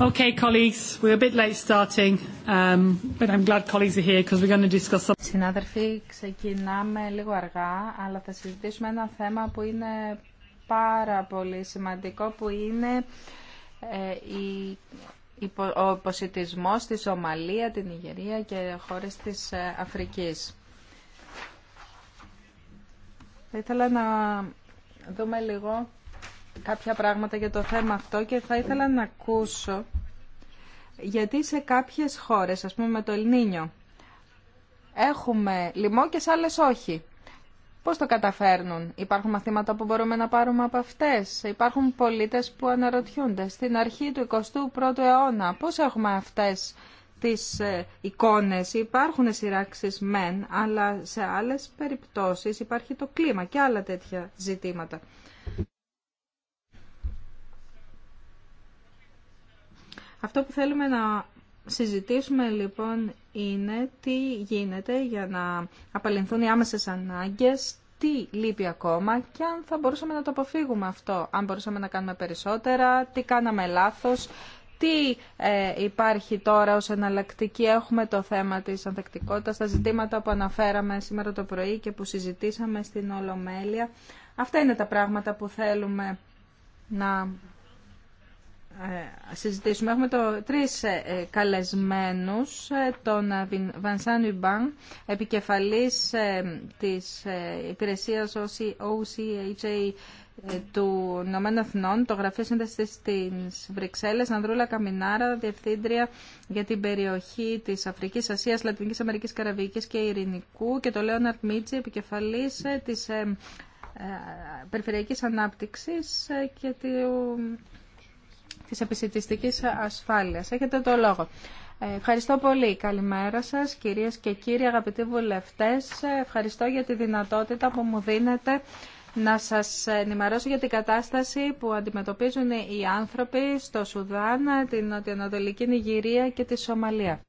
Okay, colleagues, we're a bit late starting, um, but I'm glad colleagues are here because we're going to discuss something. Συνάδελφοι, ξεκινάμε λίγο αργά, αλλά θα συζητήσουμε ένα θέμα που είναι πάρα πολύ σημαντικό, που είναι ε, η, ο υποσυτισμός στη Σομαλία, την Ιγερία και χώρες της ε, Αφρικής. Θα ήθελα να δούμε λίγο κάποια πράγματα για το θέμα αυτό και θα ήθελα να ακούσω γιατί σε κάποιες χώρες, ας πούμε με το Ελνίνιο, έχουμε λιμό και σε άλλες όχι. Πώς το καταφέρνουν, υπάρχουν μαθήματα που μπορούμε να πάρουμε από αυτές, υπάρχουν πολίτες που αναρωτιούνται στην αρχή του 21ου αιώνα πώς έχουμε αυτές τις ε, εικόνες, υπάρχουν σειράξεις μεν, αλλά σε άλλες περιπτώσεις υπάρχει το κλίμα και άλλα τέτοια ζητήματα. Αυτό που θέλουμε να συζητήσουμε λοιπόν είναι τι γίνεται για να απαλληλθούν οι άμεσες ανάγκες, τι λείπει ακόμα και αν θα μπορούσαμε να το αποφύγουμε αυτό. Αν μπορούσαμε να κάνουμε περισσότερα, τι κάναμε λάθος, τι ε, υπάρχει τώρα ως εναλλακτική. Έχουμε το θέμα της ανθεκτικότητας, τα ζητήματα που αναφέραμε σήμερα το πρωί και που συζητήσαμε στην Ολομέλεια. Αυτά είναι τα πράγματα που θέλουμε να ε, συζητήσουμε. Έχουμε το, τρεις ε, ε, καλεσμένους, τον Βανσάν Ιμπάν, επικεφαλής της υπηρεσίας OCHA του Ηνωμένου Εθνών, το Γραφείο Σύνδεση τη Βρυξέλλες, Ανδρούλα Καμινάρα, Διευθύντρια για την περιοχή της Αφρικής Ασίας, Λατινική Αμερική, Καραβικής και Ειρηνικού και το Λέοναρτ Μίτζη, επικεφαλής της Περιφερειακής Ανάπτυξης και του της επισητιστικής ασφάλειας. Έχετε το λόγο. Ε, ευχαριστώ πολύ. Καλημέρα σας κυρίες και κύριοι αγαπητοί βουλευτές. Ε, ευχαριστώ για τη δυνατότητα που μου δίνετε να σας ενημερώσω για την κατάσταση που αντιμετωπίζουν οι άνθρωποι στο Σουδάν, την Νοτιοανατολική Νιγηρία και τη Σομαλία.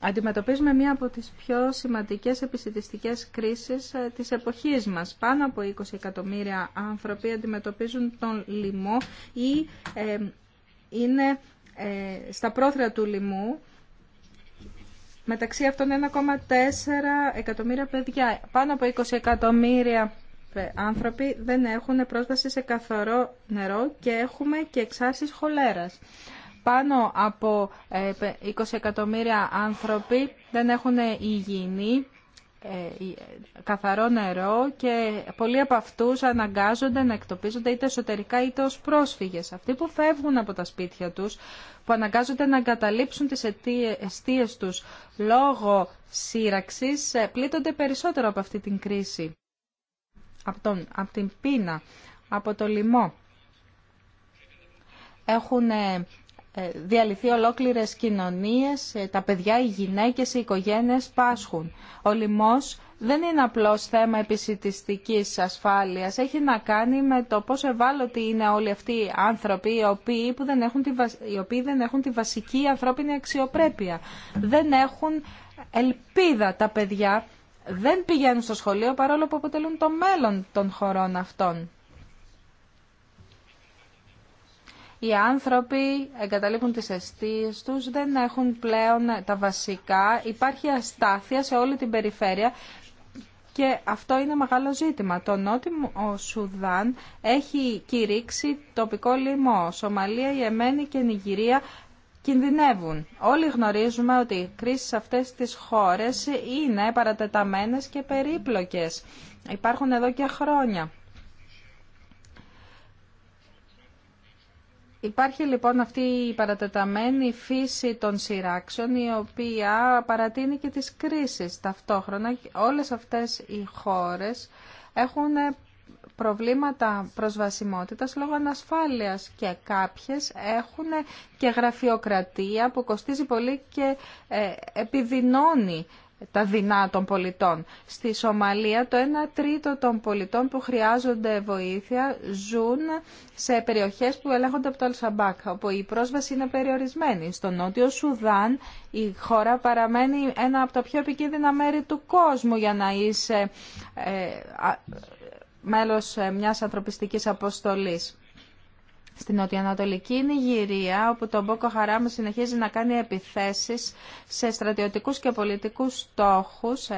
Αντιμετωπίζουμε μία από τις πιο σημαντικές επισητιστικές κρίσεις ε, της εποχής μας. Πάνω από 20 εκατομμύρια άνθρωποι αντιμετωπίζουν τον λοιμό ή ε, είναι ε, στα πρόθυρα του λοιμού. Μεταξύ αυτών 1,4 εκατομμύρια παιδιά. Πάνω από 20 εκατομμύρια άνθρωποι δεν έχουν πρόσβαση σε καθαρό νερό και έχουμε και εξάρσεις χολέρας πάνω από 20 ε, εκατομμύρια άνθρωποι δεν έχουν υγιεινή ε, ε, καθαρό νερό και πολλοί από αυτούς αναγκάζονται να εκτοπίζονται είτε εσωτερικά είτε ως πρόσφυγες. Αυτοί που φεύγουν από τα σπίτια τους, που αναγκάζονται να εγκαταλείψουν τις αιστείες τους λόγω σύραξης, πλήττονται περισσότερο από αυτή την κρίση, από, τον, την πείνα, από το λοιμό. Έχουν ε, διαλυθεί ολόκληρες κοινωνίες, ε, τα παιδιά, οι γυναίκες, οι οικογένειες πάσχουν. Ο λοιμός δεν είναι απλώς θέμα επισητιστικής ασφάλειας. Έχει να κάνει με το πόσο ευάλωτοι είναι όλοι αυτοί οι άνθρωποι οι οποίοι, δεν, έχουν τη, οι οποίοι δεν έχουν τη βασική ανθρώπινη αξιοπρέπεια. Δεν έχουν ελπίδα τα παιδιά. Δεν πηγαίνουν στο σχολείο παρόλο που αποτελούν το μέλλον των χωρών αυτών. οι άνθρωποι εγκαταλείπουν τις αιστείες τους, δεν έχουν πλέον τα βασικά, υπάρχει αστάθεια σε όλη την περιφέρεια και αυτό είναι μεγάλο ζήτημα. Το νότιμο Σουδάν έχει κηρύξει τοπικό λοιμό. Σομαλία, Ιεμένη και Νιγηρία κινδυνεύουν. Όλοι γνωρίζουμε ότι οι κρίσεις αυτές τις χώρες είναι παρατεταμένες και περίπλοκες. Υπάρχουν εδώ και χρόνια. Υπάρχει λοιπόν αυτή η παρατεταμένη φύση των σειράξεων η οποία παρατείνει και τις κρίσεις ταυτόχρονα. Όλες αυτές οι χώρες έχουν προβλήματα προσβασιμότητας λόγω ανασφάλειας και κάποιες έχουν και γραφειοκρατία που κοστίζει πολύ και ε, επιδεινώνει τα δεινά των πολιτών. Στη Σομαλία το 1 τρίτο των πολιτών που χρειάζονται βοήθεια ζουν σε περιοχές που ελέγχονται από το Αλσαμπάκ, όπου η πρόσβαση είναι περιορισμένη. Στο Νότιο Σουδάν η χώρα παραμένει ένα από τα πιο επικίνδυνα μέρη του κόσμου για να είσαι ε, μέλος ε, μιας ανθρωπιστικής αποστολής στην νοτιοανατολική Νιγηρία, όπου το Μπόκο Χαράμ συνεχίζει να κάνει επιθέσεις σε στρατιωτικούς και πολιτικούς στόχους. 700.000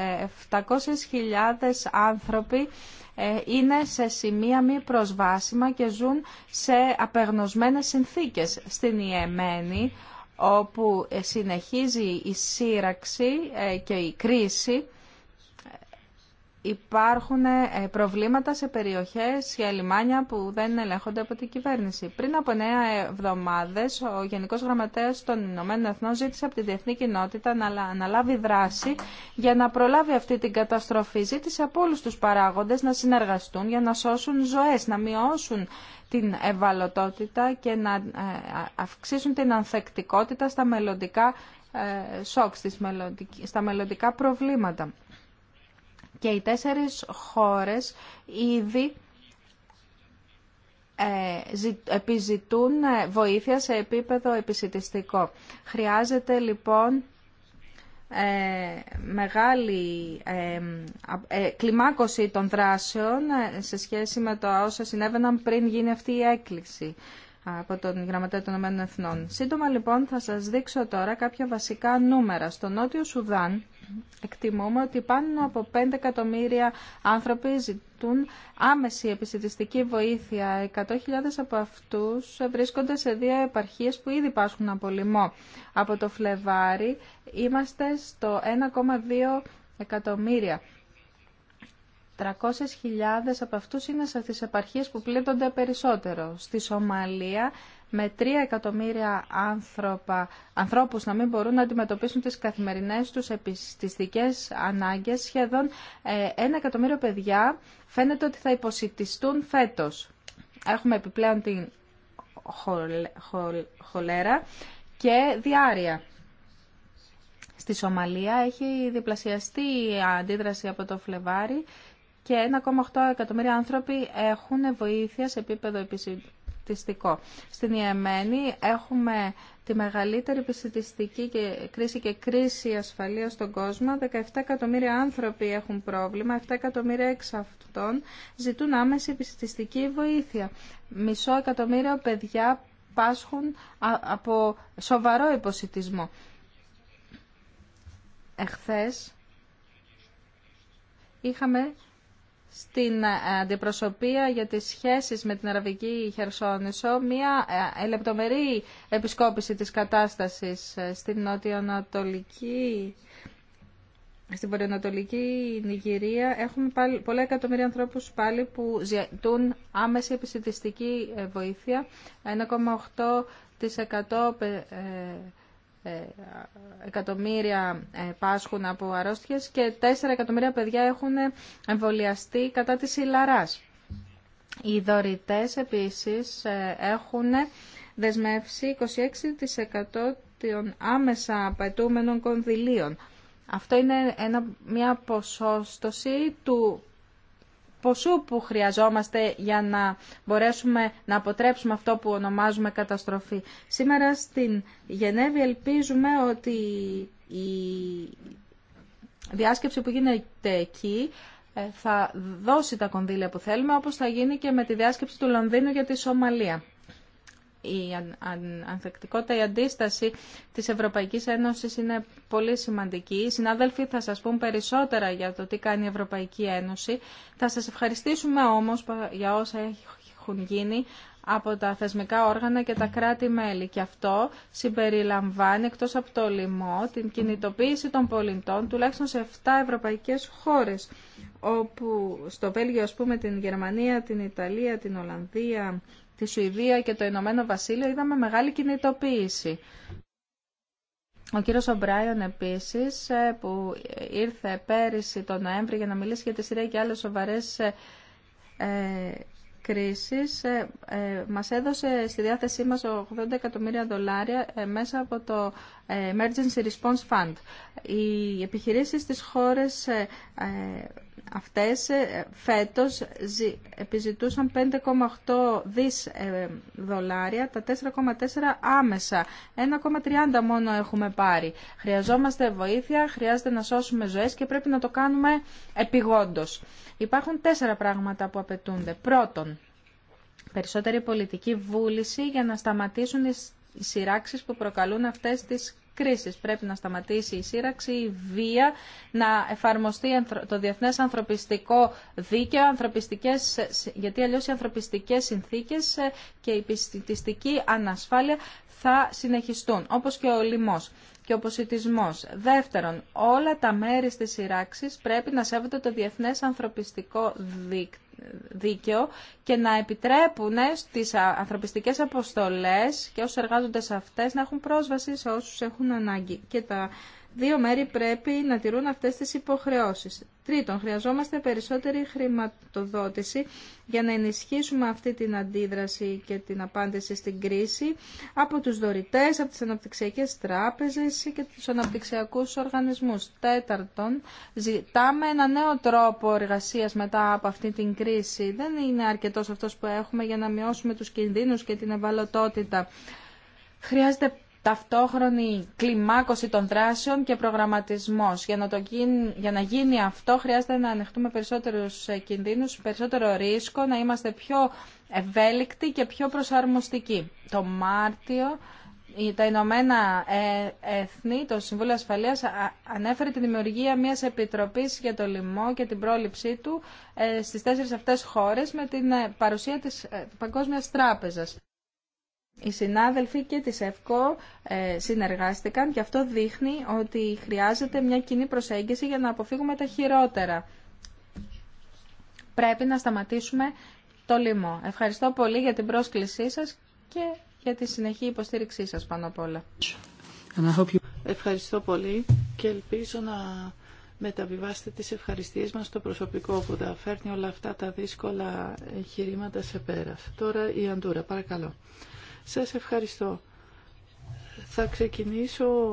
ε, άνθρωποι ε, είναι σε σημεία μη προσβάσιμα και ζουν σε απεγνωσμένες συνθήκες στην Ιεμένη, όπου συνεχίζει η σύραξη ε, και η κρίση υπάρχουν ε, προβλήματα σε περιοχές και λιμάνια που δεν ελέγχονται από την κυβέρνηση. Πριν από νέα εβδομάδες, ο Γενικός Γραμματέας των Ηνωμένων Εθνών ζήτησε από τη διεθνή κοινότητα να αναλάβει δράση για να προλάβει αυτή την καταστροφή. Ζήτησε από όλους τους παράγοντες να συνεργαστούν για να σώσουν ζωές, να μειώσουν την ευαλωτότητα και να ε, αυξήσουν την ανθεκτικότητα στα μελλοντικά ε, σοκ, στα μελλοντικά προβλήματα και οι τέσσερις χώρες ήδη ε, επιζητούν ε, βοήθεια σε επίπεδο επισητιστικό. Χρειάζεται λοιπόν ε, μεγάλη κλιμάκωση των δράσεων σε σχέση με το όσα συνέβαιναν πριν γίνει αυτή η έκκληση από τον Γραμματέα των Ηνωμένων Εθνών. Σύντομα λοιπόν θα σας δείξω τώρα κάποια βασικά νούμερα. Στο Νότιο Σουδάν εκτιμούμε ότι πάνω από 5 εκατομμύρια άνθρωποι ζητούν άμεση επιστημιστική βοήθεια. 100.000 από αυτούς βρίσκονται σε δύο επαρχίες που ήδη πάσχουν από λοιμό. Από το Φλεβάρι είμαστε στο 1,2 εκατομμύρια. 300.000 από αυτούς είναι σε τις επαρχίες που πλήττονται περισσότερο. Στη Σομαλία με 3 εκατομμύρια άνθρωπα, ανθρώπους να μην μπορούν να αντιμετωπίσουν τις καθημερινές τους επιστηστικές ανάγκες. Σχεδόν 1 ε, εκατομμύριο παιδιά φαίνεται ότι θα υποσυτιστούν φέτος. Έχουμε επιπλέον την χολέρα και διάρρεια. Στη Σομαλία έχει διπλασιαστεί η αντίδραση από το Φλεβάρι και 1,8 εκατομμύρια άνθρωποι έχουν βοήθεια σε επίπεδο επισητιστικό. Στην Ιεμένη έχουμε τη μεγαλύτερη επιστημιστική και κρίση και κρίση ασφαλείας στον κόσμο. 17 εκατομμύρια άνθρωποι έχουν πρόβλημα, 7 εκατομμύρια εξ αυτών ζητούν άμεση επιστημιστική βοήθεια. Μισό εκατομμύριο παιδιά πάσχουν από σοβαρό υποσυτισμό. Εχθές είχαμε στην ε, αντιπροσωπεία για τις σχέσεις με την Αραβική Χερσόνησο μια ε, λεπτομερή επισκόπηση της κατάστασης ε, στην νοτιοανατολική στην βορειοανατολική Νιγηρία έχουμε πάλι, πολλά εκατομμύρια ανθρώπους πάλι που ζητούν άμεση επιστημιστική βοήθεια 1,8% ε, εκατομμύρια ε, πάσχουν από αρρώστιες και 4 εκατομμύρια παιδιά έχουν εμβολιαστεί κατά της ηλαράς. Οι δωρητές επίσης ε, έχουν δεσμεύσει 26% των άμεσα απαιτούμενων κονδυλίων. Αυτό είναι μια ποσόστοση του ποσού που χρειαζόμαστε για να μπορέσουμε να αποτρέψουμε αυτό που ονομάζουμε καταστροφή. Σήμερα στην Γενέβη ελπίζουμε ότι η διάσκεψη που γίνεται εκεί ε, θα δώσει τα κονδύλια που θέλουμε, όπως θα γίνει και με τη διάσκεψη του Λονδίνου για τη Σομαλία η ανθεκτικότητα, η αντίσταση της Ευρωπαϊκής Ένωσης είναι πολύ σημαντική. Οι συνάδελφοι θα σας πούν περισσότερα για το τι κάνει η Ευρωπαϊκή Ένωση. Θα σας ευχαριστήσουμε όμως για όσα έχουν γίνει από τα θεσμικά όργανα και τα κράτη-μέλη. Και αυτό συμπεριλαμβάνει, εκτός από το λοιμό, την κινητοποίηση των πολιτών, τουλάχιστον σε 7 ευρωπαϊκές χώρες, όπου στο Βέλγιο, ας πούμε, την Γερμανία, την Ιταλία, την Ολλανδία, τη Σουηδία και το Ηνωμένο Βασίλειο είδαμε μεγάλη κινητοποίηση. Ο κύριος Ομπράιον επίσης ε, που ήρθε πέρυσι τον Νοέμβρη για να μιλήσει για τη Συρία και άλλες σοβαρές ε, ε, κρίσεις μας έδωσε στη διάθεσή μας 80 εκατομμύρια δολάρια μέσα από το Emergency Response Fund. Οι επιχειρήσεις στις χώρες αυτές ε, φέτος επιζητούσαν 5,8 δις ε, δολάρια, τα 4,4 άμεσα. 1,30 μόνο έχουμε πάρει. Χρειαζόμαστε βοήθεια, χρειάζεται να σώσουμε ζωές και πρέπει να το κάνουμε επιγόντως. Υπάρχουν τέσσερα πράγματα που απαιτούνται. Πρώτον, περισσότερη πολιτική βούληση για να σταματήσουν οι σειράξεις που προκαλούν αυτές τις κρίσης. Πρέπει να σταματήσει η σύραξη, η βία, να εφαρμοστεί το διεθνές ανθρωπιστικό δίκαιο, ανθρωπιστικές, γιατί αλλιώς οι ανθρωπιστικές συνθήκες ε, και η πιστιστική ανασφάλεια θα συνεχιστούν, όπως και ο λοιμός και ο ποσιτισμός. Δεύτερον, όλα τα μέρη της σύραξης πρέπει να σέβονται το διεθνές ανθρωπιστικό δίκτυο δίκαιο και να επιτρέπουν στις ανθρωπιστικές αποστολές και όσους εργάζονται σε αυτές να έχουν πρόσβαση σε όσους έχουν ανάγκη. Και τα Δύο μέρη πρέπει να τηρούν αυτές τις υποχρεώσεις. Τρίτον, χρειαζόμαστε περισσότερη χρηματοδότηση για να ενισχύσουμε αυτή την αντίδραση και την απάντηση στην κρίση από τους δωρητές, από τις αναπτυξιακές τράπεζες και τους αναπτυξιακούς οργανισμούς. Τέταρτον, ζητάμε ένα νέο τρόπο εργασίας μετά από αυτή την κρίση. Δεν είναι αρκετός αυτός που έχουμε για να μειώσουμε τους κινδύνους και την ευαλωτότητα. Χρειάζεται ταυτόχρονη κλιμάκωση των δράσεων και προγραμματισμός. Για να, γίνει, για να αυτό χρειάζεται να ανεχτούμε περισσότερους ε, κινδύνους, περισσότερο ρίσκο, να είμαστε πιο ευέλικτοι και πιο προσαρμοστικοί. Το Μάρτιο τα Ηνωμένα ε, Έθνη, το Συμβούλιο Ασφαλείας, ανέφερε τη δημιουργία μιας επιτροπής για το λοιμό και την πρόληψή του ε, στις τέσσερις αυτές χώρες με την παρουσία της Παγκόσμιας Τράπεζας οι συνάδελφοι και της ΕΦΚΟ ε, συνεργάστηκαν και αυτό δείχνει ότι χρειάζεται μια κοινή προσέγγιση για να αποφύγουμε τα χειρότερα. Πρέπει να σταματήσουμε το λοιμό. Ευχαριστώ πολύ για την πρόσκλησή σας και για τη συνεχή υποστήριξή σας πάνω απ' όλα. Ευχαριστώ πολύ και ελπίζω να μεταβιβάσετε τις ευχαριστίες μας στο προσωπικό που θα φέρνει όλα αυτά τα δύσκολα εγχειρήματα σε πέρα. Τώρα η Αντούρα, παρακαλώ. Σας ευχαριστώ. Θα ξεκινήσω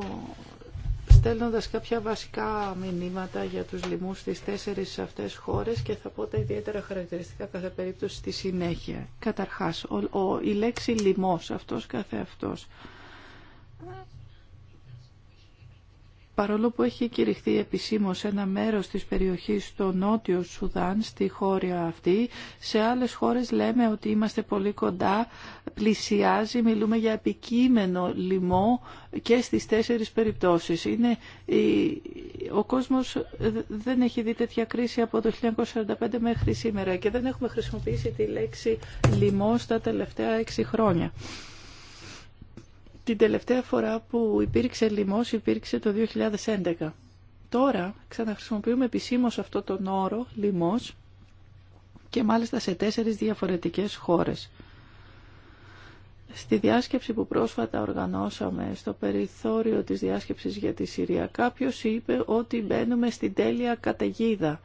στέλνοντας κάποια βασικά μηνύματα για τους λοιμούς στις τέσσερις αυτές χώρες και θα πω τα ιδιαίτερα χαρακτηριστικά κάθε περίπτωση στη συνέχεια. Καταρχάς, ο, ο, η λέξη λοιμός, αυτός καθεαυτός, παρόλο που έχει κηρυχθεί επισήμως ένα μέρος της περιοχής στο νότιο Σουδάν, στη χώρα αυτή, σε άλλες χώρες λέμε ότι είμαστε πολύ κοντά, πλησιάζει, μιλούμε για επικείμενο λοιμό και στις τέσσερις περιπτώσεις. Είναι, ο κόσμος ε, δεν έχει δει τέτοια κρίση από το 1945 μέχρι σήμερα και δεν έχουμε χρησιμοποιήσει τη λέξη λοιμό στα τελευταία έξι χρόνια. Την τελευταία φορά που υπήρξε λοιμός υπήρξε το 2011. Τώρα ξαναχρησιμοποιούμε επισήμως αυτό τον όρο λοιμός και μάλιστα σε τέσσερις διαφορετικές χώρες. Στη διάσκεψη που πρόσφατα οργανώσαμε στο περιθώριο της διάσκεψης για τη Συρία κάποιος είπε ότι μπαίνουμε στην τέλεια καταιγίδα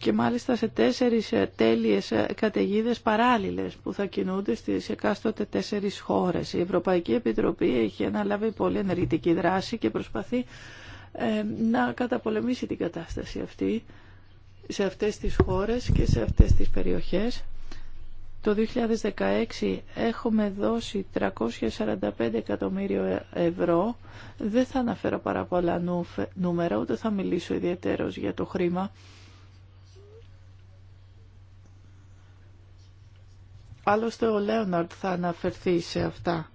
και μάλιστα σε τέσσερις ε, τέλειες ε, καταιγίδε παράλληλες που θα κινούνται στις εκάστοτε τέσσερις χώρες. Η Ευρωπαϊκή Επιτροπή έχει αναλάβει πολύ ενεργητική δράση και προσπαθεί ε, να καταπολεμήσει την κατάσταση αυτή σε αυτές τις χώρες και σε αυτές τις περιοχές. Το 2016 έχουμε δώσει 345 εκατομμύριο ευρώ. Δεν θα αναφέρω πάρα πολλά νούμερα, ούτε θα μιλήσω ιδιαίτερως για το χρήμα. Άλλωστε ο Λέοναρτ θα αναφερθεί σε αυτά.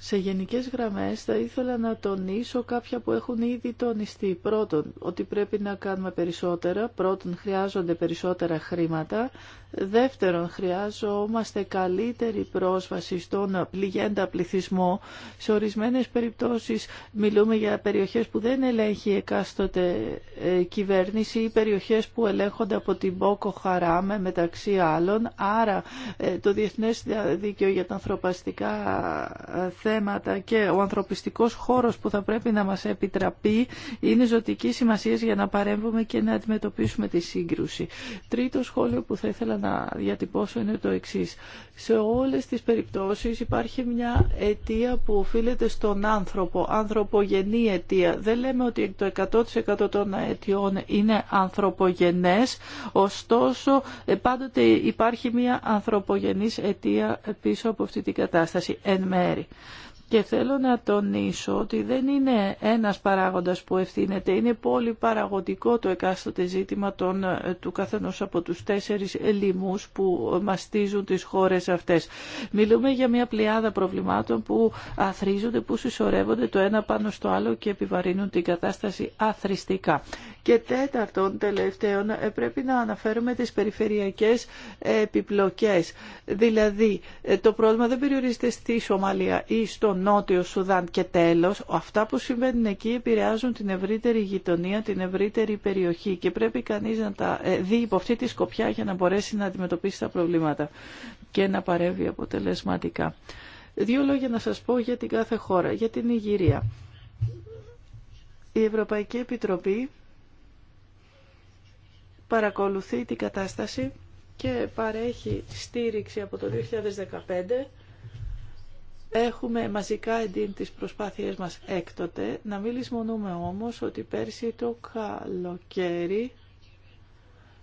Σε γενικές γραμμές θα ήθελα να τονίσω κάποια που έχουν ήδη τονιστεί. Πρώτον, ότι πρέπει να κάνουμε περισσότερα. Πρώτον, χρειάζονται περισσότερα χρήματα. Δεύτερον, χρειάζομαστε καλύτερη πρόσβαση στον πληγέντα πληθυσμό. Σε ορισμένες περιπτώσεις μιλούμε για περιοχές που δεν ελέγχει εκάστοτε ε, κυβέρνηση ή περιοχές που ελέγχονται από την Πόκο Χαράμε μεταξύ άλλων. Άρα ε, το Διεθνές Δίκαιο για τα ανθρωπαστικά θέματα ε, θέματα και ο ανθρωπιστικός χώρος που θα πρέπει να μας επιτραπεί είναι ζωτική σημασία για να παρέμβουμε και να αντιμετωπίσουμε τη σύγκρουση. Τρίτο σχόλιο που θα ήθελα να διατυπώσω είναι το εξής. Σε όλες τις περιπτώσεις υπάρχει μια αιτία που οφείλεται στον άνθρωπο, ανθρωπογενή αιτία. Δεν λέμε ότι το 100% των αιτιών είναι ανθρωπογενές, ωστόσο ε, πάντοτε υπάρχει μια ανθρωπογενής αιτία πίσω από αυτή την κατάσταση, εν μέρη. Και θέλω να τονίσω ότι δεν είναι ένας παράγοντας που ευθύνεται, είναι πολύ παραγωγικό το εκάστοτε ζήτημα των, ε, του καθενός από τους τέσσερις λοιμούς που μαστίζουν τις χώρες αυτές. Μιλούμε για μια πλειάδα προβλημάτων που αθρίζονται, που συσσωρεύονται το ένα πάνω στο άλλο και επιβαρύνουν την κατάσταση αθρηστικά. Και τέταρτον, τελευταίον, ε, πρέπει να αναφέρουμε τις περιφερειακές επιπλοκές. Δηλαδή, ε, το πρόβλημα δεν περιορίζεται στη Σομαλία ή στον Νότιο Σουδάν και τέλος, αυτά που συμβαίνουν εκεί επηρεάζουν την ευρύτερη γειτονία, την ευρύτερη περιοχή και πρέπει κανείς να τα ε, δει υπό αυτή τη σκοπιά για να μπορέσει να αντιμετωπίσει τα προβλήματα και να παρεύει αποτελεσματικά. Δύο λόγια να σας πω για την κάθε χώρα, για την Ιγυρία. Η Ευρωπαϊκή Επιτροπή παρακολουθεί την κατάσταση και παρέχει στήριξη από το 2015 Έχουμε μαζικά εντύν τις προσπάθειές μας έκτοτε. Να μην λησμονούμε όμως ότι πέρσι το καλοκαίρι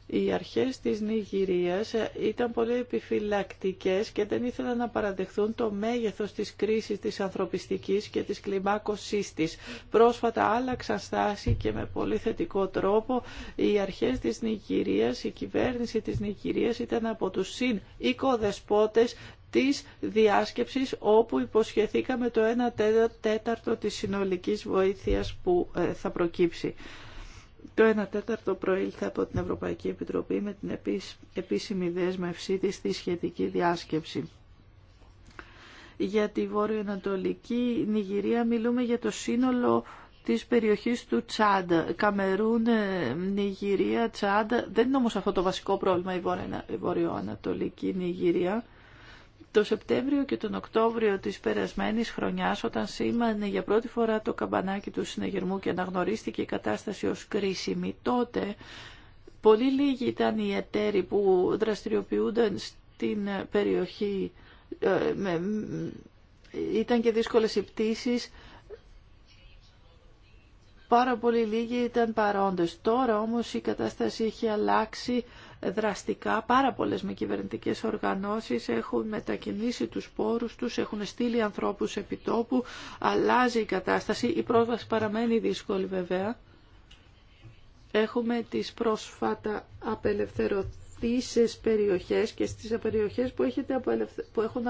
οι αρχές της Νιγηρίας ήταν πολύ επιφυλακτικές και δεν ήθελαν να παραδεχθούν το μέγεθος της κρίσης της ανθρωπιστικής και της κλιμάκωσής της. Πρόσφατα άλλαξαν στάση και με πολύ θετικό τρόπο οι αρχές της Νιγηρίας, η κυβέρνηση της Νιγηρίας ήταν από τους συν οικοδεσπότες της διάσκεψης όπου υποσχεθήκαμε το 1 τέταρτο της συνολικής βοήθειας που ε, θα προκύψει. Το 1 τέταρτο προήλθε από την Ευρωπαϊκή Επιτροπή με την επίσημη δέσμευσή της στη σχετική διάσκεψη. Για τη βόρειο-ανατολική Νιγηρία μιλούμε για το σύνολο της περιοχής του Τσάντ. Καμερούν, Νιγηρία, Τσάντ. Δεν είναι όμως αυτό το βασικό πρόβλημα η βόρειο-ανατολική Νιγηρία. Το Σεπτέμβριο και τον Οκτώβριο της περασμένης χρονιάς, όταν σήμανε για πρώτη φορά το καμπανάκι του συνεγερμού και αναγνωρίστηκε η κατάσταση ως κρίσιμη, τότε πολύ λίγοι ήταν οι εταίροι που δραστηριοποιούνταν στην περιοχή. Ε, ήταν και δύσκολες οι πτήσεις. Πάρα πολύ λίγοι ήταν παρόντες. Τώρα όμως η κατάσταση έχει αλλάξει δραστικά. Πάρα πολλές με κυβερνητικές οργανώσεις έχουν μετακινήσει τους πόρους τους, έχουν στείλει ανθρώπους επιτόπου, αλλάζει η κατάσταση. Η πρόσβαση παραμένει δύσκολη βέβαια. Έχουμε τις πρόσφατα απελευθερωθεί στις περιοχές και στις περιοχές που, έχετε που έχουν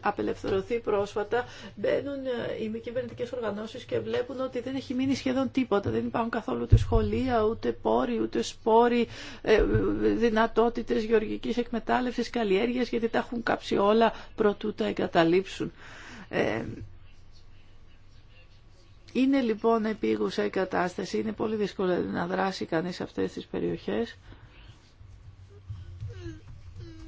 απελευθερωθεί πρόσφατα μπαίνουν ε, οι μη κυβερνητικέ οργανώσεις και βλέπουν ότι δεν έχει μείνει σχεδόν τίποτα. Δεν υπάρχουν καθόλου ούτε σχολεία, ούτε πόροι, ούτε σπόροι, ε, δυνατότητες γεωργικής εκμετάλλευσης, καλλιέργειας, γιατί τα έχουν κάψει όλα προτού τα εγκαταλείψουν. Ε, είναι λοιπόν επίγουσα η κατάσταση, είναι πολύ δύσκολο να δράσει κανείς σε αυτές τις περιοχές.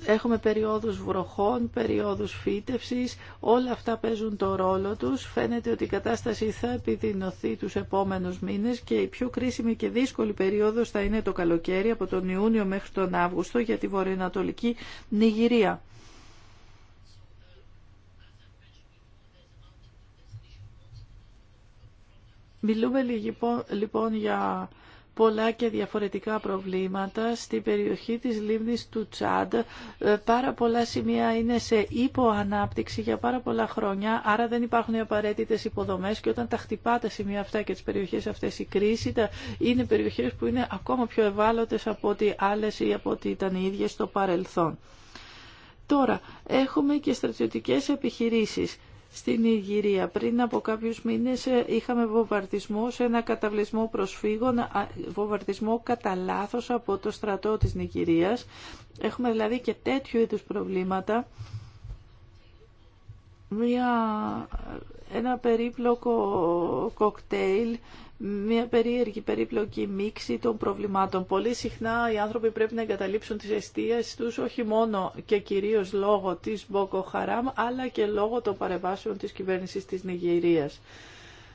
Έχουμε περιόδους βροχών, περιόδους φύτευσης, όλα αυτά παίζουν το ρόλο τους. Φαίνεται ότι η κατάσταση θα επιδεινωθεί τους επόμενους μήνες και η πιο κρίσιμη και δύσκολη περίοδος θα είναι το καλοκαίρι από τον Ιούνιο μέχρι τον Αύγουστο για τη βορειοανατολική Νιγηρία. Μιλούμε λοιπόν για πολλά και διαφορετικά προβλήματα στην περιοχή της λίμνης του Τσάντ. Ε, πάρα πολλά σημεία είναι σε υποανάπτυξη για πάρα πολλά χρόνια, άρα δεν υπάρχουν οι απαραίτητες υποδομές και όταν τα χτυπά τα σημεία αυτά και τις περιοχές αυτές η κρίση τα είναι περιοχές που είναι ακόμα πιο ευάλωτες από ό,τι άλλες ή από ό,τι ήταν οι ίδιες στο παρελθόν. Τώρα, έχουμε και στρατιωτικές επιχειρήσεις στην Ιγυρία. Πριν από κάποιους μήνες ε, είχαμε βομβαρδισμό σε ένα καταβλισμό προσφύγων, βομβαρδισμό κατά λάθο από το στρατό της Νιγηρίας. Έχουμε δηλαδή και τέτοιου είδους προβλήματα. Μια, ένα περίπλοκο κοκτέιλ μια περίεργη περίπλοκη μίξη των προβλημάτων. Πολύ συχνά οι άνθρωποι πρέπει να εγκαταλείψουν τις αιστείες τους όχι μόνο και κυρίως λόγω της Μποκοχαράμ αλλά και λόγω των παρεμβάσεων της κυβέρνησης της Νιγηρίας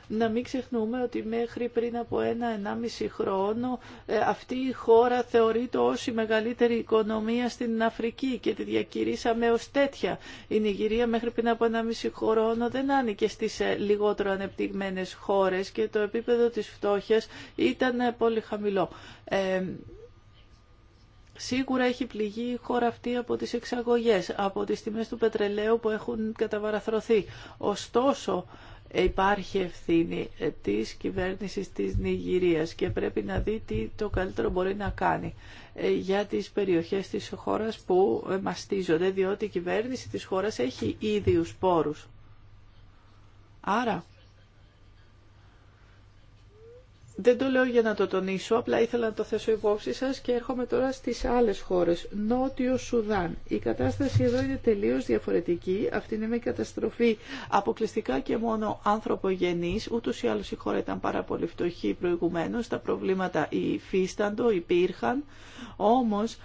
να μην ξεχνούμε ότι μέχρι πριν από ένα-ενάμιση χρόνο ε, αυτή η χώρα θεωρείται ως η μεγαλύτερη οικονομία στην Αφρική και τη διακηρύσαμε ως τέτοια. Η Νιγηρία μέχρι πριν από ένα-μισή χρόνο δεν άνοικε στις ε, λιγότερο ανεπτυγμένες χώρες και το επίπεδο της φτώχειας ήταν ε, πολύ χαμηλό. Σίγουρα έχει πληγεί η χώρα αυτή από τις εξαγωγές, από τις τιμές του πετρελαίου που έχουν καταβαραθρωθεί. Ωστόσο, υπάρχει ευθύνη ε, της κυβέρνησης της Νιγηρίας και πρέπει να δει τι το καλύτερο μπορεί να κάνει ε, για τις περιοχές της χώρας που ε, μαστίζονται, διότι η κυβέρνηση της χώρας έχει ίδιους πόρους. Άρα δεν το λέω για να το τονίσω, απλά ήθελα να το θέσω υπόψη σας και έρχομαι τώρα στις άλλες χώρες. Νότιο Σουδάν. Η κατάσταση εδώ είναι τελείως διαφορετική. Αυτή είναι μια καταστροφή αποκλειστικά και μόνο ανθρωπογενής. Ούτως ή άλλως η χώρα ήταν πάρα πολύ φτωχή προηγουμένως. Τα προβλήματα υφίσταντο, υπήρχαν. Όμως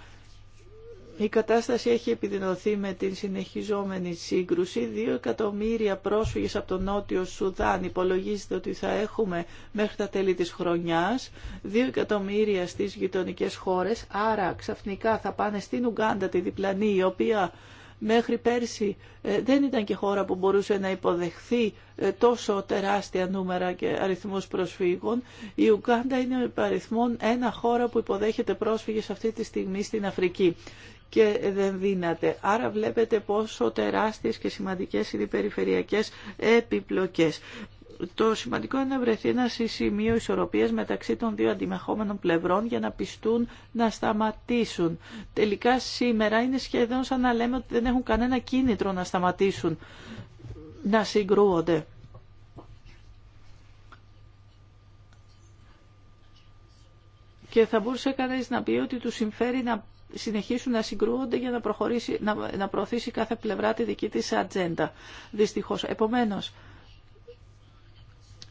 η κατάσταση έχει επιδεινωθεί με την συνεχιζόμενη σύγκρουση. Δύο εκατομμύρια πρόσφυγες από το Νότιο Σουδάν υπολογίζεται ότι θα έχουμε μέχρι τα τέλη της χρονιάς. Δύο εκατομμύρια στις γειτονικές χώρες. Άρα ξαφνικά θα πάνε στην Ουγκάντα τη διπλανή η οποία μέχρι πέρσι ε, δεν ήταν και χώρα που μπορούσε να υποδεχθεί ε, τόσο τεράστια νούμερα και αριθμούς προσφύγων. Η Ουγκάντα είναι παριθμόν ένα χώρα που υποδέχεται πρόσφυγες αυτή τη στιγμή στην Αφρική και δεν δύναται. Άρα βλέπετε πόσο τεράστιες και σημαντικές είναι οι περιφερειακές επιπλοκές. Το σημαντικό είναι να βρεθεί ένα σημείο ισορροπίας μεταξύ των δύο αντιμεχόμενων πλευρών για να πιστούν να σταματήσουν. Τελικά σήμερα είναι σχεδόν σαν να λέμε ότι δεν έχουν κανένα κίνητρο να σταματήσουν, να συγκρούονται. Και θα μπορούσε κανείς να πει ότι του συμφέρει να συνεχίσουν να συγκρούονται για να, προχωρήσει, να, να προωθήσει κάθε πλευρά τη δική της ατζέντα, δυστυχώς. Επομένως,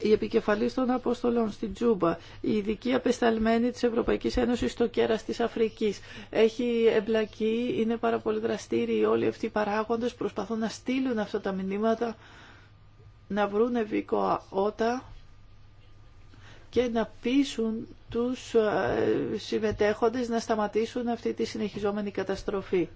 η επικεφαλή των Αποστολών στην Τζούμπα, η ειδική απεσταλμένη της Ευρωπαϊκής Ένωσης στο κέρας της Αφρικής. Έχει εμπλακεί, είναι πάρα πολύ δραστήριοι όλοι αυτοί οι παράγοντες, προσπαθούν να στείλουν αυτά τα μηνύματα, να βρουν ευήκοα όταν και να πείσουν τους ε, συμμετέχοντες να σταματήσουν αυτή τη συνεχιζόμενη καταστροφή.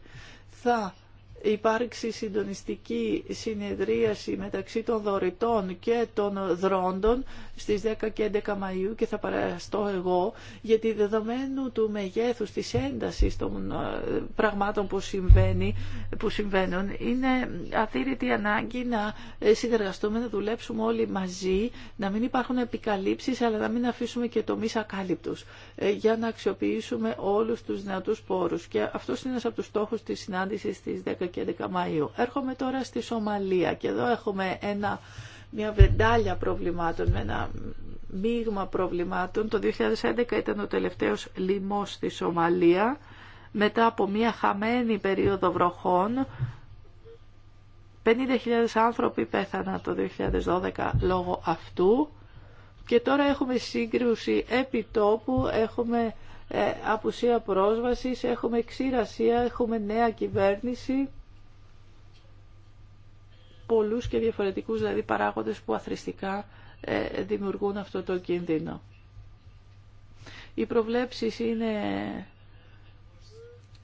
Θα υπάρξει συντονιστική συνεδρίαση μεταξύ των δωρητών και των δρόντων στις 10 και 11 Μαΐου και θα παραστώ εγώ γιατί δεδομένου του μεγέθους της έντασης των ε, πραγμάτων που, συμβαίνει, που συμβαίνουν είναι αθήρητη ανάγκη να ε, συνεργαστούμε, να δουλέψουμε όλοι μαζί, να μην υπάρχουν επικαλύψεις αλλά να μην αφήσουμε και τομείς ακάλυπτους ε, για να αξιοποιήσουμε όλους τους δυνατούς πόρους και αυτός είναι ένας από τους στόχους της συνάντησης στις 10 και 11 Μαΐου. Έρχομαι τώρα στη Σομαλία και εδώ έχουμε ένα, μια βεντάλια προβλημάτων, με ένα μείγμα προβλημάτων. Το 2011 ήταν ο τελευταίος λοιμός στη Σομαλία, μετά από μια χαμένη περίοδο βροχών, 50.000 άνθρωποι πέθαναν το 2012 λόγω αυτού και τώρα έχουμε σύγκρουση επιτόπου, έχουμε ε, απουσία πρόσβασης, έχουμε ξηρασία, έχουμε νέα κυβέρνηση πολλούς και διαφορετικούς δηλαδή παράγοντες που αθρηστικά ε, δημιουργούν αυτό το κίνδυνο. Οι προβλέψεις είναι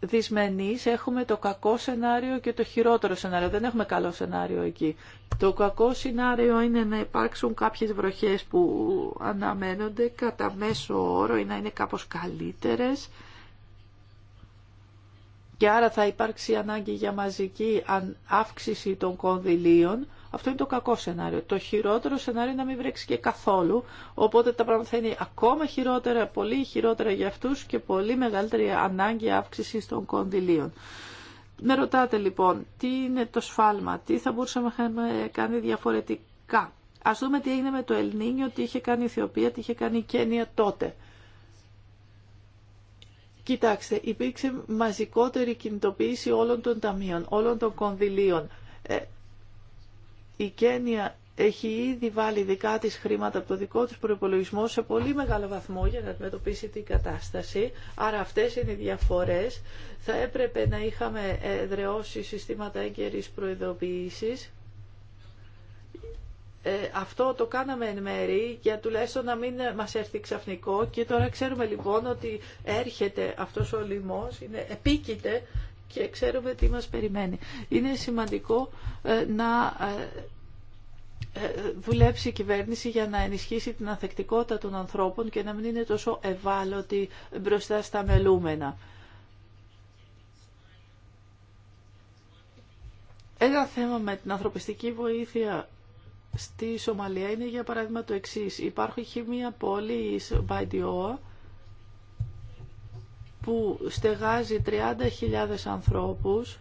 δυσμενείς. Έχουμε το κακό σενάριο και το χειρότερο σενάριο. Δεν έχουμε καλό σενάριο εκεί. Το κακό σενάριο είναι να υπάρξουν κάποιες βροχές που αναμένονται κατά μέσο όρο ή να είναι κάπως καλύτερες και άρα θα υπάρξει ανάγκη για μαζική αύξηση των κονδυλίων. Αυτό είναι το κακό σενάριο. Το χειρότερο σενάριο είναι να μην βρέξει και καθόλου, οπότε τα πράγματα θα είναι ακόμα χειρότερα, πολύ χειρότερα για αυτούς και πολύ μεγαλύτερη ανάγκη αύξησης των κονδυλίων. Με ρωτάτε λοιπόν, τι είναι το σφάλμα, τι θα μπορούσαμε να κάνει διαφορετικά. Ας δούμε τι έγινε με το Ελνίνιο, τι είχε κάνει η Θεοπία, τι είχε κάνει η Κένια τότε. Κοιτάξτε, υπήρξε μαζικότερη κινητοποίηση όλων των ταμείων, όλων των κονδυλίων. Ε, η Κένια έχει ήδη βάλει δικά της χρήματα από το δικό της προϋπολογισμό σε πολύ μεγάλο βαθμό για να αντιμετωπίσει την κατάσταση. Άρα αυτές είναι οι διαφορές. Θα έπρεπε να είχαμε δρεώσει συστήματα έγκαιρης προειδοποίησης ε, αυτό το κάναμε εν μέρη για τουλάχιστον να μην μας έρθει ξαφνικό και τώρα ξέρουμε λοιπόν ότι έρχεται αυτός ο λοιμός, είναι, επίκειται και ξέρουμε τι μας περιμένει. Είναι σημαντικό ε, να ε, ε, δουλέψει η κυβέρνηση για να ενισχύσει την ανθεκτικότητα των ανθρώπων και να μην είναι τόσο ευάλωτη μπροστά στα μελούμενα. Ένα θέμα με την ανθρωπιστική βοήθεια στη Σομαλία είναι για παράδειγμα το εξή. Υπάρχει μια πόλη, η Μπαϊντιόα, που στεγάζει 30.000 ανθρώπους.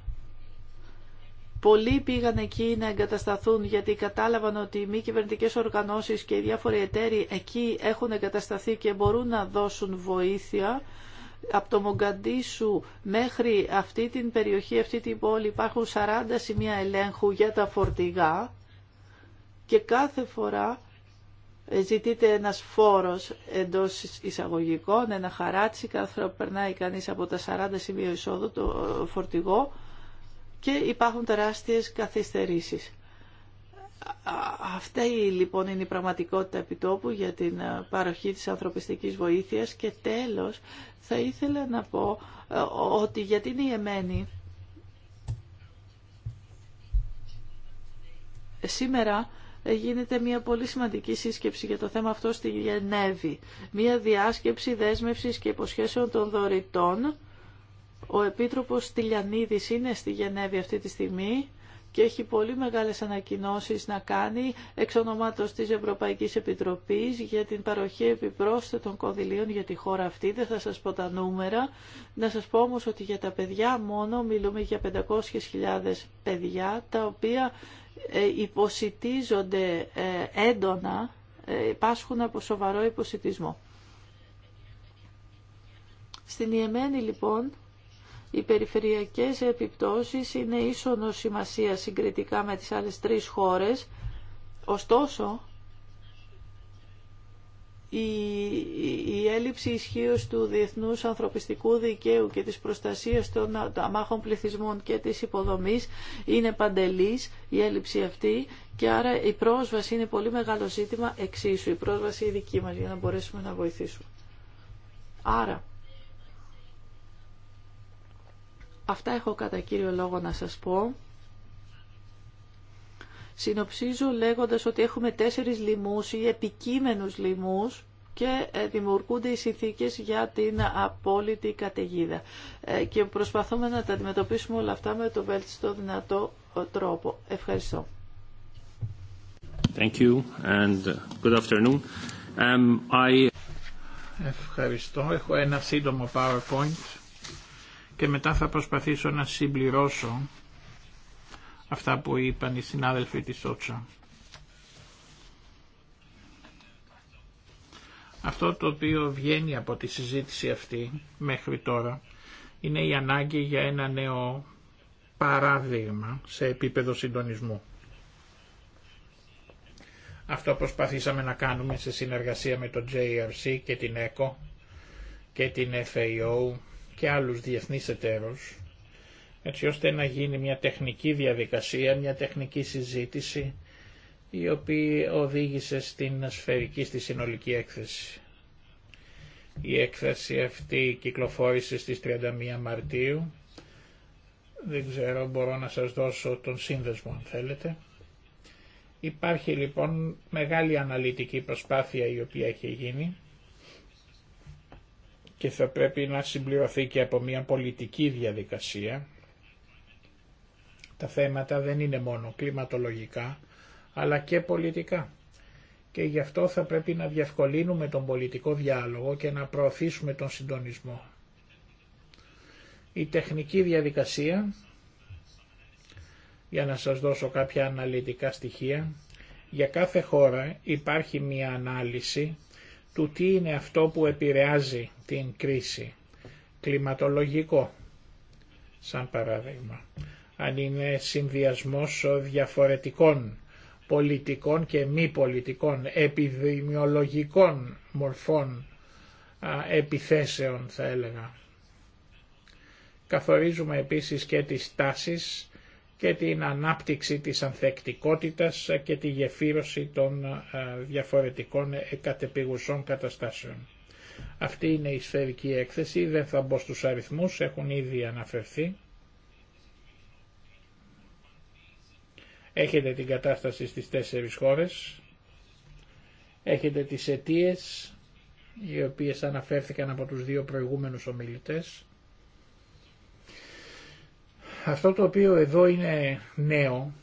Πολλοί πήγαν εκεί να εγκατασταθούν γιατί κατάλαβαν ότι οι μη κυβερνητικές οργανώσεις και οι διάφοροι εταίροι εκεί έχουν εγκατασταθεί και μπορούν να δώσουν βοήθεια. Από το Μογκαντήσου μέχρι αυτή την περιοχή, αυτή την πόλη υπάρχουν 40 σημεία ελέγχου για τα φορτηγά και κάθε φορά ε, ζητείται ένας φόρος εντός εισαγωγικών, ένα χαράτσι, κάθε φορά που περνάει κανείς από τα 40 σημεία εισόδου το ε, φορτηγό και υπάρχουν τεράστιες καθυστερήσεις. Αυτή λοιπόν είναι η πραγματικότητα επιτόπου για την ε, παροχή της ανθρωπιστικής βοήθειας και τέλος θα ήθελα να πω ότι είναι η ΕΜΕΝΗ σήμερα γίνεται μια πολύ σημαντική σύσκεψη για το θέμα αυτό στη Γενέβη. Μια διάσκεψη δέσμευσης και υποσχέσεων των δωρητών. Ο Επίτροπος Τηλιανίδης είναι στη Γενέβη αυτή τη στιγμή και έχει πολύ μεγάλες ανακοινώσεις να κάνει εξ ονομάτως της Ευρωπαϊκής Επιτροπής για την παροχή επιπρόσθετων κονδυλίων για τη χώρα αυτή. Δεν θα σας πω τα νούμερα. Να σας πω όμως ότι για τα παιδιά μόνο μιλούμε για 500.000 παιδιά τα οποία ε, υποσυτίζονται ε, έντονα, ε, πάσχουν από σοβαρό υποσυτισμό. Στην Ιεμένη λοιπόν οι περιφερειακές επιπτώσεις είναι ίσονος σημασία συγκριτικά με τις άλλες τρεις χώρες, ωστόσο η, έλλειψη ισχύω του διεθνούς ανθρωπιστικού δικαίου και της προστασίας των αμάχων πληθυσμών και της υποδομής είναι παντελής η έλλειψη αυτή και άρα η πρόσβαση είναι πολύ μεγάλο ζήτημα εξίσου, η πρόσβαση η δική μας για να μπορέσουμε να βοηθήσουμε. Άρα, αυτά έχω κατά κύριο λόγο να σας πω. Συνοψίζω λέγοντας ότι έχουμε τέσσερις λοιμούς ή επικείμενους λοιμούς και ε, δημιουργούνται οι συνθήκες για την απόλυτη καταιγίδα. Ε, και προσπαθούμε να τα αντιμετωπίσουμε όλα αυτά με το βέλτιστο δυνατό ε, τρόπο. Ευχαριστώ. and good afternoon. Um, Ευχαριστώ. Έχω ένα σύντομο PowerPoint και μετά θα προσπαθήσω να συμπληρώσω αυτά που είπαν οι συνάδελφοι της Σότσα. Αυτό το οποίο βγαίνει από τη συζήτηση αυτή μέχρι τώρα είναι η ανάγκη για ένα νέο παράδειγμα σε επίπεδο συντονισμού. Αυτό προσπαθήσαμε να κάνουμε σε συνεργασία με το JRC και την ΕΚΟ και την FAO και άλλους διεθνείς εταίρους έτσι ώστε να γίνει μια τεχνική διαδικασία, μια τεχνική συζήτηση η οποία οδήγησε στην σφαιρική, στη συνολική έκθεση. Η έκθεση αυτή κυκλοφόρησε στις 31 Μαρτίου. Δεν ξέρω, μπορώ να σας δώσω τον σύνδεσμο αν θέλετε. Υπάρχει λοιπόν μεγάλη αναλυτική προσπάθεια η οποία έχει γίνει και θα πρέπει να συμπληρωθεί και από μια πολιτική διαδικασία τα θέματα δεν είναι μόνο κλιματολογικά, αλλά και πολιτικά. Και γι' αυτό θα πρέπει να διευκολύνουμε τον πολιτικό διάλογο και να προωθήσουμε τον συντονισμό. Η τεχνική διαδικασία, για να σας δώσω κάποια αναλυτικά στοιχεία, για κάθε χώρα υπάρχει μία ανάλυση του τι είναι αυτό που επηρεάζει την κρίση. Κλιματολογικό, σαν παράδειγμα αν είναι συνδυασμός διαφορετικών πολιτικών και μη πολιτικών, επιδημιολογικών μορφών επιθέσεων θα έλεγα. Καθορίζουμε επίσης και τις τάσεις και την ανάπτυξη της ανθεκτικότητας και τη γεφύρωση των διαφορετικών κατεπηγουσών καταστάσεων. Αυτή είναι η σφαιρική έκθεση, δεν θα μπω στους αριθμούς, έχουν ήδη αναφερθεί. Έχετε την κατάσταση στις τέσσερις χώρες, έχετε τις αιτίε οι οποίες αναφέρθηκαν από τους δύο προηγούμενους ομιλητές. Αυτό το οποίο εδώ είναι νέο,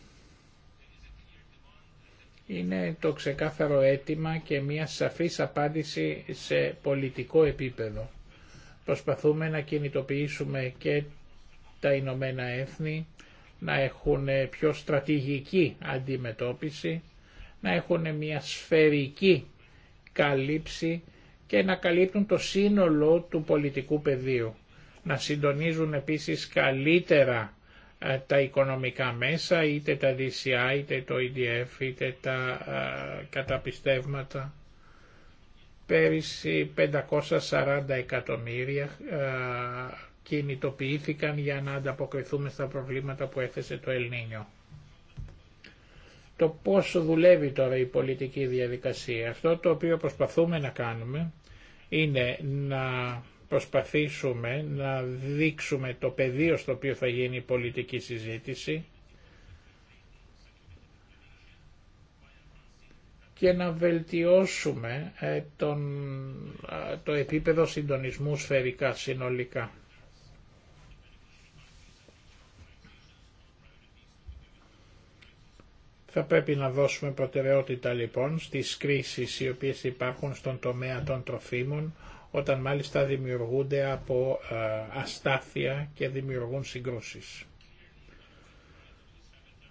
είναι το ξεκάθαρο αίτημα και μια σαφής απάντηση σε πολιτικό επίπεδο. Προσπαθούμε να κινητοποιήσουμε και τα Ηνωμένα Έθνη, να έχουν πιο στρατηγική αντιμετώπιση, να έχουν μια σφαιρική καλύψη και να καλύπτουν το σύνολο του πολιτικού πεδίου. Να συντονίζουν επίσης καλύτερα ε, τα οικονομικά μέσα, είτε τα DCI, είτε το EDF, είτε τα ε, καταπιστεύματα. Πέρυσι 540 εκατομμύρια ε, κινητοποιήθηκαν για να ανταποκριθούμε στα προβλήματα που έθεσε το Ελνίνιο. Το πώς δουλεύει τώρα η πολιτική διαδικασία. Αυτό το οποίο προσπαθούμε να κάνουμε είναι να προσπαθήσουμε να δείξουμε το πεδίο στο οποίο θα γίνει η πολιτική συζήτηση και να βελτιώσουμε ε, τον, ε, το επίπεδο συντονισμού σφαιρικά συνολικά. Θα πρέπει να δώσουμε προτεραιότητα λοιπόν στις κρίσεις οι οποίες υπάρχουν στον τομέα των τροφίμων όταν μάλιστα δημιουργούνται από ε, αστάθεια και δημιουργούν συγκρούσεις.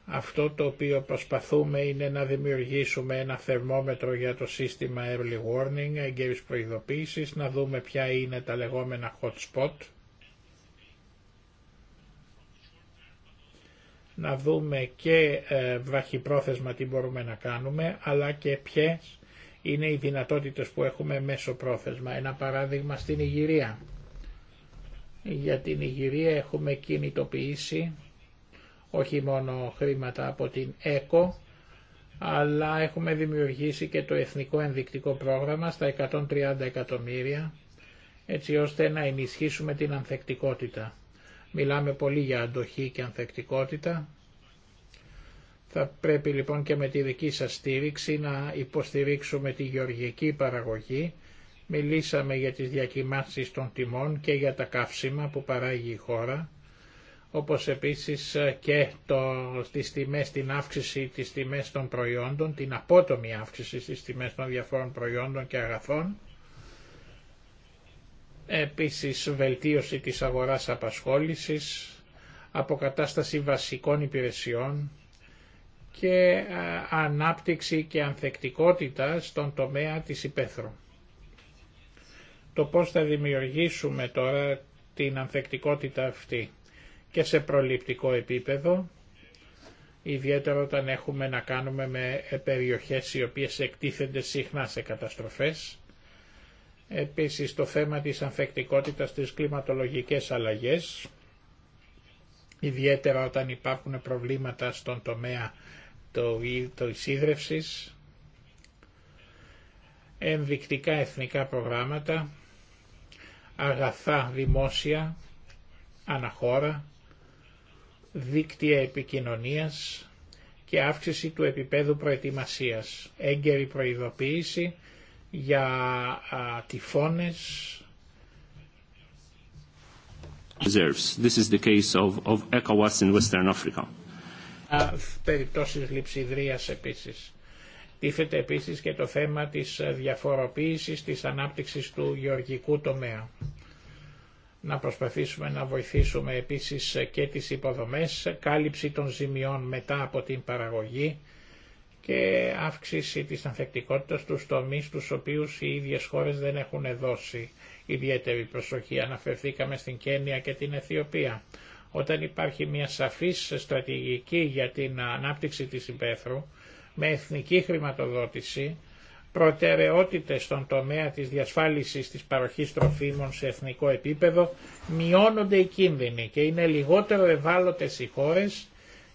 Αυτό το οποίο προσπαθούμε είναι να δημιουργήσουμε ένα θερμόμετρο για το σύστημα early warning, εγκαίρις προειδοποίησης, να δούμε ποια είναι τα λεγόμενα hot spot, να δούμε και ε, βραχυπρόθεσμα τι μπορούμε να κάνουμε, αλλά και ποιες είναι οι δυνατότητες που έχουμε μέσω πρόθεσμα. Ένα παράδειγμα στην Ιγυρία. Για την Ιγυρία έχουμε κινητοποιήσει όχι μόνο χρήματα από την ΕΚΟ, αλλά έχουμε δημιουργήσει και το Εθνικό Ενδεικτικό Πρόγραμμα στα 130 εκατομμύρια, έτσι ώστε να ενισχύσουμε την ανθεκτικότητα. Μιλάμε πολύ για αντοχή και ανθεκτικότητα. Θα πρέπει λοιπόν και με τη δική σας στήριξη να υποστηρίξουμε τη γεωργική παραγωγή. Μιλήσαμε για τις διακοιμάνσεις των τιμών και για τα καύσιμα που παράγει η χώρα, όπως επίσης και το, τις τιμές, την αύξηση της τιμές των προϊόντων, την απότομη αύξηση στις τιμές των διαφόρων προϊόντων και αγαθών επίσης βελτίωση της αγοράς απασχόλησης, αποκατάσταση βασικών υπηρεσιών και ανάπτυξη και ανθεκτικότητα στον τομέα της υπαίθρου. Το πώς θα δημιουργήσουμε τώρα την ανθεκτικότητα αυτή και σε προληπτικό επίπεδο, ιδιαίτερα όταν έχουμε να κάνουμε με περιοχές οι οποίες εκτίθενται συχνά σε καταστροφές, Επίσης το θέμα της ανθεκτικότητας στις κλιματολογικές αλλαγές, ιδιαίτερα όταν υπάρχουν προβλήματα στον τομέα του εισίδρευσης. ενδεικτικά εθνικά προγράμματα, αγαθά δημόσια, αναχώρα, δίκτυα επικοινωνίας και αύξηση του επίπεδου προετοιμασίας, έγκαιρη προειδοποίηση για τυφώνες. This is the case of, of in Western Africa. Περιπτώσεις λειψιδρίας επίσης. Τίθεται επίσης και το θέμα της διαφοροποίησης της ανάπτυξης του γεωργικού τομέα. Να προσπαθήσουμε να βοηθήσουμε επίσης και τις υποδομές, κάλυψη των ζημιών μετά από την παραγωγή, και αύξηση της ανθεκτικότητας στους τομείς τους οποίους οι ίδιες χώρες δεν έχουν δώσει ιδιαίτερη προσοχή. Αναφερθήκαμε στην Κένια και την Αιθιοπία. Όταν υπάρχει μια σαφής στρατηγική για την ανάπτυξη της υπαίθρου με εθνική χρηματοδότηση, προτεραιότητες στον τομέα της διασφάλισης της παροχής τροφίμων σε εθνικό επίπεδο, μειώνονται οι κίνδυνοι και είναι λιγότερο ευάλωτες οι χώρες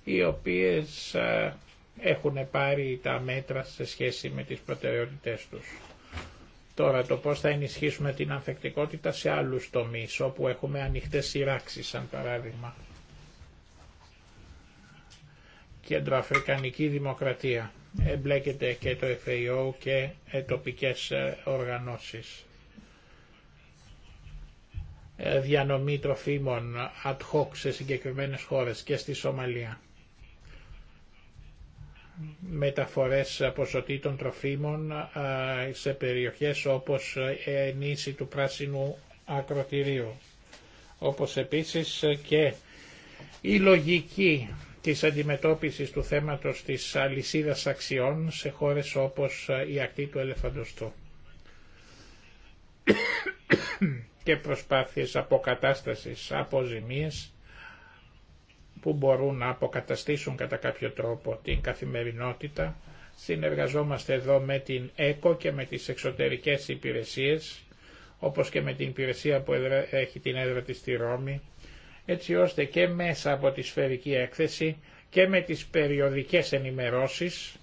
οι οποίες ε, έχουν πάρει τα μέτρα σε σχέση με τις προτεραιότητές τους. Τώρα το πώς θα ενισχύσουμε την ανθεκτικότητα σε άλλους τομείς όπου έχουμε ανοιχτές σειράξεις σαν παράδειγμα. Κέντρο Δημοκρατία. Εμπλέκεται και το FAO και ε, τοπικές ε, οργανώσεις. Ε, διανομή τροφίμων ad hoc σε συγκεκριμένες χώρες και στη Σομαλία μεταφορές ποσοτήτων τροφίμων σε περιοχές όπως ενίση του πράσινου ακροτηρίου. Όπως επίσης και η λογική της αντιμετώπισης του θέματος της αλυσίδας αξιών σε χώρες όπως η ακτή του ελεφαντοστού και προσπάθειες αποκατάστασης, αποζημίες που μπορούν να αποκαταστήσουν κατά κάποιο τρόπο την καθημερινότητα. Συνεργαζόμαστε εδώ με την ΕΚΟ και με τις εξωτερικές υπηρεσίες, όπως και με την υπηρεσία που έχει την έδρα της στη Ρώμη, έτσι ώστε και μέσα από τη σφαιρική έκθεση και με τις περιοδικές ενημερώσεις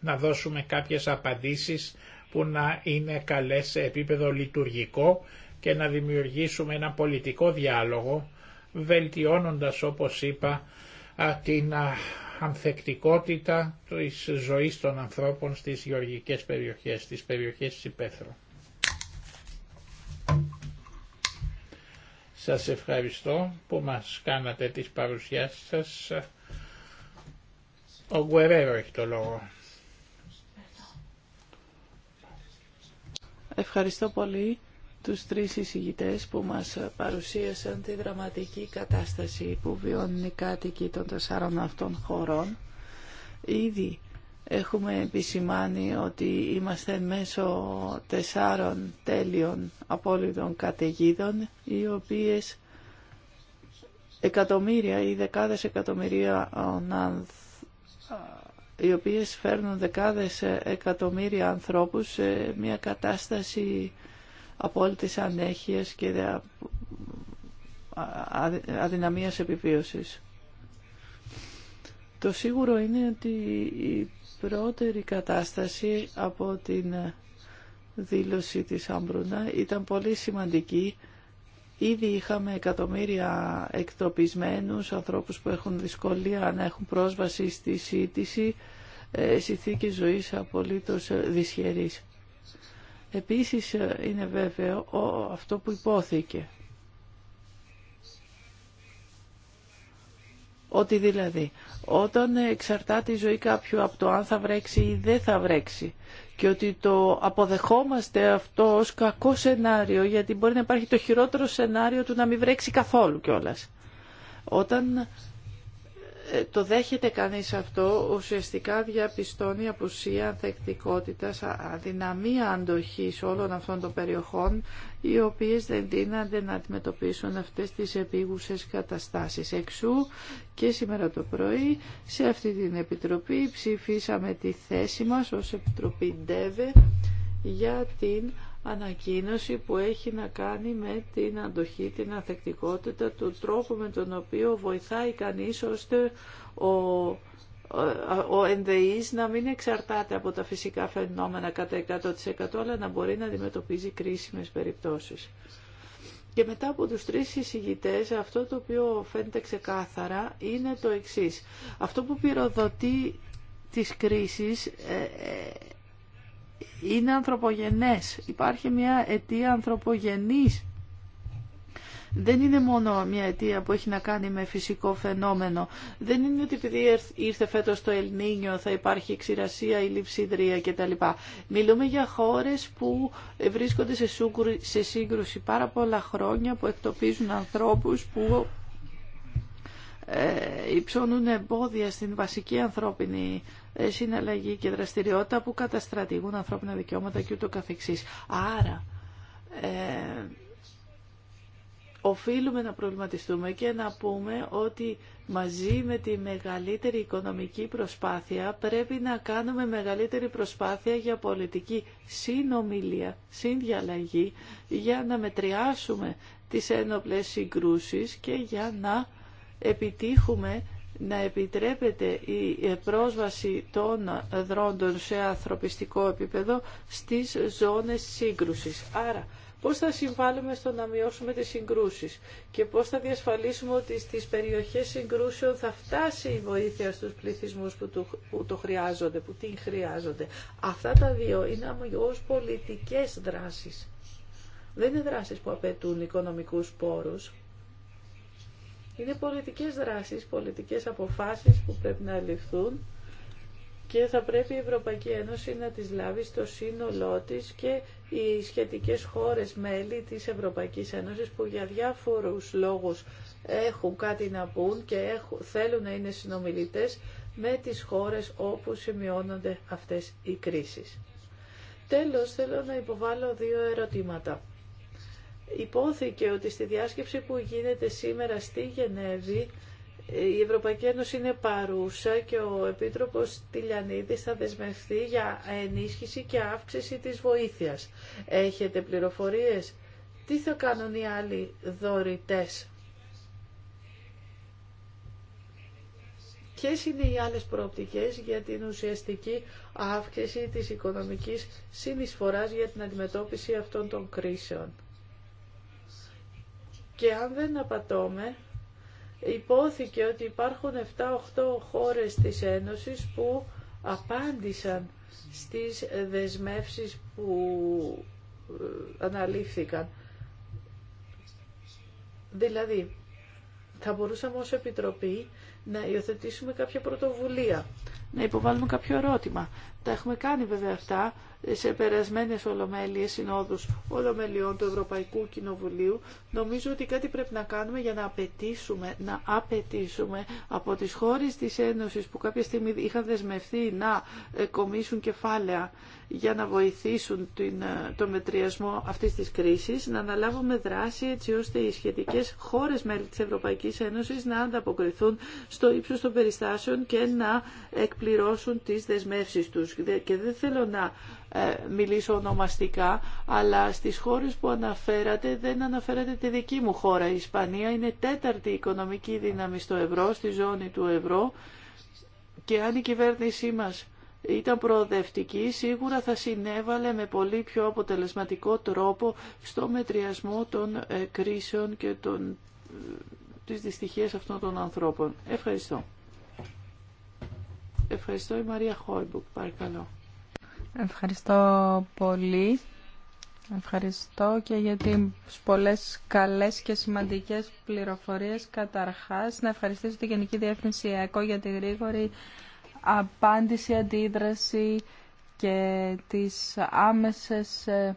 να δώσουμε κάποιες απαντήσεις που να είναι καλές σε επίπεδο λειτουργικό και να δημιουργήσουμε ένα πολιτικό διάλογο βελτιώνοντας όπως είπα την ανθεκτικότητα της ζωής των ανθρώπων στις γεωργικές περιοχές, στις περιοχές της Υπέθρου. Σας ευχαριστώ που μας κάνατε τις παρουσιάσεις σας. Ο Γκουερέρο έχει το λόγο. Ευχαριστώ πολύ τους τρεις εισηγητές που μας παρουσίασαν τη δραματική κατάσταση που βιώνουν οι κάτοικοι των τεσσάρων αυτών χωρών. Ήδη έχουμε επισημάνει ότι είμαστε μέσω τεσσάρων τέλειων απόλυτων καταιγίδων οι οποίες εκατομμύρια ή δεκάδες εκατομμυρία οι οποίες φέρνουν δεκάδες εκατομμύρια ανθρώπους σε μια κατάσταση απόλυτης ανέχειας και αδυναμίας επιβίωσης. Το σίγουρο είναι ότι η πρώτερη κατάσταση από την δήλωση της Άμπρουνα ήταν πολύ σημαντική. Ήδη είχαμε εκατομμύρια εκτοπισμένους, ανθρώπους που έχουν δυσκολία να έχουν πρόσβαση στη σύντηση, ε, συνθήκη ζωής απολύτως δυσχερής. Επίσης ε, είναι βέβαιο αυτό που υπόθηκε. Ότι δηλαδή, όταν εξαρτάται η ζωή κάποιου από το αν θα βρέξει ή δεν θα βρέξει και ότι το αποδεχόμαστε αυτό ως κακό σενάριο γιατί μπορεί να υπάρχει το χειρότερο σενάριο του να μην βρέξει καθόλου κιόλας. Όταν ε, το δέχεται κανείς αυτό, ουσιαστικά διαπιστώνει απουσία ανθεκτικότητας, αδυναμία αντοχής όλων αυτών των περιοχών, οι οποίες δεν δίνανται να αντιμετωπίσουν αυτές τις επίγουσες καταστάσεις. Εξού και σήμερα το πρωί σε αυτή την Επιτροπή ψηφίσαμε τη θέση μας ως Επιτροπή ΝΤΕΒΕ για την ανακοίνωση που έχει να κάνει με την αντοχή, την ανθεκτικότητα, τον τρόπο με τον οποίο βοηθάει κανείς ώστε ο, ο ενδεής να μην εξαρτάται από τα φυσικά φαινόμενα κατά 100% αλλά να μπορεί να αντιμετωπίζει κρίσιμες περιπτώσεις. Και μετά από τους τρεις συζητητές αυτό το οποίο φαίνεται ξεκάθαρα είναι το εξής. Αυτό που πυροδοτεί τις κρίσεις ε, ε, είναι ανθρωπογενές. Υπάρχει μια αιτία ανθρωπογενής. Δεν είναι μόνο μια αιτία που έχει να κάνει με φυσικό φαινόμενο. Δεν είναι ότι επειδή ήρθε φέτος το Ελνίνιο θα υπάρχει ξηρασία ή λειψίδρια κτλ. Μιλούμε για χώρες που βρίσκονται σε σύγκρουση πάρα πολλά χρόνια, που εκτοπίζουν ανθρώπους που ε, υψώνουν εμπόδια στην βασική ανθρώπινη ε, συναλλαγή και δραστηριότητα που καταστρατηγούν ανθρώπινα δικαιώματα και ούτω καθεξής. Άρα, ε, οφείλουμε να προβληματιστούμε και να πούμε ότι μαζί με τη μεγαλύτερη οικονομική προσπάθεια πρέπει να κάνουμε μεγαλύτερη προσπάθεια για πολιτική συνομιλία, συνδιαλλαγή, για να μετριάσουμε τις ένοπλες συγκρούσεις και για να επιτύχουμε να επιτρέπεται η πρόσβαση των δρόντων σε ανθρωπιστικό επίπεδο στις ζώνες σύγκρουσης. Άρα, πώς θα συμβάλλουμε στο να μειώσουμε τις συγκρούσεις και πώς θα διασφαλίσουμε ότι στις περιοχές συγκρούσεων θα φτάσει η βοήθεια στους πληθυσμούς που το, το χρειάζονται, που την χρειάζονται. Αυτά τα δύο είναι αμοιώς πολιτικές δράσεις. Δεν είναι δράσεις που απαιτούν οικονομικούς πόρους. Είναι πολιτικές δράσεις, πολιτικές αποφάσεις που πρέπει να ληφθούν και θα πρέπει η Ευρωπαϊκή Ένωση να τις λάβει στο σύνολό της και οι σχετικές χώρες μέλη της Ευρωπαϊκής Ένωσης που για διάφορους λόγους έχουν κάτι να πούν και έχουν, θέλουν να είναι συνομιλητές με τις χώρες όπου σημειώνονται αυτές οι κρίσεις. Τέλος, θέλω να υποβάλω δύο ερωτήματα. Υπόθηκε ότι στη διάσκεψη που γίνεται σήμερα στη Γενέβη η Ευρωπαϊκή Ένωση είναι παρούσα και ο Επίτροπος Τηλιανίδης θα δεσμευτεί για ενίσχυση και αύξηση της βοήθειας. Έχετε πληροφορίες. Τι θα κάνουν οι άλλοι δωρητές. Ποιες είναι οι άλλες προοπτικές για την ουσιαστική αύξηση της οικονομικής συνεισφοράς για την αντιμετώπιση αυτών των κρίσεων. Και αν δεν απατώμε, υπόθηκε ότι υπάρχουν 7-8 χώρες της Ένωσης που απάντησαν στις δεσμεύσεις που ε, αναλήφθηκαν. Δηλαδή, θα μπορούσαμε ως Επιτροπή να υιοθετήσουμε κάποια πρωτοβουλία, να υποβάλουμε κάποιο ερώτημα, τα έχουμε κάνει βέβαια αυτά σε περασμένες ολομέλειες συνόδους ολομελιών του Ευρωπαϊκού Κοινοβουλίου. Νομίζω ότι κάτι πρέπει να κάνουμε για να απαιτήσουμε, να απαιτήσουμε από τις χώρες της Ένωσης που κάποια στιγμή είχαν δεσμευτεί να ε, κομίσουν κεφάλαια για να βοηθήσουν την, ε, το μετριασμό αυτής της κρίσης, να αναλάβουμε δράση έτσι ώστε οι σχετικές χώρες μέλη της Ευρωπαϊκής Ένωσης να ανταποκριθούν στο ύψος των περιστάσεων και να εκπληρώσουν τις δεσμεύσεις τους και δεν θέλω να ε, μιλήσω ονομαστικά, αλλά στις χώρες που αναφέρατε δεν αναφέρατε τη δική μου χώρα. Η Ισπανία είναι τέταρτη οικονομική δύναμη στο ευρώ, στη ζώνη του ευρώ και αν η κυβέρνησή μας ήταν προοδευτική, σίγουρα θα συνέβαλε με πολύ πιο αποτελεσματικό τρόπο στο μετριασμό των ε, κρίσεων και των, ε, της δυστυχίας αυτών των ανθρώπων. Ευχαριστώ. Ευχαριστώ η Μαρία Χόιμπουκ, παρακαλώ. Ευχαριστώ πολύ. Ευχαριστώ και για τις πολλές καλές και σημαντικές πληροφορίες. Καταρχάς, να ευχαριστήσω τη Γενική Διεύθυνση ΕΚΟ για τη γρήγορη απάντηση, αντίδραση και τις άμεσες ε,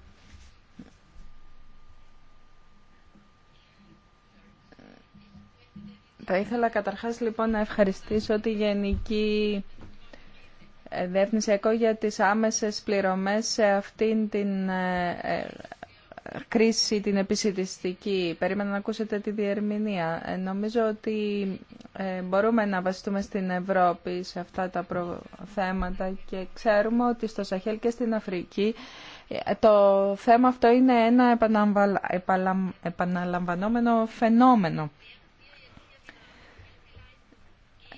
Θα ήθελα καταρχάς λοιπόν να ευχαριστήσω τη Γενική ε, Διεύθυνση ΕΚΟ για τις άμεσες πληρωμές σε αυτήν την ε, ε, κρίση την επισητιστική. Περίμενα να ακούσετε τη διερμηνία. Νομίζω ότι μπορούμε να βασιστούμε στην Ευρώπη σε αυτά τα θέματα και ξέρουμε ότι στο Σαχέλ και στην Αφρική το θέμα αυτό είναι ένα επαναλαμβανόμενο φαινόμενο.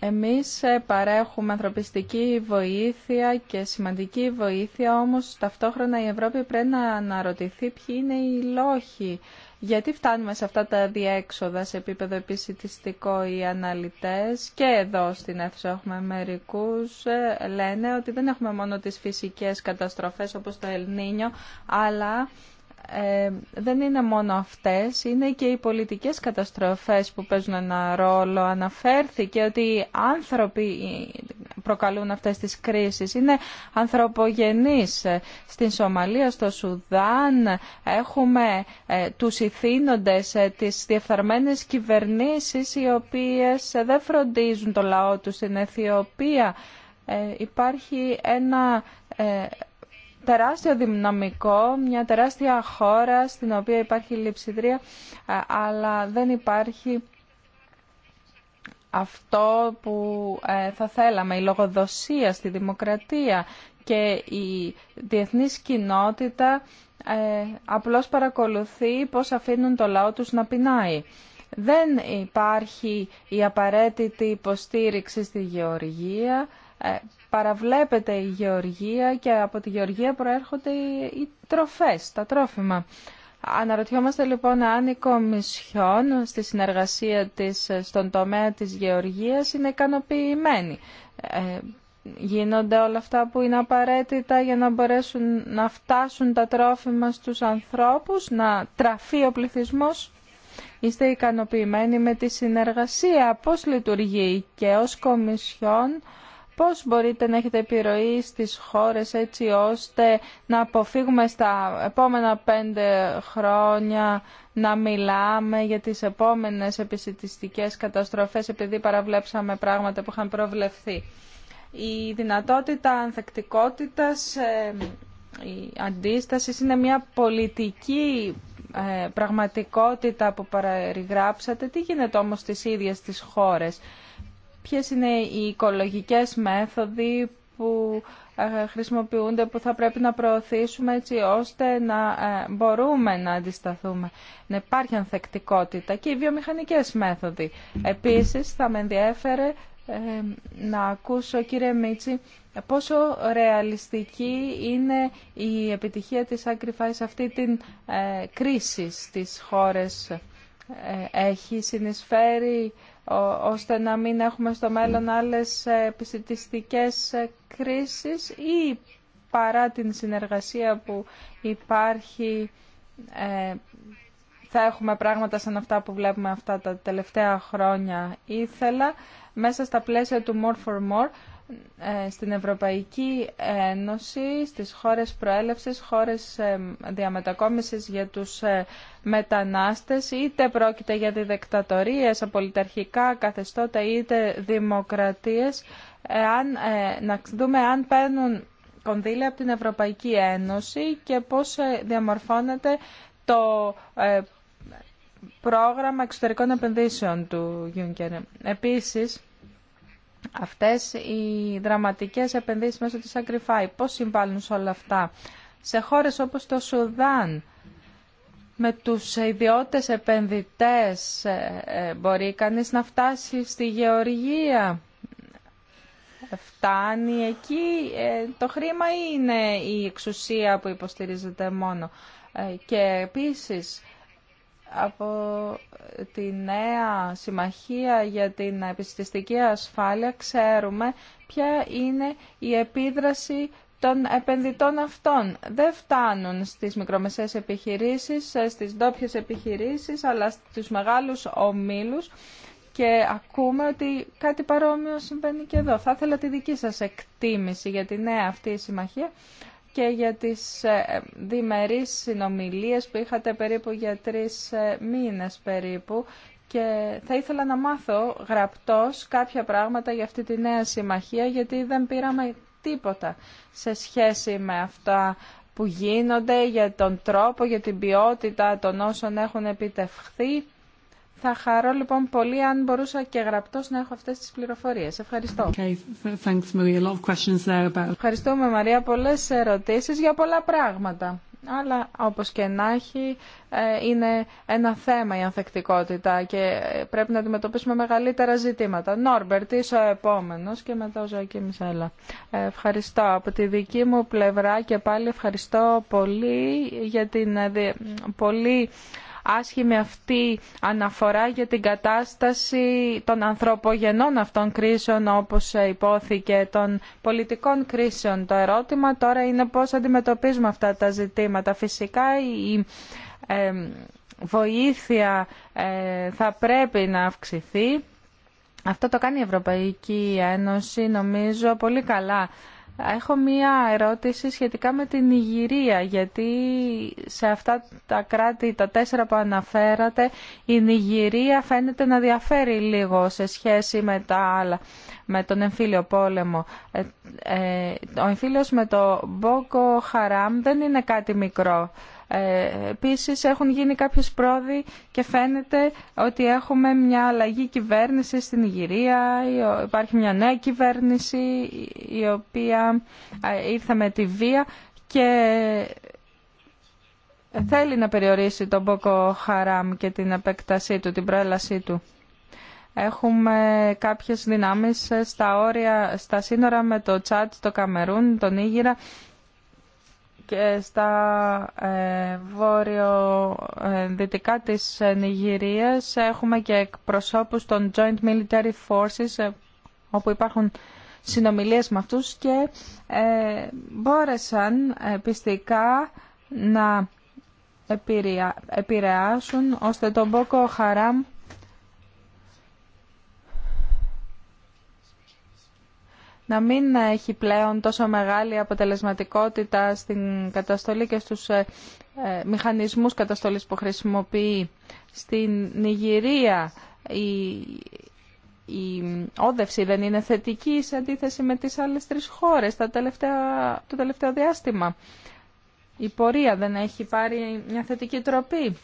Εμείς ε, παρέχουμε ανθρωπιστική βοήθεια και σημαντική βοήθεια, όμως ταυτόχρονα η Ευρώπη πρέπει να αναρωτηθεί ποιοι είναι οι λόγοι. Γιατί φτάνουμε σε αυτά τα διέξοδα σε επίπεδο επισητιστικό οι αναλυτές και εδώ στην αίθουσα έχουμε μερικούς ε, λένε ότι δεν έχουμε μόνο τις φυσικές καταστροφές όπως το Ελνίνιο αλλά ε, δεν είναι μόνο αυτές, είναι και οι πολιτικές καταστροφές που παίζουν ένα ρόλο. Αναφέρθηκε ότι οι άνθρωποι προκαλούν αυτές τις κρίσεις. Είναι ανθρωπογενείς. Στην Σομαλία, στο Σουδάν έχουμε ε, τους ηθήνοντες ε, της διεφθαρμένες κυβερνήσεις οι οποίες δεν φροντίζουν το λαό τους στην Αιθιοπία. Υπάρχει ένα τεράστιο δυναμικό, μια τεράστια χώρα στην οποία υπάρχει λειψιδρία, ε, αλλά δεν υπάρχει αυτό που ε, θα θέλαμε, η λογοδοσία στη δημοκρατία και η διεθνής κοινότητα ε, απλώς παρακολουθεί πώς αφήνουν το λαό τους να πεινάει. Δεν υπάρχει η απαραίτητη υποστήριξη στη γεωργία ε, παραβλέπεται η γεωργία και από τη γεωργία προέρχονται οι τροφές, τα τρόφιμα. Αναρωτιόμαστε λοιπόν αν η Κομισιόν στη συνεργασία της στον τομέα της γεωργίας είναι ικανοποιημένη. Ε, γίνονται όλα αυτά που είναι απαραίτητα για να μπορέσουν να φτάσουν τα τρόφιμα στους ανθρώπους, να τραφεί ο πληθυσμός. Είστε ικανοποιημένοι με τη συνεργασία, πώς λειτουργεί και ως Κομισιόν πώς μπορείτε να έχετε επιρροή στις χώρες έτσι ώστε να αποφύγουμε στα επόμενα πέντε χρόνια να μιλάμε για τις επόμενες επισητιστικές καταστροφές επειδή παραβλέψαμε πράγματα που είχαν προβλεφθεί. Η δυνατότητα ανθεκτικότητας, ε, η αντίσταση είναι μια πολιτική ε, πραγματικότητα που παραγράψατε. Τι γίνεται όμως στις ίδιες τις χώρες ποιες είναι οι οικολογικές μέθοδοι που ε, χρησιμοποιούνται, που θα πρέπει να προωθήσουμε έτσι ώστε να ε, μπορούμε να αντισταθούμε. Να υπάρχει ανθεκτικότητα και οι βιομηχανικές μέθοδοι. Επίσης, θα με ενδιέφερε ε, να ακούσω, κύριε Μίτσι, πόσο ρεαλιστική είναι η επιτυχία της Sacrifice αυτή την κρίση στις χώρες. Έχει συνεισφέρει ώστε να μην έχουμε στο μέλλον άλλες ε, επιστημιστικές ε, κρίσεις ή παρά την συνεργασία που υπάρχει ε, θα έχουμε πράγματα σαν αυτά που βλέπουμε αυτά τα τελευταία χρόνια. Ήθελα μέσα στα πλαίσια του More for More ε, στην Ευρωπαϊκή Ένωση, στις χώρες προέλευσης, χώρες ε, διαμετακόμισης για τους ε, μετανάστες, είτε πρόκειται για διδεκτατορίες, απολυταρχικά καθεστώτα, είτε δημοκρατίες, αν, να δούμε αν παίρνουν κονδύλια από την Ευρωπαϊκή Ένωση και πώς διαμορφώνεται το πρόγραμμα εξωτερικών επενδύσεων του Γιούνκερ. Επίσης, αυτές οι δραματικές επενδύσεις μέσω της Agrify. Πώς συμβάλλουν σε όλα αυτά. Σε χώρες όπως το Σουδάν, με τους ιδιώτες επενδυτές ε, ε, μπορεί κανείς να φτάσει στη Γεωργία. Φτάνει εκεί. Ε, το χρήμα είναι η εξουσία που υποστηρίζεται μόνο. Και επίσης από τη νέα συμμαχία για την επιστηστική ασφάλεια ξέρουμε ποια είναι η επίδραση των επενδυτών αυτών. Δεν φτάνουν στις μικρομεσαίες επιχειρήσεις, ε, στις ντόπιε επιχειρήσεις, αλλά στους μεγάλους ομίλους και ακούμε ότι κάτι παρόμοιο συμβαίνει και εδώ. Θα ήθελα τη δική σας εκτίμηση για τη νέα αυτή συμμαχία και για τις ε, διμερείς συνομιλίες που είχατε περίπου για τρεις ε, μήνες περίπου και θα ήθελα να μάθω γραπτός κάποια πράγματα για αυτή τη νέα συμμαχία γιατί δεν πήραμε τίποτα σε σχέση με αυτά που γίνονται, για τον τρόπο, για την ποιότητα των όσων έχουν επιτευχθεί θα χαρώ λοιπόν πολύ αν μπορούσα και γραπτός να έχω αυτές τις πληροφορίες. Ευχαριστώ. Okay, thanks, Maria. A lot of questions there about... Ευχαριστούμε Μαρία. Πολλές ερωτήσεις για πολλά πράγματα. Αλλά όπως και να έχει ε, είναι ένα θέμα η ανθεκτικότητα και ε, πρέπει να αντιμετωπίσουμε μεγαλύτερα ζητήματα. Νόρμπερτ, είσαι ο επόμενος και μετά ο Ζωακή Μισέλα. Ε, ευχαριστώ. Από τη δική μου πλευρά και πάλι ευχαριστώ πολύ για την πολύ άσχημη αυτή αναφορά για την κατάσταση των ανθρωπογενών αυτών κρίσεων όπως υπόθηκε των πολιτικών κρίσεων. Το ερώτημα τώρα είναι πώς αντιμετωπίζουμε αυτά τα ζητήματα. Φυσικά η βοήθεια ε, θα πρέπει να αυξηθεί. Αυτό το κάνει η Ευρωπαϊκή Ένωση νομίζω πολύ καλά Έχω μία ερώτηση σχετικά με την Ιγυρία, γιατί σε αυτά τα κράτη, τα τέσσερα που αναφέρατε, η Νιγηρία φαίνεται να διαφέρει λίγο σε σχέση με τα άλλα, με τον εμφύλιο πόλεμο. Ε, ε, ο εμφύλιος με το Μπόκο Χαράμ δεν είναι κάτι μικρό. Ε, επίσης έχουν γίνει κάποιες πρόοδοι και φαίνεται ότι έχουμε μια αλλαγή κυβέρνηση στην Ιγυρία, υπάρχει μια νέα κυβέρνηση η οποία ήρθε με τη βία και θέλει να περιορίσει τον Μπόκο Χαράμ και την επέκτασή του, την προέλασή του. Έχουμε κάποιες δυνάμεις στα, όρια, στα σύνορα με το Τσάτ, το Καμερούν, τον Ήγυρα και στα ε, βόρειο-δυτικά ε, της ε, Νιγηρίας έχουμε και εκπροσώπους των Joint Military Forces όπου υπάρχουν συνομιλίες με αυτούς και μπόρεσαν πιστικά να επηρεάσουν ώστε τον Μπόκο Χαράμ να μην έχει πλέον τόσο μεγάλη αποτελεσματικότητα στην καταστολή και στους ε, ε, μηχανισμούς καταστολής που χρησιμοποιεί. Στην Νιγηρία η, η όδευση δεν είναι θετική σε αντίθεση με τις άλλες τρεις χώρες τα το τελευταίο διάστημα. Η πορεία δεν έχει πάρει μια θετική τροπή.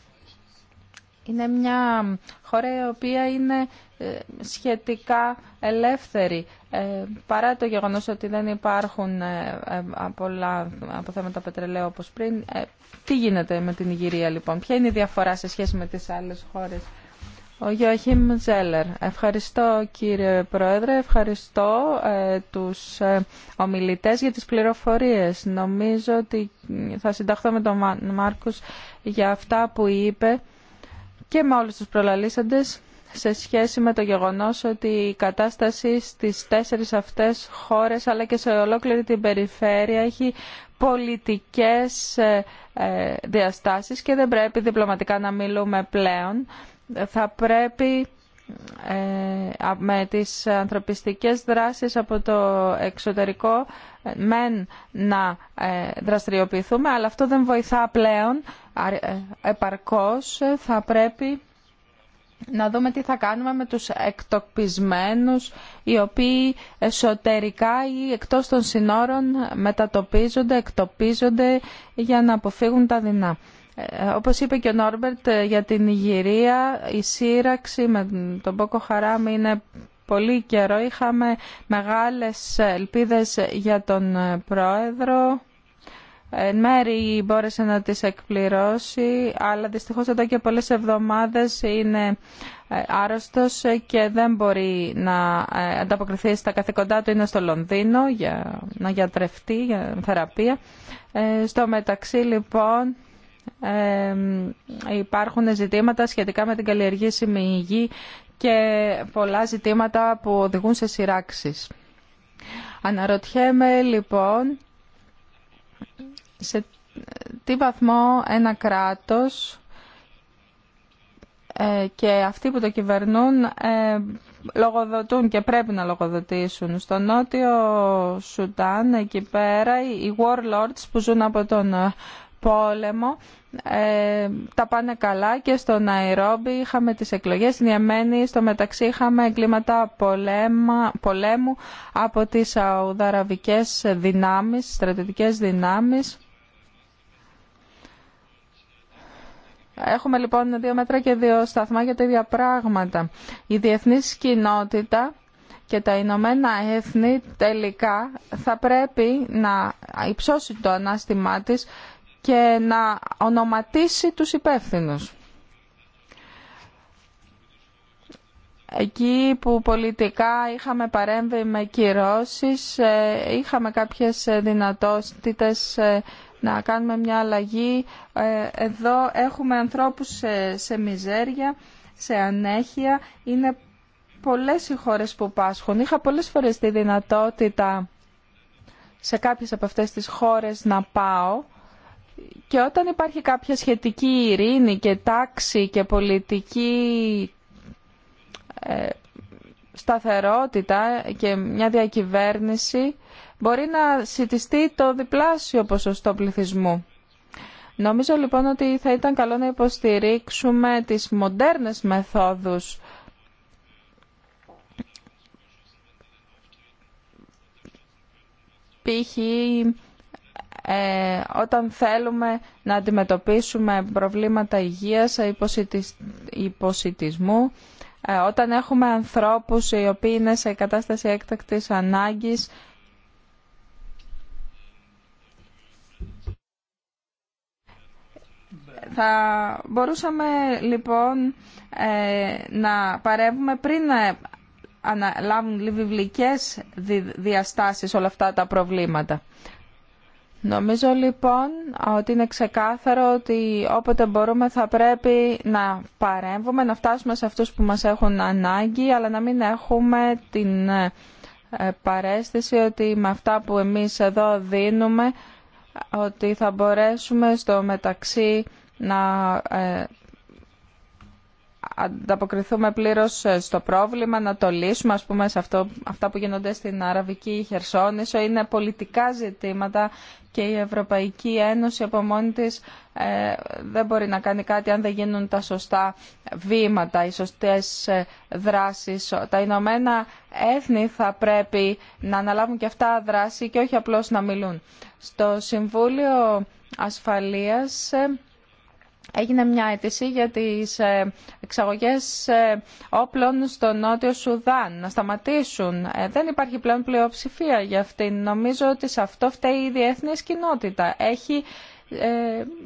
Είναι μια χώρα η οποία είναι ε, σχετικά ελεύθερη ε, παρά το γεγονός ότι δεν υπάρχουν ε, πολλά θέματα πετρελαίου όπως πριν τι γίνεται με την Ιγυρία λοιπόν ποια είναι η διαφορά σε σχέση με τις άλλες χώρες ο Γιώχημ Ζέλερ. Ευχαριστώ κύριε Πρόεδρε, ευχαριστώ τους ομιλητές για τις πληροφορίες. Νομίζω ότι θα συνταχθώ με τον Μάρκους για αυτά που είπε και με όλους τους προλαλήσαντες σε σχέση με το γεγονός ότι η κατάσταση στις τέσσερις αυτές χώρες αλλά και σε ολόκληρη την περιφέρεια έχει πολιτικές ε, ε, διαστάσεις και δεν πρέπει διπλωματικά να μιλούμε πλέον. Θα πρέπει ε, με τις ανθρωπιστικές δράσεις από το εξωτερικό μεν να δραστηριοποιηθούμε αλλά αυτό δεν βοηθά πλέον επαρκώς θα πρέπει να δούμε τι θα κάνουμε με τους εκτοπισμένους οι οποίοι εσωτερικά ή εκτός των συνόρων μετατοπίζονται, εκτοπίζονται για να αποφύγουν τα δεινά. Ε, όπως είπε και ο Νόρμπερτ ε, για την Ιγυρία, η σύραξη με τον Μπόκο Χαράμ είναι πολύ καιρό. Είχαμε μεγάλες ελπίδες για τον ε, πρόεδρο Εν μέρη μπόρεσε να τις εκπληρώσει, αλλά δυστυχώς εδώ και πολλές εβδομάδες είναι ε, άρρωστος και δεν μπορεί να ε, ανταποκριθεί στα καθηκοντά του. Είναι στο Λονδίνο για να γιατρευτεί, για θεραπεία. Ε, στο μεταξύ λοιπόν υπάρχουν ζητήματα σχετικά με την καλλιεργήσιμη υγιή και πολλά ζητήματα που οδηγούν σε σειράξεις. Αναρωτιέμαι λοιπόν σε τι βαθμό ένα κράτος ε, και αυτοί που το κυβερνούν ε, λογοδοτούν και πρέπει να λογοδοτήσουν. Στο νότιο Σουτάν, εκεί πέρα, οι warlords που ζουν από τον ε, πόλεμο τα πάνε καλά και στο Ναϊρόμπι είχαμε τις εκλογές στην στο μεταξύ είχαμε εγκλήματα πολέμα, πολέμου από τις αουδαραβικές δυνάμεις, στρατιωτικές δυνάμεις Έχουμε λοιπόν δύο μέτρα και δύο σταθμά για τα ίδια πράγματα. Η διεθνής κοινότητα και τα Ηνωμένα Έθνη τελικά θα πρέπει να υψώσει το ανάστημά της και να ονοματίσει τους υπεύθυνους. Εκεί που πολιτικά είχαμε παρέμβει με κυρώσεις, ε, είχαμε κάποιες δυνατότητες ε, να κάνουμε μια αλλαγή. Ε, εδώ έχουμε ανθρώπους σε, μιζέρια, σε ανέχεια. Είναι πολλές οι χώρες που πάσχουν. Είχα πολλές φορές τη δυνατότητα σε κάποιες από αυτές τις χώρες να πάω και όταν υπάρχει κάποια σχετική ειρήνη και τάξη και πολιτική ε, σταθερότητα και μια διακυβέρνηση μπορεί να συτιστεί το διπλάσιο ποσοστό πληθυσμού. Νομίζω λοιπόν ότι θα ήταν καλό να υποστηρίξουμε τις μοντέρνες μεθόδους π.χ. Ε, όταν θέλουμε να αντιμετωπίσουμε προβλήματα υγείας, υποσυτισμού ε, όταν έχουμε ανθρώπους οι οποίοι είναι σε κατάσταση έκτακτης ανάγκης, Θα μπορούσαμε λοιπόν ε, να παρεύουμε πριν αναλάβουν βιβλικές διαστάσεις όλα αυτά τα προβλήματα. Νομίζω λοιπόν ότι είναι ξεκάθαρο ότι όποτε μπορούμε θα πρέπει να παρέμβουμε, να φτάσουμε σε αυτούς που μας έχουν ανάγκη, αλλά να μην έχουμε την ε, παρέστηση ότι με αυτά που εμείς εδώ δίνουμε, ότι θα μπορέσουμε στο μεταξύ να ε, ανταποκριθούμε πλήρως ε, στο πρόβλημα, να το λύσουμε, ας πούμε, σε αυτό, αυτά που γίνονται στην Αραβική Χερσόνησο. Είναι πολιτικά ζητήματα και η Ευρωπαϊκή Ένωση από μόνη της ε, δεν μπορεί να κάνει κάτι αν δεν γίνουν τα σωστά βήματα, οι σωστές ε, δράσεις. Τα Ηνωμένα Έθνη θα πρέπει να αναλάβουν και αυτά δράση και όχι απλώς να μιλούν. Στο Συμβούλιο Ασφαλείας έγινε μια αίτηση για τις ε, εξαγωγές ε, όπλων στο Νότιο Σουδάν να σταματήσουν. Ε, δεν υπάρχει πλέον πλειοψηφία για αυτήν. Νομίζω ότι σε αυτό φταίει η διεθνής κοινότητα. Έχει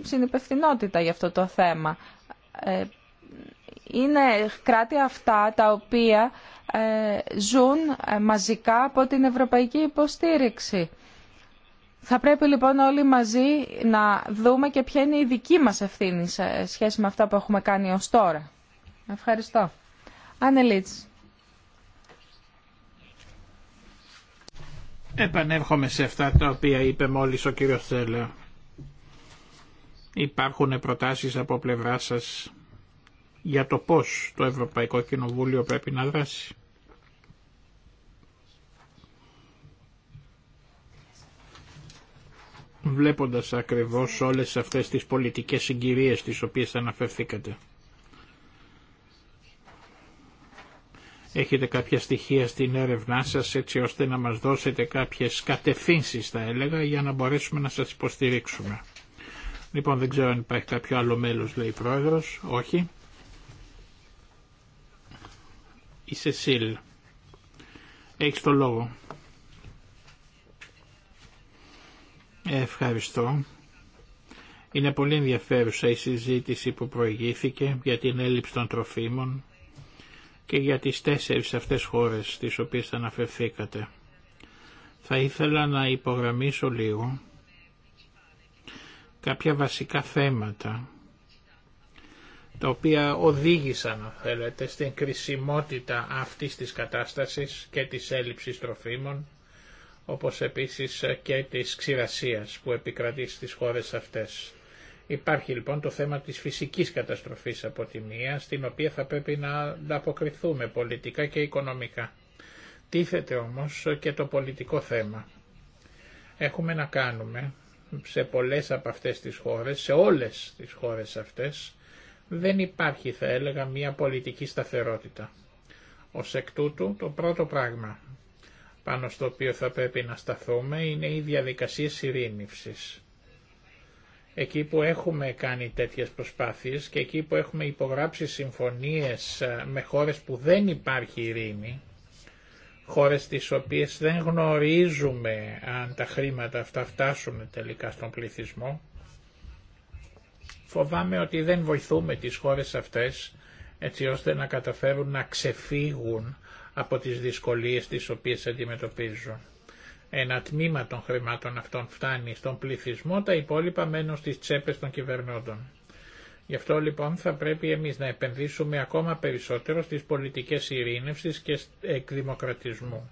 συνυπευθυνότητα για αυτό το θέμα. Είναι κράτη αυτά τα οποία ζουν μαζικά από την ευρωπαϊκή υποστήριξη. Θα πρέπει λοιπόν όλοι μαζί να δούμε και ποια είναι η δική μας ευθύνη σε σχέση με αυτά που έχουμε κάνει ως τώρα. Ευχαριστώ. Ανελίτς. Επανέρχομαι σε αυτά τα οποία είπε μόλις ο κύριος Θέλεο. Υπάρχουν προτάσεις από πλευρά σας για το πώς το Ευρωπαϊκό Κοινοβούλιο πρέπει να δράσει. βλέποντας ακριβώς όλες αυτές τις πολιτικές συγκυρίες τις οποίες αναφερθήκατε. Έχετε κάποια στοιχεία στην έρευνά σας έτσι ώστε να μας δώσετε κάποιες κατευθύνσεις θα έλεγα για να μπορέσουμε να σας υποστηρίξουμε. Λοιπόν δεν ξέρω αν υπάρχει κάποιο άλλο μέλος λέει η πρόεδρος. Όχι. Η Σεσίλ. Έχεις το λόγο. Ευχαριστώ. Είναι πολύ ενδιαφέρουσα η συζήτηση που προηγήθηκε για την έλλειψη των τροφίμων και για τις τέσσερις αυτές χώρες στις οποίες αναφερθήκατε. Θα ήθελα να υπογραμμίσω λίγο κάποια βασικά θέματα τα οποία οδήγησαν, θέλετε, στην κρισιμότητα αυτής της κατάστασης και της έλλειψης τροφίμων όπως επίσης και της ξηρασίας που επικρατεί στις χώρες αυτές. Υπάρχει λοιπόν το θέμα της φυσικής καταστροφής από τη μία, στην οποία θα πρέπει να ανταποκριθούμε πολιτικά και οικονομικά. Τίθεται όμως και το πολιτικό θέμα. Έχουμε να κάνουμε σε πολλές από αυτές τις χώρες, σε όλες τις χώρες αυτές, δεν υπάρχει θα έλεγα μία πολιτική σταθερότητα. Ως εκ τούτου το πρώτο πράγμα πάνω στο οποίο θα πρέπει να σταθούμε είναι οι διαδικασίες ειρήνευσης. Εκεί που έχουμε κάνει τέτοιες προσπάθειες και εκεί που έχουμε υπογράψει συμφωνίες ε, με χώρες που δεν υπάρχει ειρήνη, χώρες τις οποίες δεν γνωρίζουμε αν τα χρήματα αυτά φτάσουν τελικά στον πληθυσμό, φοβάμαι ότι δεν βοηθούμε τις χώρες αυτές έτσι ώστε να καταφέρουν να ξεφύγουν από τις δυσκολίες τις οποίες αντιμετωπίζουν. Ένα τμήμα των χρημάτων αυτών φτάνει στον πληθυσμό, τα υπόλοιπα μένουν στις τσέπες των κυβερνώντων. Γι' αυτό λοιπόν θα πρέπει εμείς να επενδύσουμε ακόμα περισσότερο στις πολιτικές ειρήνευσης και εκδημοκρατισμού.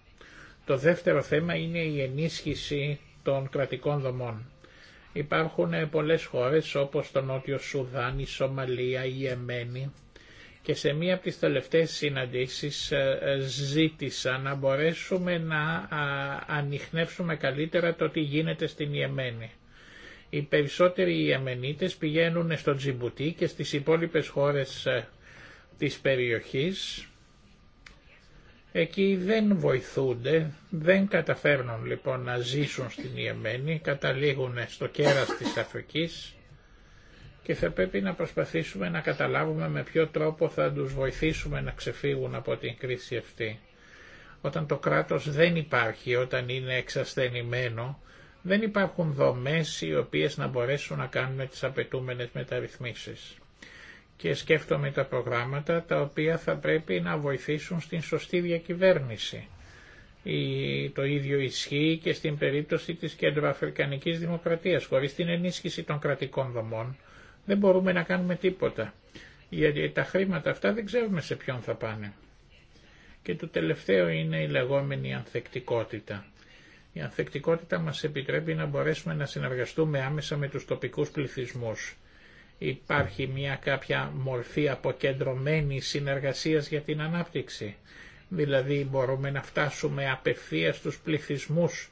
Το δεύτερο θέμα είναι η ενίσχυση των κρατικών δομών. Υπάρχουν ε, πολλές χώρες όπως το Νότιο Σουδάν, η Σομαλία, η Εμένη, και σε μία από τις τελευταίες συναντήσεις ε, ε, ζήτησα να μπορέσουμε να ανοιχνεύσουμε καλύτερα το τι γίνεται στην Ιεμένη. Οι περισσότεροι Ιεμενίτες πηγαίνουν στο Τζιμπουτί και στις υπόλοιπες χώρες ε, της περιοχής. Εκεί δεν βοηθούνται, δεν καταφέρνουν λοιπόν να ζήσουν στην Ιεμένη, καταλήγουν στο κέρας της Αφρικής και θα πρέπει να προσπαθήσουμε να καταλάβουμε με ποιο τρόπο θα τους βοηθήσουμε να ξεφύγουν από την κρίση αυτή. Όταν το κράτος δεν υπάρχει, όταν είναι εξασθενημένο, δεν υπάρχουν δομές οι οποίες να μπορέσουν να κάνουν τις απαιτούμενες μεταρρυθμίσεις. Και σκέφτομαι τα προγράμματα τα οποία θα πρέπει να βοηθήσουν στην σωστή διακυβέρνηση. Το ίδιο ισχύει και στην περίπτωση της κεντροαφρικανικής δημοκρατίας. Χωρίς την ενίσχυση των κρατικών δομών δεν μπορούμε να κάνουμε τίποτα. Γιατί τα χρήματα αυτά δεν ξέρουμε σε ποιον θα πάνε. Και το τελευταίο είναι η λεγόμενη ανθεκτικότητα. Η ανθεκτικότητα μας επιτρέπει να μπορέσουμε να συνεργαστούμε άμεσα με τους τοπικούς πληθυσμούς. Υπάρχει μια κάποια μορφή αποκεντρωμένη συνεργασίας για την ανάπτυξη. Δηλαδή μπορούμε να φτάσουμε απευθείας στους πληθυσμούς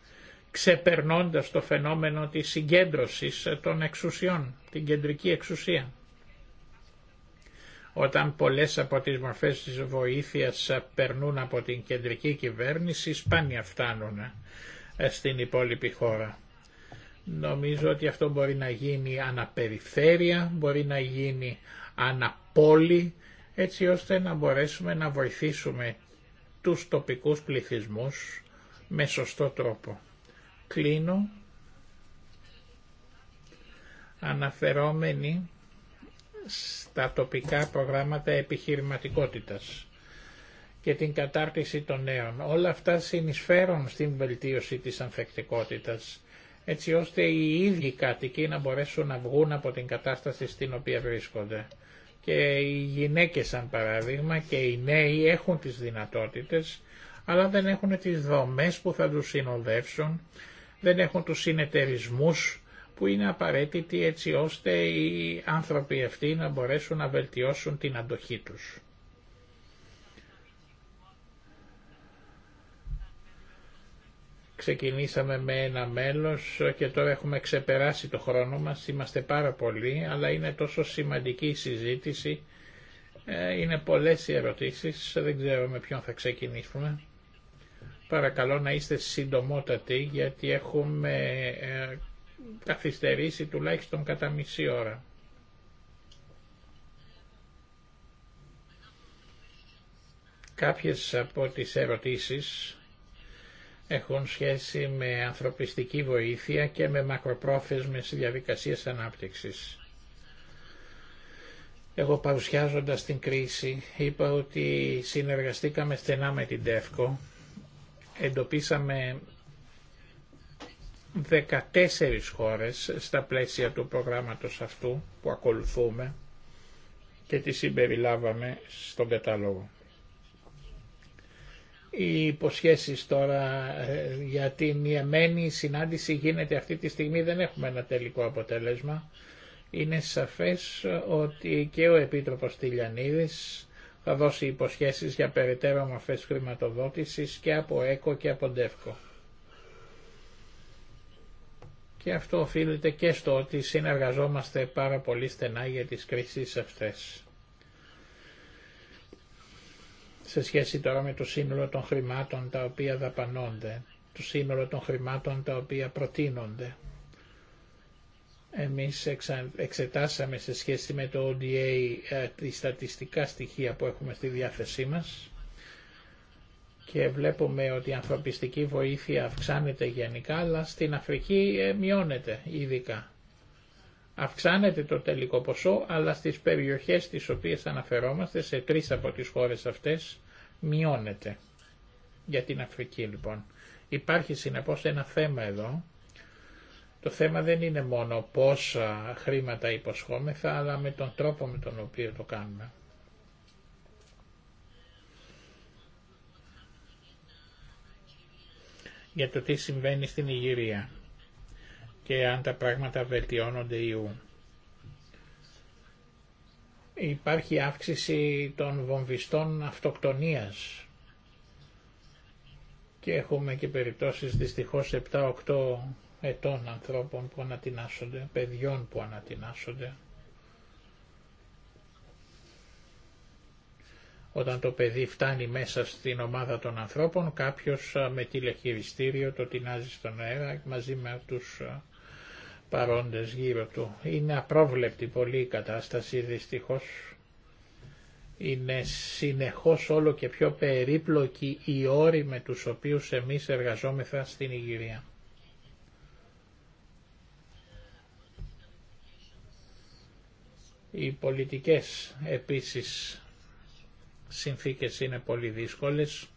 ξεπερνώντας το φαινόμενο της συγκέντρωσης των εξουσιών, την κεντρική εξουσία. Όταν πολλές από τις μορφές της βοήθειας περνούν από την κεντρική κυβέρνηση, σπάνια φτάνουν ε, στην υπόλοιπη χώρα. Νομίζω ότι αυτό μπορεί να γίνει αναπεριφέρεια, μπορεί να γίνει αναπόλη, έτσι ώστε να μπορέσουμε να βοηθήσουμε τους τοπικούς πληθυσμούς με σωστό τρόπο κλείνω αναφερόμενοι στα τοπικά προγράμματα επιχειρηματικότητας και την κατάρτιση των νέων. Όλα αυτά συνεισφέρουν στην βελτίωση της ανθεκτικότητας, έτσι ώστε οι ίδιοι κάτοικοι να μπορέσουν να βγουν από την κατάσταση στην οποία βρίσκονται. Και οι γυναίκες, σαν παράδειγμα, και οι νέοι έχουν τις δυνατότητες, αλλά δεν έχουν τις δομές που θα τους συνοδεύσουν δεν έχουν τους συνεταιρισμούς που είναι απαραίτητοι έτσι ώστε οι άνθρωποι αυτοί να μπορέσουν να βελτιώσουν την αντοχή τους. Ξεκινήσαμε με ένα μέλος και τώρα έχουμε ξεπεράσει το χρόνο μας, είμαστε πάρα πολλοί, αλλά είναι τόσο σημαντική η συζήτηση, ε, είναι πολλές οι ερωτήσεις, δεν ξέρω με ποιον θα ξεκινήσουμε. Παρακαλώ να είστε συντομότατοι γιατί έχουμε ε, καθυστερήσει τουλάχιστον κατά μισή ώρα. Κάποιες από τις ερωτήσεις έχουν σχέση με ανθρωπιστική βοήθεια και με μακροπρόθεσμες διαδικασίες ανάπτυξης. Εγώ παρουσιάζοντας την κρίση είπα ότι συνεργαστήκαμε στενά με την ΤΕΦΚΟ εντοπίσαμε 14 χώρες στα πλαίσια του προγράμματος αυτού που ακολουθούμε και τις συμπεριλάβαμε στον κατάλογο. Οι υποσχέσεις τώρα ε, για την ιεμένη συνάντηση γίνεται αυτή τη στιγμή, δεν έχουμε ένα τελικό αποτέλεσμα. Είναι σαφές ότι και ο Επίτροπος Τηλιανίδης θα δώσει υποσχέσεις για περαιτέρω μορφές χρηματοδότησης και από ΕΚΟ και από ΝΤΕΦΚΟ. Και αυτό οφείλεται και στο ότι συνεργαζόμαστε πάρα πολύ στενά για τις κρίσεις αυτές. Σε σχέση τώρα με το σύνολο των χρημάτων τα οποία δαπανώνται, το σύνολο των χρημάτων τα οποία προτείνονται. Εμείς εξετάσαμε σε σχέση με το ODA ε, τη στατιστικά στοιχεία που έχουμε στη διάθεσή μας και βλέπουμε ότι η ανθρωπιστική βοήθεια αυξάνεται γενικά, αλλά στην Αφρική ε, μειώνεται ειδικά. Αυξάνεται το τελικό ποσό, αλλά στις περιοχές τις οποίες αναφερόμαστε, σε τρεις από τις χώρες αυτές, μειώνεται. Για την Αφρική λοιπόν. Υπάρχει συνεπώς ένα θέμα εδώ, το θέμα δεν είναι μόνο πόσα χρήματα υποσχόμεθα, αλλά με τον τρόπο με τον οποίο το κάνουμε. για το τι συμβαίνει στην Ιγυρία και αν τα πράγματα βελτιώνονται ή ου. Υπάρχει αύξηση των βομβιστών αυτοκτονίας και έχουμε και περιπτώσεις δυστυχώς 7-8 ετών ανθρώπων που ανατινάσσονται, παιδιών που ανατινάσσονται. Όταν το παιδί φτάνει μέσα στην ομάδα των ανθρώπων, κάποιος με τηλεχειριστήριο το τεινάζει στον αέρα μαζί με τους παρόντες γύρω του. Είναι απρόβλεπτη πολύ η κατάσταση δυστυχώς. Είναι συνεχώς όλο και πιο περίπλοκοι η όροι με τους οποίους εμείς εργαζόμεθα στην Ιγυρία. Οι πολιτικές επίσης συνθήκες είναι πολύ δύσκολες.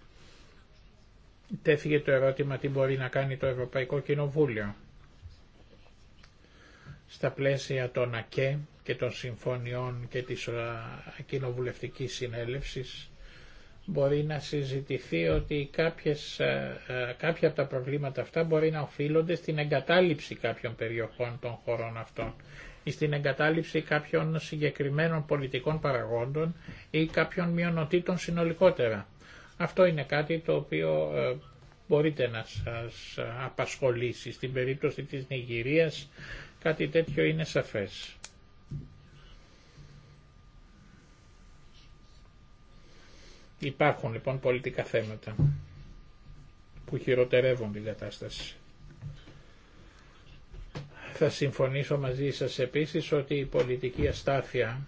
Τέθηκε το ερώτημα τι μπορεί να κάνει το Ευρωπαϊκό Κοινοβούλιο. Στα πλαίσια των ΑΚΕ και των συμφωνιών και της κοινοβουλευτικής συνέλευσης μπορεί να συζητηθεί ότι κάποιες, κάποια από τα προβλήματα αυτά μπορεί να οφείλονται στην εγκατάλειψη κάποιων περιοχών των χωρών αυτών στην εγκατάλειψη κάποιων συγκεκριμένων πολιτικών παραγόντων ή κάποιων μειονοτήτων συνολικότερα. Αυτό είναι κάτι το οποίο ε, μπορείτε να σας απασχολήσει. Στην περίπτωση της Νιγηρίας κάτι τέτοιο είναι σαφές. Υπάρχουν λοιπόν πολιτικά θέματα που χειροτερεύουν την κατάσταση. Θα συμφωνήσω μαζί σας επίσης ότι η πολιτική αστάθεια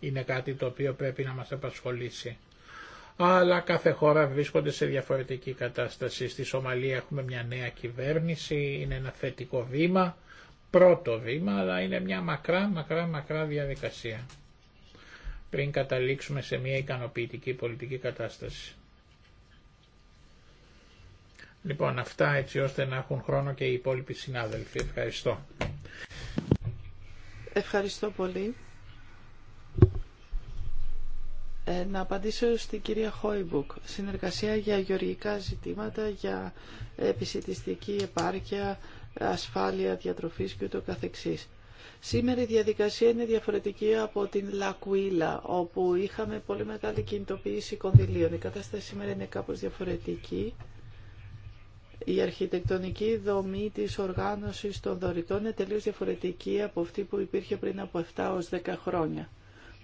είναι κάτι το οποίο πρέπει να μας απασχολήσει. Αλλά κάθε χώρα βρίσκονται σε διαφορετική κατάσταση. Στη Σομαλία έχουμε μια νέα κυβέρνηση, είναι ένα θετικό βήμα, πρώτο βήμα, αλλά είναι μια μακρά, μακρά, μακρά διαδικασία πριν καταλήξουμε σε μια ικανοποιητική πολιτική κατάσταση. Λοιπόν, αυτά έτσι ώστε να έχουν χρόνο και οι υπόλοιποι συνάδελφοι. Ευχαριστώ. Ευχαριστώ πολύ. Ε, να απαντήσω στην κυρία Χόιμπουκ. Συνεργασία για γεωργικά ζητήματα, για ε, επισητιστική επάρκεια, ασφάλεια διατροφής και ούτω καθεξής. Σήμερα η διαδικασία είναι διαφορετική από την Λακουίλα, όπου είχαμε πολύ μεγάλη κινητοποίηση κονδυλίων. Η κατάσταση σήμερα είναι κάπως διαφορετική. Η αρχιτεκτονική δομή της οργάνωσης των δωρητών είναι τελείως διαφορετική από αυτή που υπήρχε πριν από 7 ως 10 χρόνια.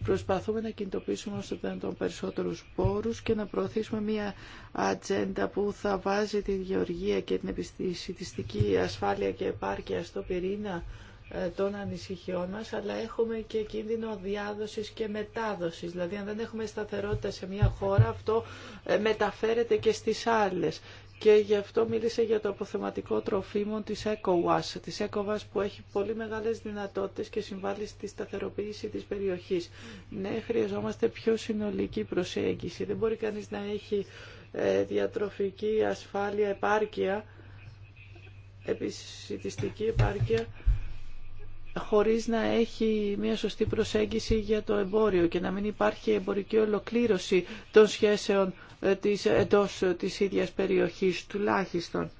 Προσπαθούμε να κινητοποιήσουμε όσο τον περισσότερου πόρου και να προωθήσουμε μια ατζέντα που θα βάζει τη γεωργία και την επιστημιστική ασφάλεια και επάρκεια στο πυρήνα ε, των ανησυχιών μας, αλλά έχουμε και κίνδυνο διάδοσης και μετάδοσης. Δηλαδή, αν δεν έχουμε σταθερότητα σε μια χώρα, αυτό ε, μεταφέρεται και στις άλλες και γι' αυτό μίλησε για το αποθεματικό τροφίμων της ECOWAS, της ECOWAS που έχει πολύ μεγάλες δυνατότητες και συμβάλλει στη σταθεροποίηση της περιοχής. Ναι, χρειαζόμαστε πιο συνολική προσέγγιση. Δεν μπορεί κανείς να έχει ε, διατροφική ασφάλεια, επάρκεια, επισητιστική επάρκεια, χωρίς να έχει μια σωστή προσέγγιση για το εμπόριο και να μην υπάρχει εμπορική ολοκλήρωση των σχέσεων ε, της, εντός ε, της ίδιας περιοχής τουλάχιστον.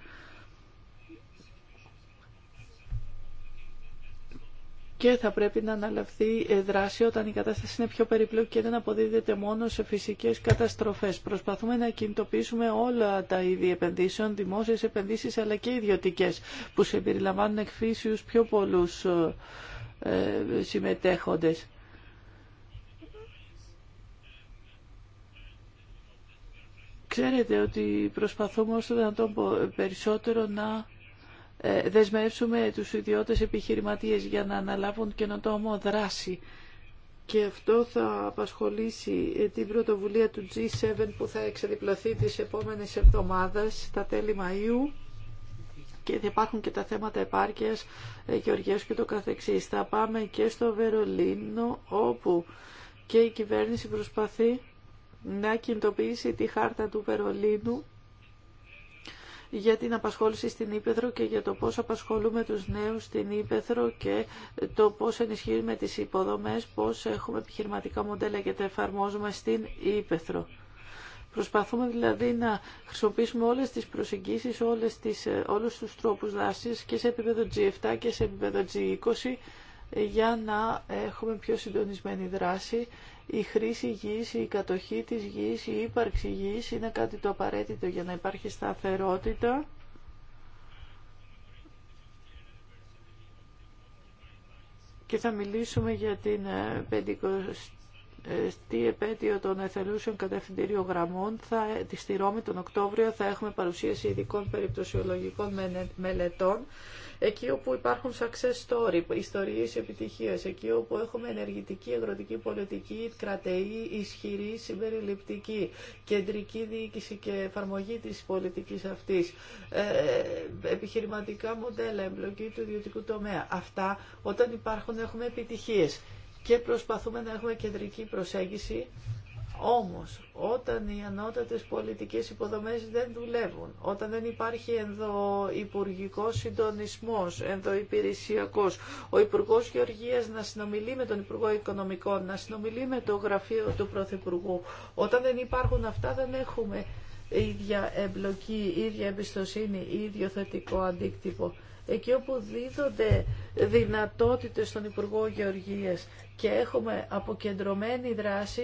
και θα πρέπει να αναλαφθεί ε, δράση όταν η κατάσταση είναι πιο περίπλοκη και δεν αποδίδεται μόνο σε φυσικές καταστροφές. Προσπαθούμε να κινητοποιήσουμε όλα τα είδη επενδύσεων, δημόσιες επενδύσεις αλλά και ιδιωτικές που συμπεριλαμβάνουν εκφύσιους πιο πολλούς συμμετέχοντες. Ξέρετε ότι προσπαθούμε όσο δυνατόν περισσότερο να ε, δεσμεύσουμε τους ιδιώτες επιχειρηματίες για να αναλάβουν καινοτόμο δράση. Και αυτό θα απασχολήσει ε, την πρωτοβουλία του G7 που θα εξεδιπλωθεί τις επόμενες εβδομάδες, τα τέλη Μαΐου. Και θα υπάρχουν και τα θέματα επάρκειας, ε, γεωργίας και το καθεξής. Θα πάμε και στο Βερολίνο, όπου και η κυβέρνηση προσπαθεί να κινητοποιήσει τη χάρτα του Βερολίνου για την απασχόληση στην Ήπεθρο και για το πώς απασχολούμε τους νέους στην Ήπεθρο και το πώς ενισχύουμε τις υποδομές, πώς έχουμε επιχειρηματικά μοντέλα και τα εφαρμόζουμε στην Ήπεθρο. Προσπαθούμε δηλαδή να χρησιμοποιήσουμε όλες τις προσεγγίσεις, όλες τις, όλους τους τρόπους δράσης και σε επίπεδο G7 και σε επίπεδο G20 για να έχουμε πιο συντονισμένη δράση η χρήση γης, η κατοχή της γης, η ύπαρξη γης είναι κάτι το απαραίτητο για να υπάρχει σταθερότητα. Και θα μιλήσουμε για την 50η ε, επέτειο των εθελούσεων κατευθυντήριων γραμμών. Θα, στη Ρώμη τον Οκτώβριο θα έχουμε παρουσίαση ειδικών περιπτωσιολογικών μελετών εκεί όπου υπάρχουν success story, ιστορίες επιτυχίας, εκεί όπου έχουμε ενεργητική αγροτική πολιτική, κρατεή, ισχυρή, συμπεριληπτική, κεντρική διοίκηση και εφαρμογή της πολιτικής αυτής, ε, επιχειρηματικά μοντέλα, εμπλοκή του ιδιωτικού τομέα. Αυτά όταν υπάρχουν έχουμε επιτυχίες και προσπαθούμε να έχουμε κεντρική προσέγγιση όμως, όταν οι ανώτατες πολιτικές υποδομές δεν δουλεύουν, όταν δεν υπάρχει ενδοϊπουργικό συντονισμός, ενδοϊπηρεσιακός, ο Υπουργός Γεωργίας να συνομιλεί με τον Υπουργό Οικονομικών, να συνομιλεί με το Γραφείο του Πρωθυπουργού, όταν δεν υπάρχουν αυτά δεν έχουμε ίδια εμπλοκή, ίδια εμπιστοσύνη, ίδιο θετικό αντίκτυπο. Εκεί όπου δίδονται δυνατότητες στον Υπουργό Γεωργίας και έχουμε αποκεντρωμένη δράση,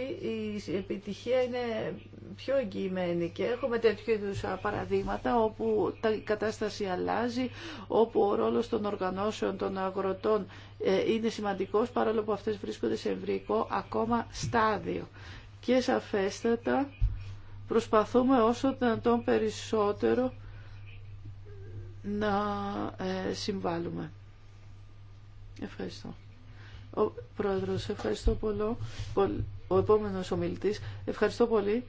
η επιτυχία είναι πιο εγγυημένη και έχουμε τέτοιου είδους παραδείγματα όπου η κατάσταση αλλάζει, όπου ο ρόλος των οργανώσεων των αγροτών ε, είναι σημαντικός παρόλο που αυτές βρίσκονται σε ευρυκό ακόμα στάδιο. Και σαφέστατα προσπαθούμε όσο δυνατόν περισσότερο να ε, συμβάλλουμε. Ευχαριστώ. Ο Πρόεδρος, ευχαριστώ πολύ. Ο επόμενος ομιλητής, ευχαριστώ πολύ.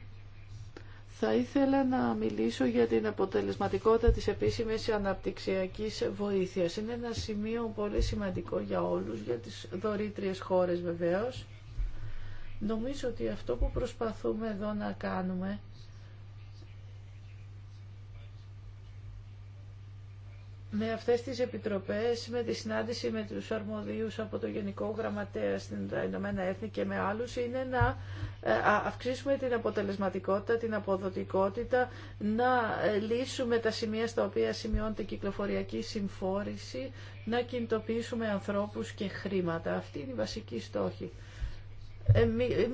Θα ήθελα να μιλήσω για την αποτελεσματικότητα της επίσημης αναπτυξιακής βοήθειας. Είναι ένα σημείο πολύ σημαντικό για όλους, για τις δωρήτριες χώρες βεβαίως. Νομίζω ότι αυτό που προσπαθούμε εδώ να κάνουμε με αυτές τις επιτροπές, με τη συνάντηση με τους αρμοδίους από το Γενικό Γραμματέα στην Ηνωμένα Έθνη και με άλλους, είναι να ε, αυξήσουμε την αποτελεσματικότητα, την αποδοτικότητα, να ε, λύσουμε τα σημεία στα οποία σημειώνεται κυκλοφοριακή συμφόρηση, να κινητοποιήσουμε ανθρώπους και χρήματα. Αυτή είναι η βασική στόχη. Ε,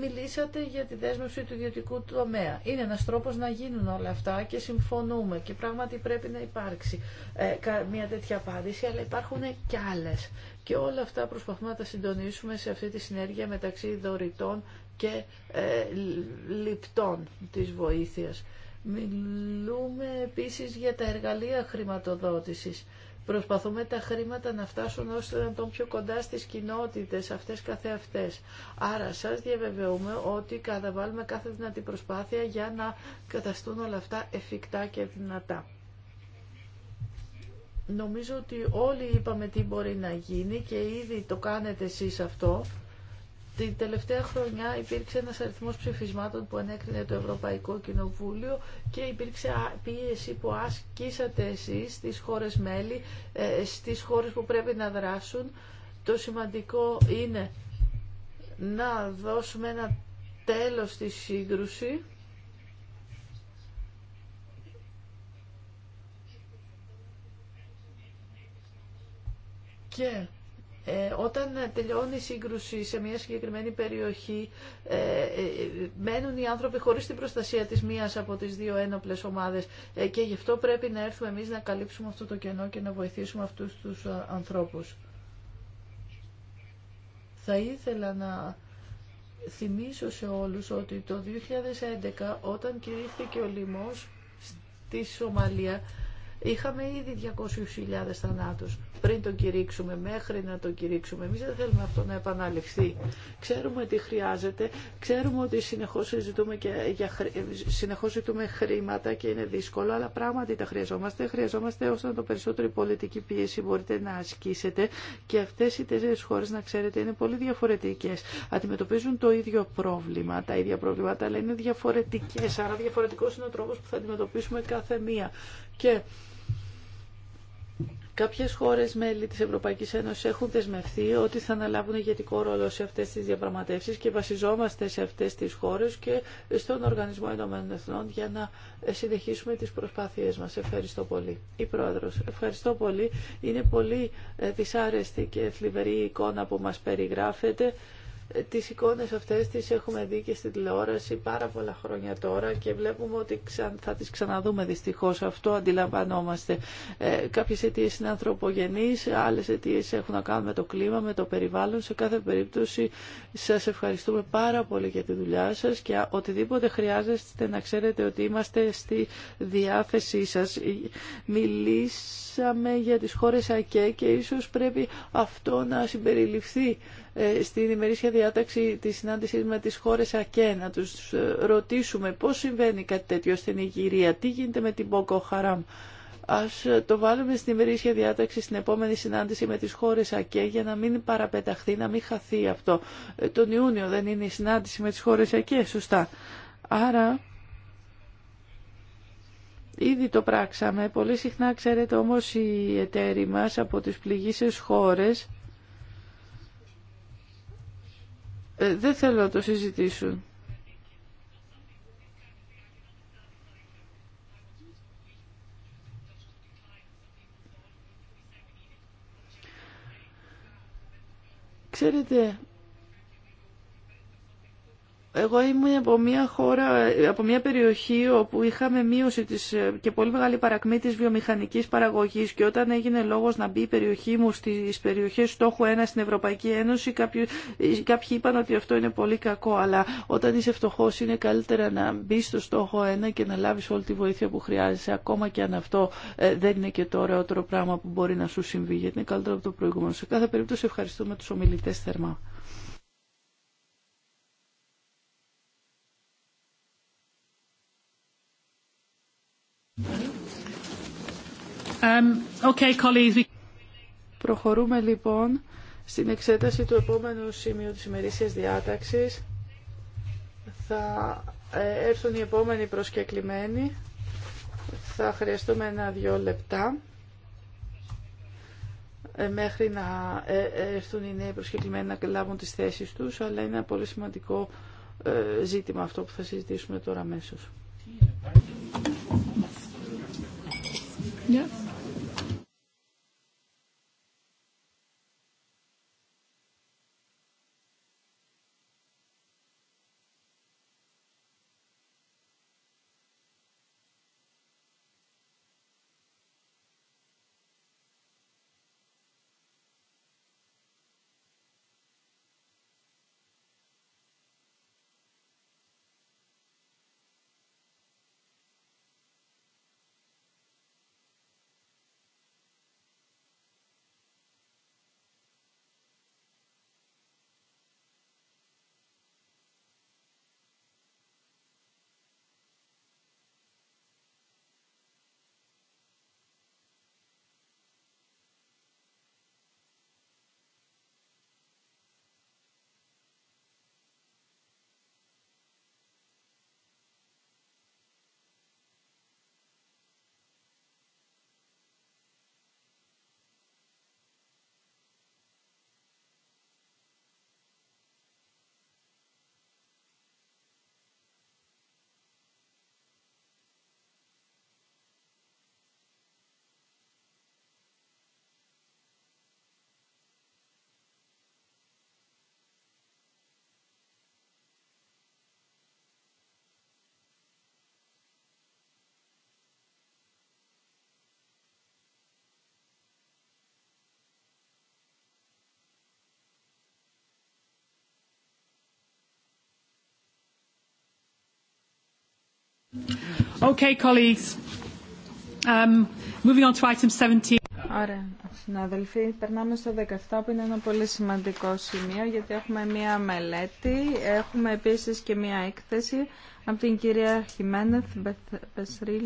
μιλήσατε για τη δέσμευση του ιδιωτικού τομέα. Είναι ένας τρόπος να γίνουν όλα αυτά και συμφωνούμε και πράγματι πρέπει να υπάρξει ε, μια τέτοια απάντηση, αλλά υπάρχουν και άλλες. Και όλα αυτά προσπαθούμε να τα συντονίσουμε σε αυτή τη συνέργεια μεταξύ δωρητών και ε, λιπτών της βοήθειας. Μιλούμε επίσης για τα εργαλεία χρηματοδότησης. Προσπαθούμε τα χρήματα να φτάσουν ώστε να τον πιο κοντά στις κοινότητες αυτές καθεαυτές. Άρα σας διαβεβαιούμε ότι καταβάλουμε κάθε δυνατή προσπάθεια για να καταστούν όλα αυτά εφικτά και δυνατά. Νομίζω ότι όλοι είπαμε τι μπορεί να γίνει και ήδη το κάνετε εσείς αυτό. Την τελευταία χρονιά υπήρξε ένας αριθμός ψηφισμάτων που ανέκρινε το Ευρωπαϊκό Κοινοβούλιο και υπήρξε πίεση που ασκήσατε εσείς στις χώρες μέλη, ε, στις χώρες που πρέπει να δράσουν. Το σημαντικό είναι να δώσουμε ένα τέλος στη σύγκρουση και ε, όταν τελειώνει η σύγκρουση σε μια συγκεκριμένη περιοχή, ε, ε, μένουν οι άνθρωποι χωρίς την προστασία της μίας από τις δύο ένοπλες ομάδες και γι' αυτό πρέπει να έρθουμε εμείς να καλύψουμε αυτό το κενό και να βοηθήσουμε αυτούς τους ανθρώπους. Θα ήθελα να θυμίσω σε όλους ότι το 2011 όταν κηρύχθηκε ο λοιμός στη Σομαλία είχαμε ήδη 200.000 θανάτους πριν τον κηρύξουμε, μέχρι να τον κηρύξουμε. Εμείς δεν θέλουμε αυτό να επαναληφθεί. Ξέρουμε τι χρειάζεται, ξέρουμε ότι συνεχώς ζητούμε, και για, συνεχώς ζητούμε χρήματα και είναι δύσκολο, αλλά πράγματι τα χρειαζόμαστε. Χρειαζόμαστε ώστε να το περισσότερο η πολιτική πίεση μπορείτε να ασκήσετε και αυτές οι τέσσερι χώρε να ξέρετε είναι πολύ διαφορετικές. Αντιμετωπίζουν το ίδιο πρόβλημα, τα ίδια προβλήματα, αλλά είναι διαφορετικές, άρα διαφορετικό είναι ο τρόπο που θα αντιμετωπίσουμε κάθε μία. Και Κάποιες χώρες μέλη της Ευρωπαϊκής Ένωσης έχουν δεσμευθεί ότι θα αναλάβουν ηγετικό ρόλο σε αυτές τις διαπραγματεύσεις και βασιζόμαστε σε αυτές τις χώρες και στον Οργανισμό Ενωμένων Εθνών για να συνεχίσουμε τις προσπάθειές μας. Ευχαριστώ πολύ. Η Πρόεδρος, ευχαριστώ πολύ. Είναι πολύ ε, δυσάρεστη και θλιβερή η εικόνα που μας περιγράφεται. Τις εικόνες αυτές τις έχουμε δει και στην τηλεόραση πάρα πολλά χρόνια τώρα και βλέπουμε ότι θα τις ξαναδούμε δυστυχώς. Αυτό αντιλαμβανόμαστε. Ε, κάποιες αιτίες είναι ανθρωπογενείς, άλλες αιτίες έχουν να κάνουν με το κλίμα, με το περιβάλλον. Σε κάθε περίπτωση σας ευχαριστούμε πάρα πολύ για τη δουλειά σας και οτιδήποτε χρειάζεστε να ξέρετε ότι είμαστε στη διάθεσή σας. Ε, μιλήσαμε για τις χώρες ΑΚΕ και ίσως πρέπει αυτό να συμπεριληφθεί ε, στην ημερήσια διάταξη της συνάντησης με τις χώρες ΑΚΕ να τους ε, ρωτήσουμε πώς συμβαίνει κάτι τέτοιο στην Ιγυρία, τι γίνεται με την Μπόκο Χαράμ. Ας ε, το βάλουμε στην ημερήσια διάταξη στην επόμενη συνάντηση με τις χώρες ΑΚΕ για να μην παραπεταχθεί, να μην χαθεί αυτό. Τον Ιούνιο δεν είναι η συνάντηση με τι χώρες ΑΚΕ, σωστά. Άρα... Ήδη το πράξαμε. Πολύ συχνά, ξέρετε, όμως οι εταίροι μας από τις πληγήσεις χώρες Ε, δεν θέλω να το συζητήσουν. Ξέρετε, εγώ ήμουν από μια χώρα, από μια περιοχή όπου είχαμε μείωση της, ε, και πολύ μεγάλη παρακμή της βιομηχανικής παραγωγής και όταν έγινε λόγος να μπει η περιοχή μου στις περιοχές στόχου 1 στην Ευρωπαϊκή Ένωση κάποιοι, ε, κάποιοι είπαν ότι αυτό είναι πολύ κακό αλλά όταν είσαι φτωχό είναι καλύτερα να μπει στο στόχο 1 και να λάβεις όλη τη βοήθεια που χρειάζεσαι ακόμα και αν αυτό ε, δεν είναι και το ωραιότερο πράγμα που μπορεί να σου συμβεί γιατί είναι καλύτερο από το προηγούμενο. Σε κάθε περίπτωση ευχαριστούμε του ομιλητέ θερμά. Um, Προχωρούμε λοιπόν στην εξέταση του επόμενου σημείου της ημερήσιας διάταξης. Θα ε, έρθουν οι επόμενοι προσκεκλημένοι. Θα χρειαστούμε ένα-δυο λεπτά ε, μέχρι να ε, έρθουν οι νέοι προσκεκλημένοι να λάβουν τις θέσεις τους, αλλά είναι ένα πολύ σημαντικό ζήτημα αυτό που θα συζητήσουμε τώρα αμέσως. Okay, colleagues. Um, moving on to item 17. Ωραία, συναδελφοί. Περνάμε στο 17 που είναι ένα πολύ σημαντικό σημείο γιατί έχουμε μία μελέτη, έχουμε επίσης και μία έκθεση από την κυρία Χιμένεθ Μπεσρίλ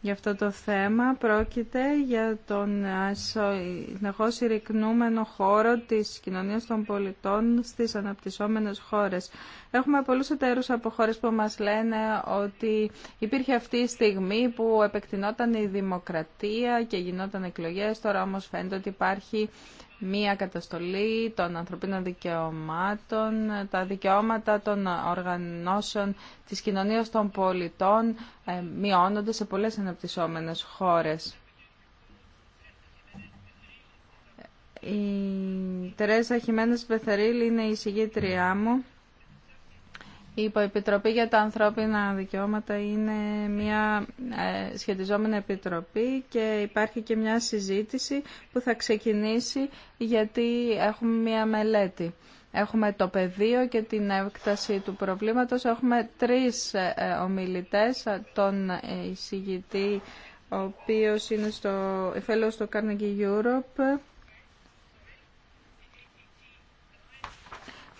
Γι' αυτό το θέμα. Πρόκειται για τον συνεχώ συρρυκνούμενο χώρο της κοινωνίας των πολιτών στις αναπτυσσόμενες χώρες. Έχουμε πολλούς εταίρους από χώρες που μας λένε ότι υπήρχε αυτή η στιγμή που επεκτηνόταν η δημοκρατία και γινόταν εκλογές. Τώρα όμως φαίνεται ότι υπάρχει μία καταστολή των ανθρωπίνων δικαιωμάτων, τα δικαιώματα των οργανώσεων της κοινωνίας των πολιτών ε, μειώνονται σε πολλές αναπτυσσόμενες χώρες. Η Τερέζα Χιμένες Βεθερίλη είναι η συγγήτριά μου η Υποεπιτροπή για τα Ανθρώπινα Δικαιώματα είναι μια ε, σχετιζόμενη επιτροπή και υπάρχει και μια συζήτηση που θα ξεκινήσει γιατί έχουμε μια μελέτη. Έχουμε το πεδίο και την έκταση του προβλήματος. Έχουμε τρεις ε, ε, ομιλητές, τον εισηγητή ο οποίος είναι στο, εφέλος στο Carnegie Europe,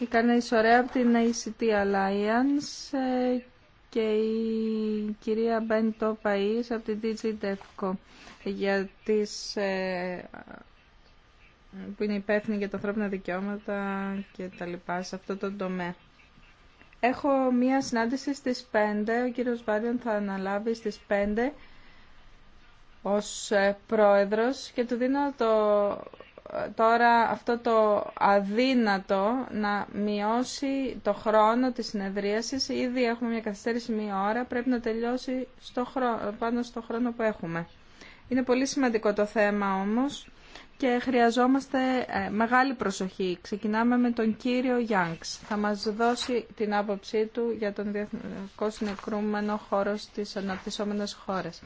κανείς ωραία από την ACT Alliance ε, και η κυρία Μπεν Τόπαΐς από την DG DEFCO για τις, ε, που είναι υπεύθυνη για τα ανθρώπινα δικαιώματα και τα λοιπά σε αυτό το τομέα. Έχω μία συνάντηση στις 5, ο κύριος Βάριον θα αναλάβει στις 5 ως ε, πρόεδρος και του δίνω το τώρα αυτό το αδύνατο να μειώσει το χρόνο της συνεδρίασης. Ήδη έχουμε μια καθυστέρηση μία ώρα, πρέπει να τελειώσει στο χρόνο, πάνω στο χρόνο που έχουμε. Είναι πολύ σημαντικό το θέμα όμως και χρειαζόμαστε ε, μεγάλη προσοχή. Ξεκινάμε με τον κύριο Γιάνξ. Θα μας δώσει την άποψή του για τον διεθνικό συνεκρούμενο χώρο στις αναπτυσσόμενες χώρες.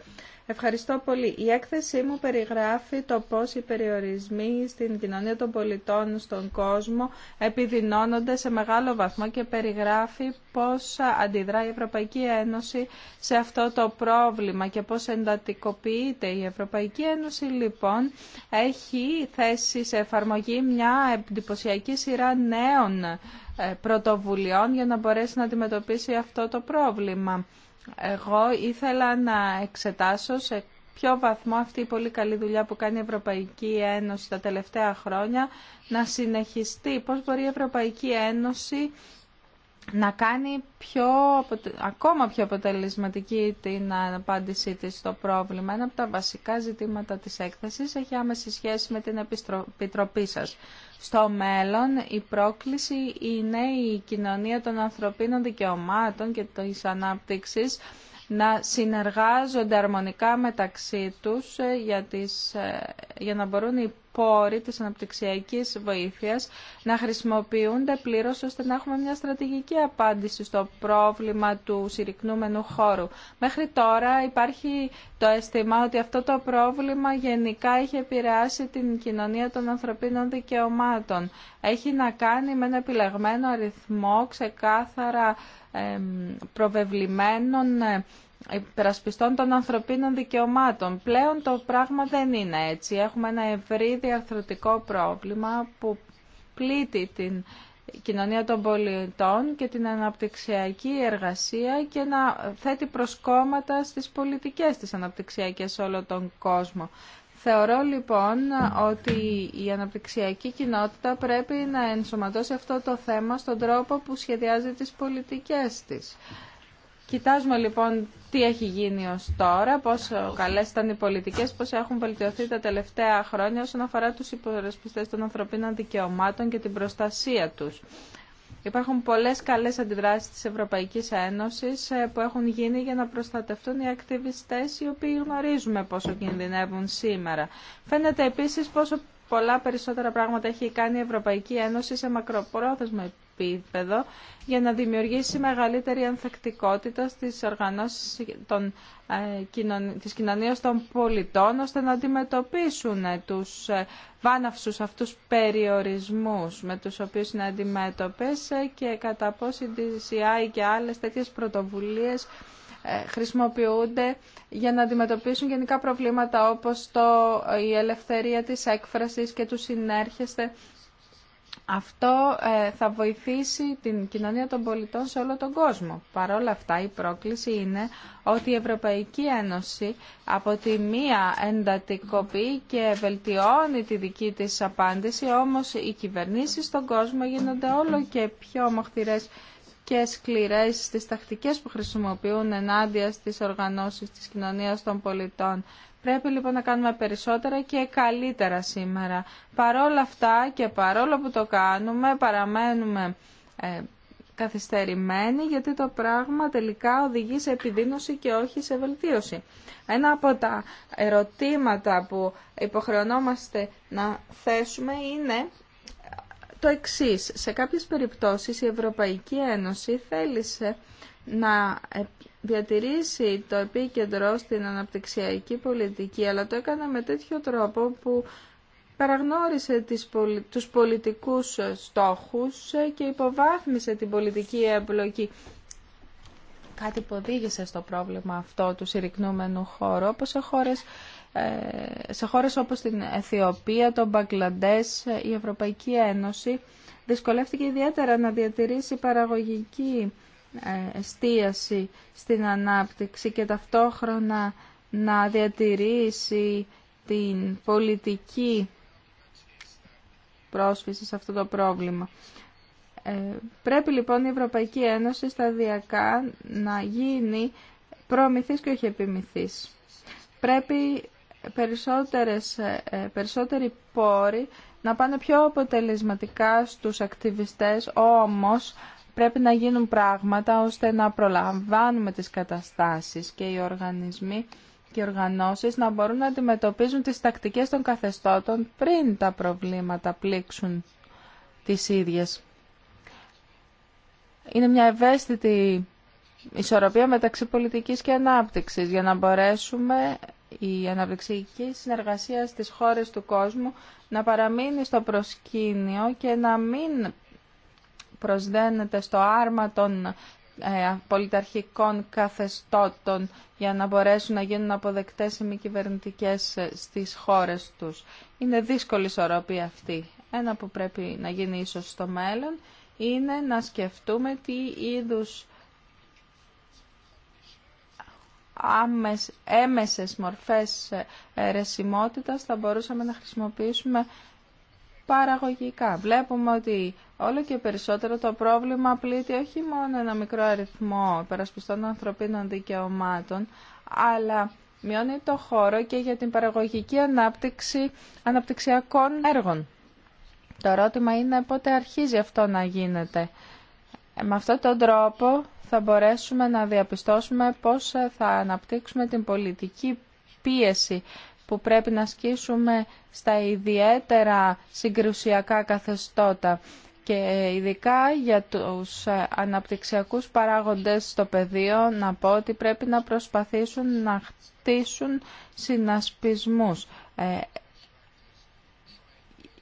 Ευχαριστώ πολύ. Η έκθεσή μου περιγράφει το πώς οι περιορισμοί στην κοινωνία των πολιτών στον κόσμο επιδεινώνονται σε μεγάλο βαθμό και περιγράφει πώς αντιδρά η Ευρωπαϊκή Ένωση σε αυτό το πρόβλημα και πώς εντατικοποιείται. Η Ευρωπαϊκή Ένωση λοιπόν έχει θέσει σε εφαρμογή μια εντυπωσιακή σειρά νέων ε, πρωτοβουλειών για να μπορέσει να αντιμετωπίσει αυτό το πρόβλημα. Εγώ ήθελα να εξετάσω σε ποιο βαθμό αυτή η πολύ καλή δουλειά που κάνει η Ευρωπαϊκή Ένωση τα τελευταία χρόνια να συνεχιστεί. Πώς μπορεί η Ευρωπαϊκή Ένωση να κάνει πιο, ακόμα πιο αποτελεσματική την απάντησή της στο πρόβλημα. Ένα από τα βασικά ζητήματα της έκθεσης έχει άμεση σχέση με την επιτροπή σας. Στο μέλλον η πρόκληση είναι η κοινωνία των ανθρωπίνων δικαιωμάτων και της ανάπτυξης να συνεργάζονται αρμονικά μεταξύ τους ε, για, τις, ε, για να μπορούν οι πόροι της αναπτυξιακής βοήθειας να χρησιμοποιούνται πλήρως ώστε να έχουμε μια στρατηγική απάντηση στο πρόβλημα του συρρυκνούμενου χώρου. Μέχρι τώρα υπάρχει το αίσθημα ότι αυτό το πρόβλημα γενικά έχει επηρεάσει την κοινωνία των ανθρωπίνων δικαιωμάτων. Έχει να κάνει με ένα επιλεγμένο αριθμό ξεκάθαρα προβεβλημένων ε, υπερασπιστών των ανθρωπίνων δικαιωμάτων. Πλέον το πράγμα δεν είναι έτσι. Έχουμε ένα ευρύ διαρθρωτικό πρόβλημα που πλήττει την κοινωνία των πολιτών και την αναπτυξιακή εργασία και να θέτει προσκόμματα στις πολιτικές της αναπτυξιακής σε όλο τον κόσμο. Θεωρώ λοιπόν ότι η αναπτυξιακή κοινότητα πρέπει να ενσωματώσει αυτό το θέμα στον τρόπο που σχεδιάζει τις πολιτικές της. Κοιτάζουμε λοιπόν τι έχει γίνει ως τώρα, πόσο καλές ήταν οι πολιτικές, πώς έχουν βελτιωθεί τα τελευταία χρόνια όσον αφορά τους υπερασπιστές των ανθρωπίνων δικαιωμάτων και την προστασία τους. Υπάρχουν πολλές καλές αντιδράσεις της Ευρωπαϊκής Ένωσης ε, που έχουν γίνει για να προστατευτούν οι ακτιβιστές οι οποίοι γνωρίζουμε πόσο κινδυνεύουν σήμερα. Φαίνεται επίσης πόσο πολλά περισσότερα πράγματα έχει κάνει η Ευρωπαϊκή Ένωση σε μακροπρόθεσμο επίπεδο για να δημιουργήσει μεγαλύτερη ανθεκτικότητα στις οργανώσεις των, ε, της κοινωνίας των πολιτών ώστε να αντιμετωπίσουν ε, τους ε, βάναυσους αυτούς περιορισμούς με τους οποίους είναι αντιμέτωπες και κατά πώς η DCI και άλλες τέτοιες πρωτοβουλίες χρησιμοποιούνται για να αντιμετωπίσουν γενικά προβλήματα όπως το, η ελευθερία της έκφρασης και του συνέρχεστε αυτό ε, θα βοηθήσει την κοινωνία των πολιτών σε όλο τον κόσμο. Παρ' όλα αυτά η πρόκληση είναι ότι η Ευρωπαϊκή Ένωση από τη μία εντατικοποιεί και βελτιώνει τη δική της απάντηση, όμως οι κυβερνήσεις στον κόσμο γίνονται όλο και πιο μαχτηρές και σκληρές στις τακτικές που χρησιμοποιούν ενάντια στις οργανώσεις της κοινωνίας των πολιτών Πρέπει λοιπόν να κάνουμε περισσότερα και καλύτερα σήμερα. Παρόλα αυτά και παρόλο που το κάνουμε παραμένουμε ε, καθυστερημένοι γιατί το πράγμα τελικά οδηγεί σε επιδείνωση και όχι σε βελτίωση. Ένα από τα ερωτήματα που υποχρεωνόμαστε να θέσουμε είναι το εξής. Σε κάποιες περιπτώσεις η Ευρωπαϊκή Ένωση θέλησε να διατηρήσει το επίκεντρο στην αναπτυξιακή πολιτική, αλλά το έκανε με τέτοιο τρόπο που παραγνώρισε τις τους πολιτικούς στόχους και υποβάθμισε την πολιτική εμπλοκή. Κάτι που οδήγησε στο πρόβλημα αυτό του συρρυκνούμενου χώρου, όπως σε χώρες, ε, σε χώρες όπως την Αιθιοπία, τον Μπαγκλαντές, η Ευρωπαϊκή Ένωση δυσκολεύτηκε ιδιαίτερα να διατηρήσει παραγωγική ε, εστίαση στην ανάπτυξη και ταυτόχρονα να διατηρήσει την πολιτική πρόσφυση σε αυτό το πρόβλημα. Ε, πρέπει λοιπόν η Ευρωπαϊκή Ένωση σταδιακά να γίνει προμηθής και όχι επιμηθής. Πρέπει περισσότερες, ε, περισσότεροι πόροι να πάνε πιο αποτελεσματικά στους ακτιβιστές, όμως πρέπει να γίνουν πράγματα ώστε να προλαμβάνουμε τις καταστάσεις και οι οργανισμοί και οι οργανώσεις να μπορούν να αντιμετωπίζουν τις τακτικές των καθεστώτων πριν τα προβλήματα πλήξουν τις ίδιες. Είναι μια ευαίσθητη ισορροπία μεταξύ πολιτικής και ανάπτυξης για να μπορέσουμε η αναπτυξιακή συνεργασία στις χώρες του κόσμου να παραμείνει στο προσκήνιο και να μην προσδένεται στο άρμα των ε, πολιταρχικών καθεστώτων για να μπορέσουν να γίνουν αποδεκτές οι μη ε, στις χώρες τους. Είναι δύσκολη ισορροπία αυτή. Ένα που πρέπει να γίνει ίσως στο μέλλον είναι να σκεφτούμε τι είδους άμες, έμεσες μορφές ε, ρεσιμότητας θα μπορούσαμε να χρησιμοποιήσουμε παραγωγικά. Βλέπουμε ότι Όλο και περισσότερο το πρόβλημα πλήττει όχι μόνο ένα μικρό αριθμό περασπιστών ανθρωπίνων δικαιωμάτων, αλλά μειώνει το χώρο και για την παραγωγική ανάπτυξη αναπτυξιακών έργων. Το ερώτημα είναι πότε αρχίζει αυτό να γίνεται. Με αυτόν τον τρόπο θα μπορέσουμε να διαπιστώσουμε πώς θα αναπτύξουμε την πολιτική πίεση που πρέπει να ασκήσουμε στα ιδιαίτερα συγκρουσιακά καθεστώτα και ειδικά για τους ε, αναπτυξιακούς παράγοντες στο πεδίο να πω ότι πρέπει να προσπαθήσουν να χτίσουν συνασπισμούς. Ε,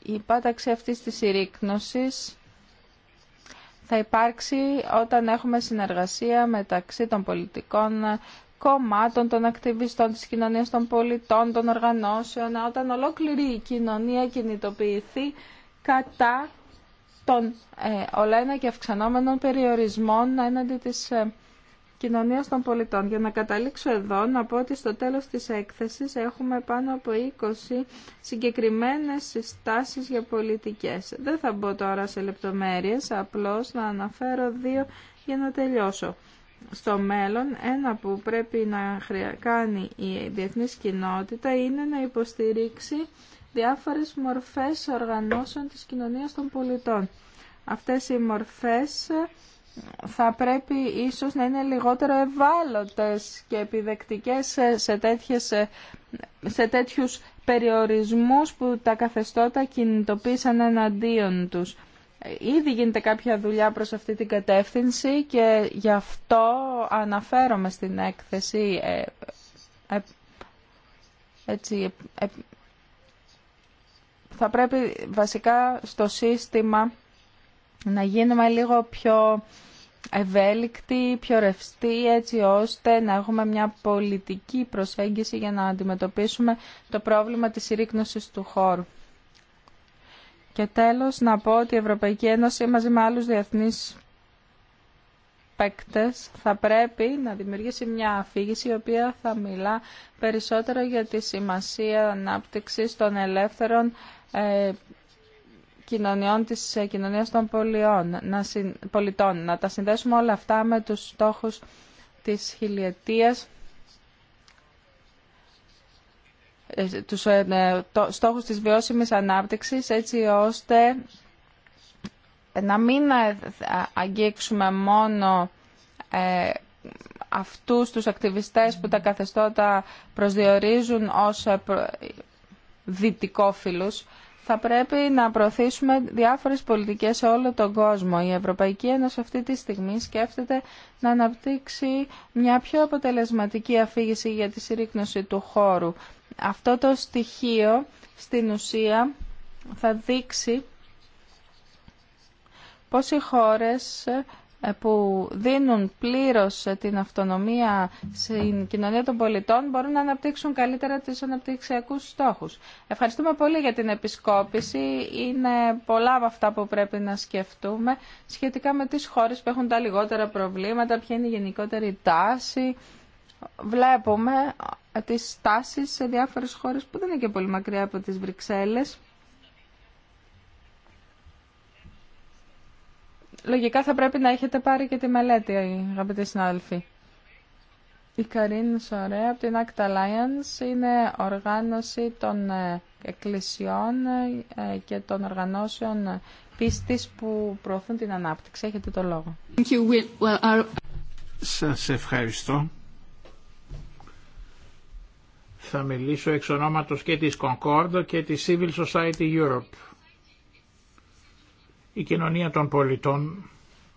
η πάταξη αυτής της συρρήκνωσης θα υπάρξει όταν έχουμε συνεργασία μεταξύ των πολιτικών κομμάτων, των ακτιβιστών, της κοινωνίας των πολιτών, των οργανώσεων, όταν ολόκληρη η κοινωνία κινητοποιηθεί κατά των ολένα ε, και αυξανόμενων περιορισμών έναντι της ε, κοινωνίας των πολιτών. Για να καταλήξω εδώ, να πω ότι στο τέλος της έκθεσης έχουμε πάνω από 20 συγκεκριμένες συστάσεις για πολιτικές. Δεν θα μπω τώρα σε λεπτομέρειες, απλώς να αναφέρω δύο για να τελειώσω. Στο μέλλον, ένα που πρέπει να κάνει η διεθνής κοινότητα είναι να υποστηρίξει διάφορες μορφές οργανώσεων της κοινωνίας των πολιτών. Αυτές οι μορφές ε, θα πρέπει ίσως να είναι λιγότερο ευάλωτες και επιδεκτικές ε, σε, τέτοιες, ε, σε τέτοιους περιορισμούς που τα καθεστώτα κινητοποίησαν εναντίον τους. Ήδη γίνεται κάποια δουλειά προς αυτή την κατεύθυνση και γι' αυτό αναφέρομαι στην έκθεση έτσι, θα πρέπει βασικά στο σύστημα να γίνουμε λίγο πιο ευέλικτοι, πιο ρευστοί έτσι ώστε να έχουμε μια πολιτική προσέγγιση για να αντιμετωπίσουμε το πρόβλημα της συρρήκνωσης του χώρου. Και τέλος να πω ότι η Ευρωπαϊκή Ένωση μαζί με άλλους διεθνείς παίκτες θα πρέπει να δημιουργήσει μια αφήγηση η οποία θα μιλά περισσότερο για τη σημασία ανάπτυξης των ελεύθερων ε, κοινωνιών της ε, κοινωνίας των πολιών, να πολιτών. Να τα συνδέσουμε όλα αυτά με τους στόχους της χιλιετίας, ε, τους στόχους της βιώσιμης ανάπτυξης, έτσι ώστε να μην αγγίξουμε μόνο αυτούς τους ακτιβιστές που τα καθεστώτα προσδιορίζουν ως δυτικόφιλους, θα πρέπει να προωθήσουμε διάφορες πολιτικές σε όλο τον κόσμο. Η Ευρωπαϊκή Ένωση αυτή τη στιγμή σκέφτεται να αναπτύξει μια πιο αποτελεσματική αφήγηση για τη συρρήκνωση του χώρου. Αυτό το στοιχείο στην ουσία θα δείξει πώς οι χώρες ε, που δίνουν πλήρως ε, την αυτονομία στην κοινωνία των πολιτών μπορούν να αναπτύξουν καλύτερα τις αναπτυξιακούς στόχους. Ευχαριστούμε πολύ για την επισκόπηση. Είναι πολλά από αυτά που πρέπει να σκεφτούμε σχετικά με τις χώρες που έχουν τα λιγότερα προβλήματα, ποια είναι η γενικότερη τάση. Βλέπουμε τις τάσεις σε διάφορες χώρες που δεν είναι και πολύ μακριά από τις Βρυξέλλες. λογικά θα πρέπει να έχετε πάρει και τη μελέτη, αγαπητοί συνάδελφοι. Η Καρίν Σορέ από την Act Alliance είναι οργάνωση των ε, εκκλησιών ε, και των οργανώσεων πίστης που προωθούν την ανάπτυξη. Έχετε το λόγο. Σας ευχαριστώ. Θα μιλήσω εξ ονόματος και της Concord και της Civil Society Europe. Η κοινωνία των πολιτών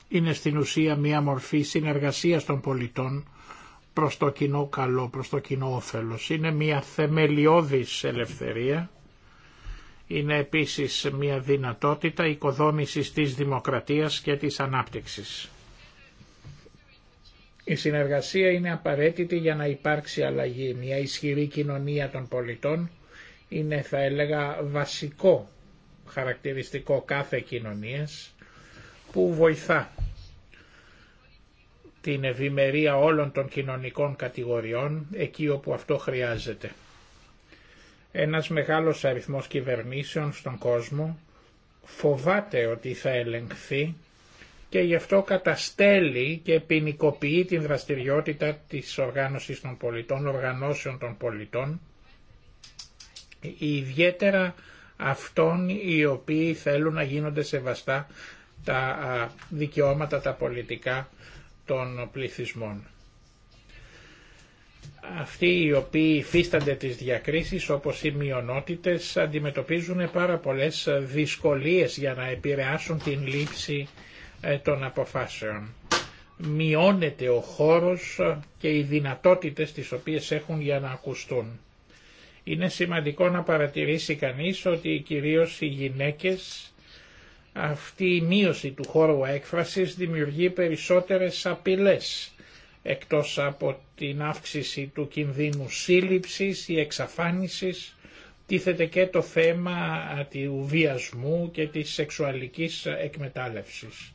είναι στην ουσία μία μορφή συνεργασίας των πολιτών προς το κοινό καλό, προς το κοινό όφελος. Είναι μία θεμελιώδης ελευθερία, είναι επίσης μία δυνατότητα οικοδόμησης της δημοκρατίας και της ανάπτυξης. Η συνεργασία είναι απαραίτητη για να υπάρξει αλλαγή. Μια ισχυρή κοινωνία των πολιτών είναι θα έλεγα βασικό χαρακτηριστικό κάθε κοινωνίας που βοηθά την ευημερία όλων των κοινωνικών κατηγοριών εκεί όπου αυτό χρειάζεται. Ένας μεγάλος αριθμός κυβερνήσεων στον κόσμο φοβάται ότι θα ελεγχθεί και γι' αυτό καταστέλει και ποινικοποιεί την δραστηριότητα της οργάνωσης των πολιτών, οργανώσεων των πολιτών, ιδιαίτερα αυτών οι οποίοι θέλουν να γίνονται σεβαστά τα δικαιώματα τα πολιτικά των πληθυσμών. Αυτοί οι οποίοι υφίστανται τις διακρίσεις όπως οι μειονότητες αντιμετωπίζουν πάρα πολλές δυσκολίες για να επηρεάσουν την λήψη ε, των αποφάσεων. Μειώνεται ο χώρος και οι δυνατότητες τις οποίες έχουν για να ακουστούν. Είναι σημαντικό να παρατηρήσει κανείς ότι κυρίως οι γυναίκες αυτή η μείωση του χώρου έκφρασης δημιουργεί περισσότερες απειλές εκτός από την αύξηση του κινδύνου σύλληψης ή εξαφάνισης τίθεται και το θέμα του βιασμού και της σεξουαλικής εκμετάλλευσης.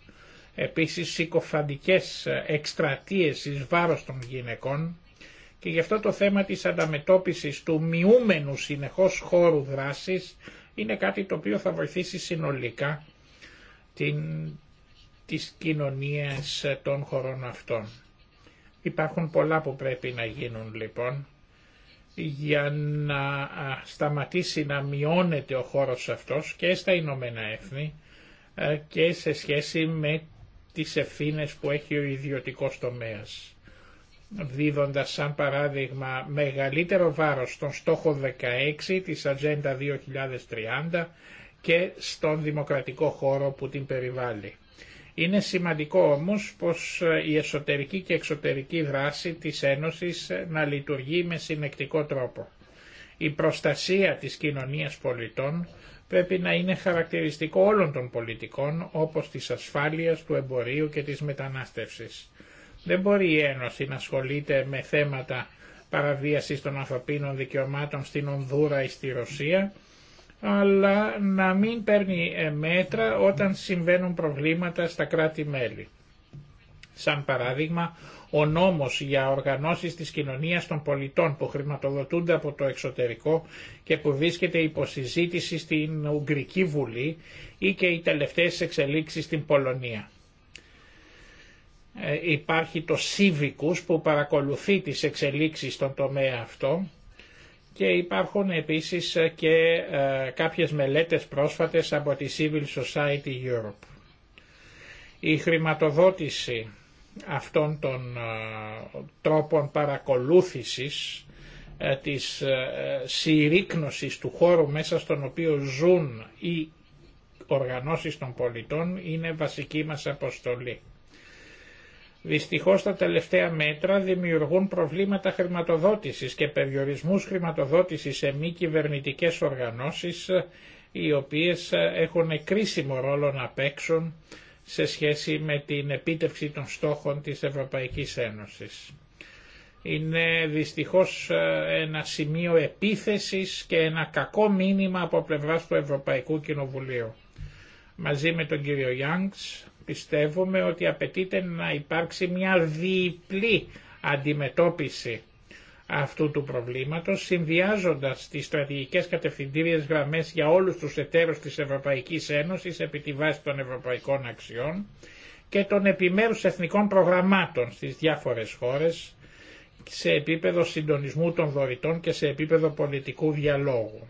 Επίσης, συκοφαντικές ε, εκστρατείες εις βάρος των γυναικών και γι' αυτό το θέμα της ανταμετώπισης του μειούμενου συνεχώς χώρου δράσης είναι κάτι το οποίο θα βοηθήσει συνολικά την, τις κοινωνίες των χωρών αυτών. Υπάρχουν πολλά που πρέπει να γίνουν λοιπόν για να σταματήσει να μειώνεται ο χώρος αυτός και στα Ηνωμένα Έθνη ε, και σε σχέση με τις ευθύνες που έχει ο ιδιωτικός τομέας δίδοντας σαν παράδειγμα μεγαλύτερο βάρος στον στόχο 16 της Ατζέντα 2030 και στον δημοκρατικό χώρο που την περιβάλλει. Είναι σημαντικό όμως πως ε, η εσωτερική και εξωτερική δράση της Ένωσης ε, να λειτουργεί με συνεκτικό τρόπο. Η προστασία της κοινωνίας πολιτών πρέπει να είναι χαρακτηριστικό όλων των πολιτικών όπως της ασφάλειας, του εμπορίου και της μετανάστευσης. Δεν μπορεί η Ένωση να ασχολείται με θέματα παραβίασης των ανθρωπίνων δικαιωμάτων στην Ονδούρα ή στη Ρωσία, αλλά να μην παίρνει ε, μέτρα όταν συμβαίνουν προβλήματα στα κράτη-μέλη. Σαν παράδειγμα, ο νόμος για οργανώσεις της κοινωνίας των πολιτών που χρηματοδοτούνται από το εξωτερικό και που βρίσκεται συζήτηση στην Ουγγρική Βουλή ή και οι τελευταίες εξελίξεις στην Πολωνία. Ε, υπάρχει το Civicus που παρακολουθεί τις εξελίξεις στον τομέα αυτό και υπάρχουν επίσης ε, και ε, κάποιες μελέτες πρόσφατες από τη Civil Society Europe. Η χρηματοδότηση αυτών των τρόπων παρακολούθησης της συρρήκνωσης του χώρου μέσα στον οποίο ζουν οι οργανώσεις των πολιτών είναι βασική μας αποστολή. Δυστυχώς τα τελευταία μέτρα δημιουργούν προβλήματα χρηματοδότησης και περιορισμούς χρηματοδότησης σε μη κυβερνητικέ οργανώσεις οι οποίες έχουν κρίσιμο ρόλο να παίξουν σε σχέση με την επίτευξη των στόχων της Ευρωπαϊκής Ένωσης. Είναι δυστυχώς ε, ένα σημείο επίθεσης και ένα κακό μήνυμα από πλευράς του Ευρωπαϊκού Κοινοβουλίου. Μαζί με τον κύριο Γιάνγκς πιστεύουμε ότι απαιτείται να υπάρξει μια διπλή αντιμετώπιση αυτού του προβλήματος, συνδυάζοντας τις στρατηγικές κατευθυντήριες γραμμές για όλους τους εταίρους της Ευρωπαϊκής Ένωσης επί τη βάση των ευρωπαϊκών αξιών και των επιμέρους εθνικών προγραμμάτων στις διάφορες χώρες σε επίπεδο συντονισμού των δωρητών και σε επίπεδο πολιτικού διαλόγου.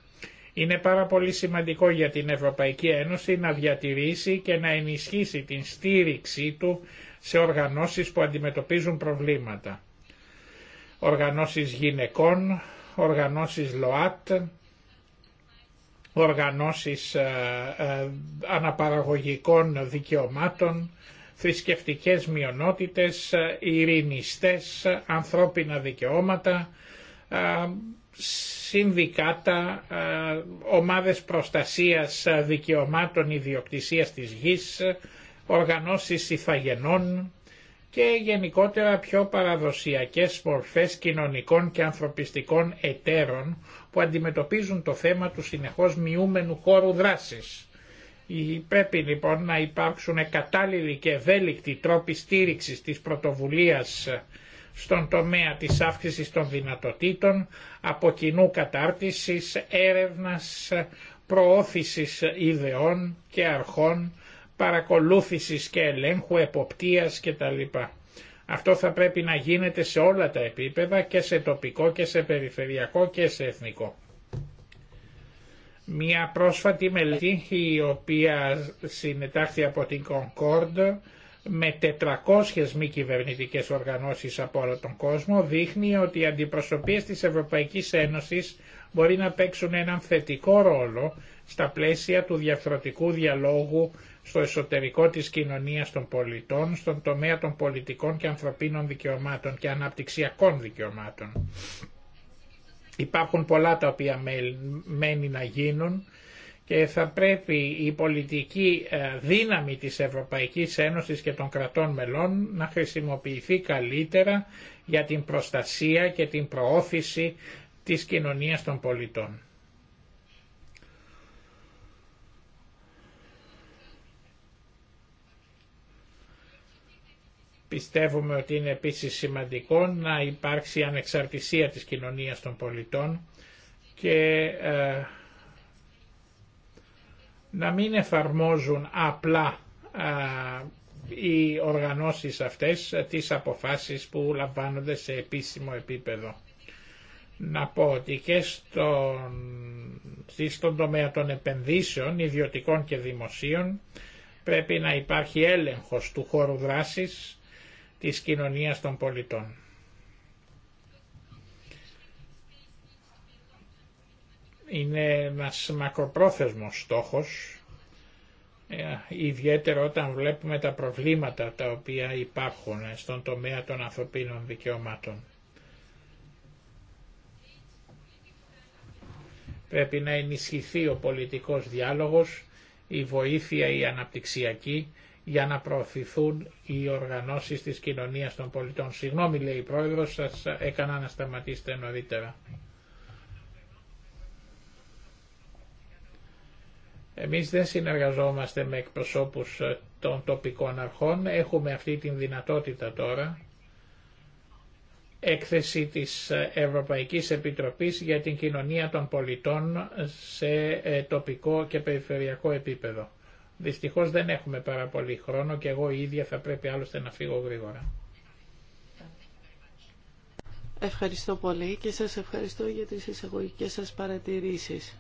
Είναι πάρα πολύ σημαντικό για την Ευρωπαϊκή Ένωση να διατηρήσει και να ενισχύσει την στήριξή του σε οργανώσεις που αντιμετωπίζουν προβλήματα. Οργανώσεις γυναικών, οργανώσεις ΛΟΑΤ, οργανώσεις ε, ε, αναπαραγωγικών δικαιωμάτων, θρησκευτικές μειονότητες, ειρηνιστές, ανθρώπινα δικαιώματα, ε, συνδικάτα, ε, ομάδες προστασίας δικαιωμάτων ιδιοκτησίας της γης, οργανώσεις ηθαγενών και γενικότερα πιο παραδοσιακές μορφές κοινωνικών και ανθρωπιστικών εταίρων που αντιμετωπίζουν το θέμα του συνεχώς μειούμενου χώρου δράσης. Πρέπει λοιπόν να υπάρξουν κατάλληλοι και ευέλικτοι τρόποι στήριξης της πρωτοβουλίας στον τομέα της αύξησης των δυνατοτήτων, από κοινού κατάρτισης, έρευνας, προώθησης ιδεών και αρχών, παρακολούθησης και ελέγχου, εποπτείας κτλ. Αυτό θα πρέπει να γίνεται σε όλα τα επίπεδα και σε τοπικό και σε περιφερειακό και σε εθνικό. Μια πρόσφατη μελέτη η οποία συνετάχθη από την Concord με 400 μη κυβερνητικέ οργανώσεις από όλο τον κόσμο δείχνει ότι οι αντιπροσωπείε της Ευρωπαϊκής Ένωση μπορεί να παίξουν έναν θετικό ρόλο στα πλαίσια του διαφθρωτικού διαλόγου στο εσωτερικό της κοινωνίας των πολιτών, στον τομέα των πολιτικών και ανθρωπίνων δικαιωμάτων και αναπτυξιακών δικαιωμάτων. Υπάρχουν πολλά τα οποία μένει να γίνουν και θα πρέπει η πολιτική ε, δύναμη της Ευρωπαϊκής Ένωσης και των κρατών μελών να χρησιμοποιηθεί καλύτερα για την προστασία και την προώθηση της κοινωνίας των πολιτών. Πιστεύουμε ότι είναι επίσης σημαντικό να υπάρξει ανεξαρτησία της κοινωνίας των πολιτών και ε, να μην εφαρμόζουν απλά οι οργανώσεις αυτές ε, τις αποφάσεις που λαμβάνονται σε επίσημο επίπεδο. Να πω ότι και στον, στον τομέα των επενδύσεων, ιδιωτικών και δημοσίων, πρέπει να υπάρχει έλεγχος του χώρου δράσης της κοινωνίας των πολιτών. είναι ένας μακροπρόθεσμος στόχος, ε, ιδιαίτερα όταν βλέπουμε τα προβλήματα τα οποία υπάρχουν στον τομέα των ανθρωπίνων δικαιωμάτων. Πρέπει να ενισχυθεί ο πολιτικός διάλογος, η βοήθεια η αναπτυξιακή, για να προωθηθούν οι οργανώσεις της κοινωνίας των πολιτών. Συγγνώμη λέει η Πρόεδρος, σας έκανα να σταματήσετε νωρίτερα. Εμείς δεν συνεργαζόμαστε με εκπροσώπους ε, των τοπικών αρχών, έχουμε αυτή την δυνατότητα τώρα. Έκθεση της ε, Ευρωπαϊκής Επιτροπής για την Κοινωνία των Πολιτών σε ε, τοπικό και περιφερειακό επίπεδο. Δυστυχώς δεν έχουμε πάρα πολύ χρόνο και εγώ ίδια θα πρέπει άλλωστε να φύγω γρήγορα. Ευχαριστώ πολύ και σας ευχαριστώ για τις εισαγωγικές σας παρατηρήσεις.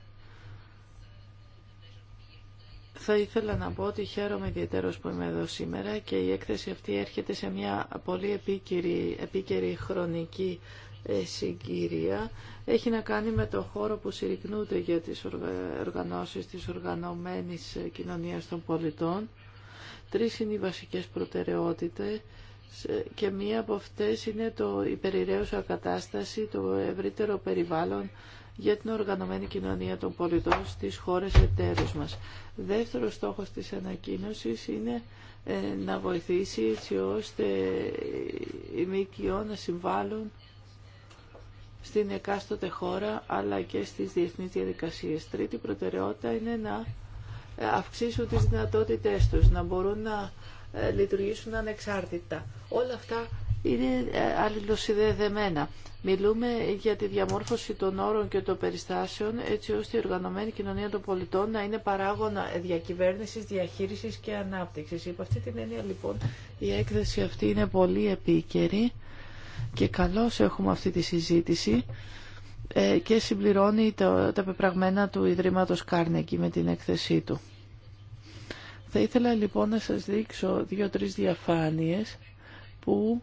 Θα ήθελα να πω ότι χαίρομαι ιδιαίτερο που είμαι εδώ σήμερα και η έκθεση αυτή έρχεται σε μια πολύ επίκαιρη, επίκαιρη χρονική ε, συγκυρία. Έχει να κάνει με το χώρο που συρρυκνούνται για τις οργανώσεις της οργανωμένης ε, κοινωνίας των πολιτών. Τρεις είναι οι βασικές προτεραιότητες ε, και μία από αυτές είναι το υπερηραίωσα κατάσταση, το ευρύτερο περιβάλλον για την οργανωμένη κοινωνία των πολιτών στις χώρες εταίρους μας. Δεύτερος στόχος της ανακοίνωσης είναι ε, να βοηθήσει έτσι ώστε οι ΜΚΟ να συμβάλλουν στην εκάστοτε χώρα αλλά και στις διεθνείς διαδικασίες. Τρίτη προτεραιότητα είναι να ε, αυξήσουν τις δυνατότητές τους, να μπορούν να ε, λειτουργήσουν ανεξάρτητα. Όλα αυτά είναι ε, αλληλοσυνδεδεμένα. Μιλούμε για τη διαμόρφωση των όρων και των περιστάσεων έτσι ώστε η οργανωμένη κοινωνία των πολιτών να είναι παράγωνα διακυβέρνησης, διαχείρισης και ανάπτυξης. Υπό αυτή την έννοια λοιπόν η έκθεση αυτή είναι πολύ επίκαιρη και καλώς έχουμε αυτή τη συζήτηση ε, και συμπληρώνει τα πεπραγμένα του Ιδρύματος Κάρνεκη με την έκθεσή του. Θα ήθελα λοιπόν να σας δείξω δύο-τρεις διαφάνειες που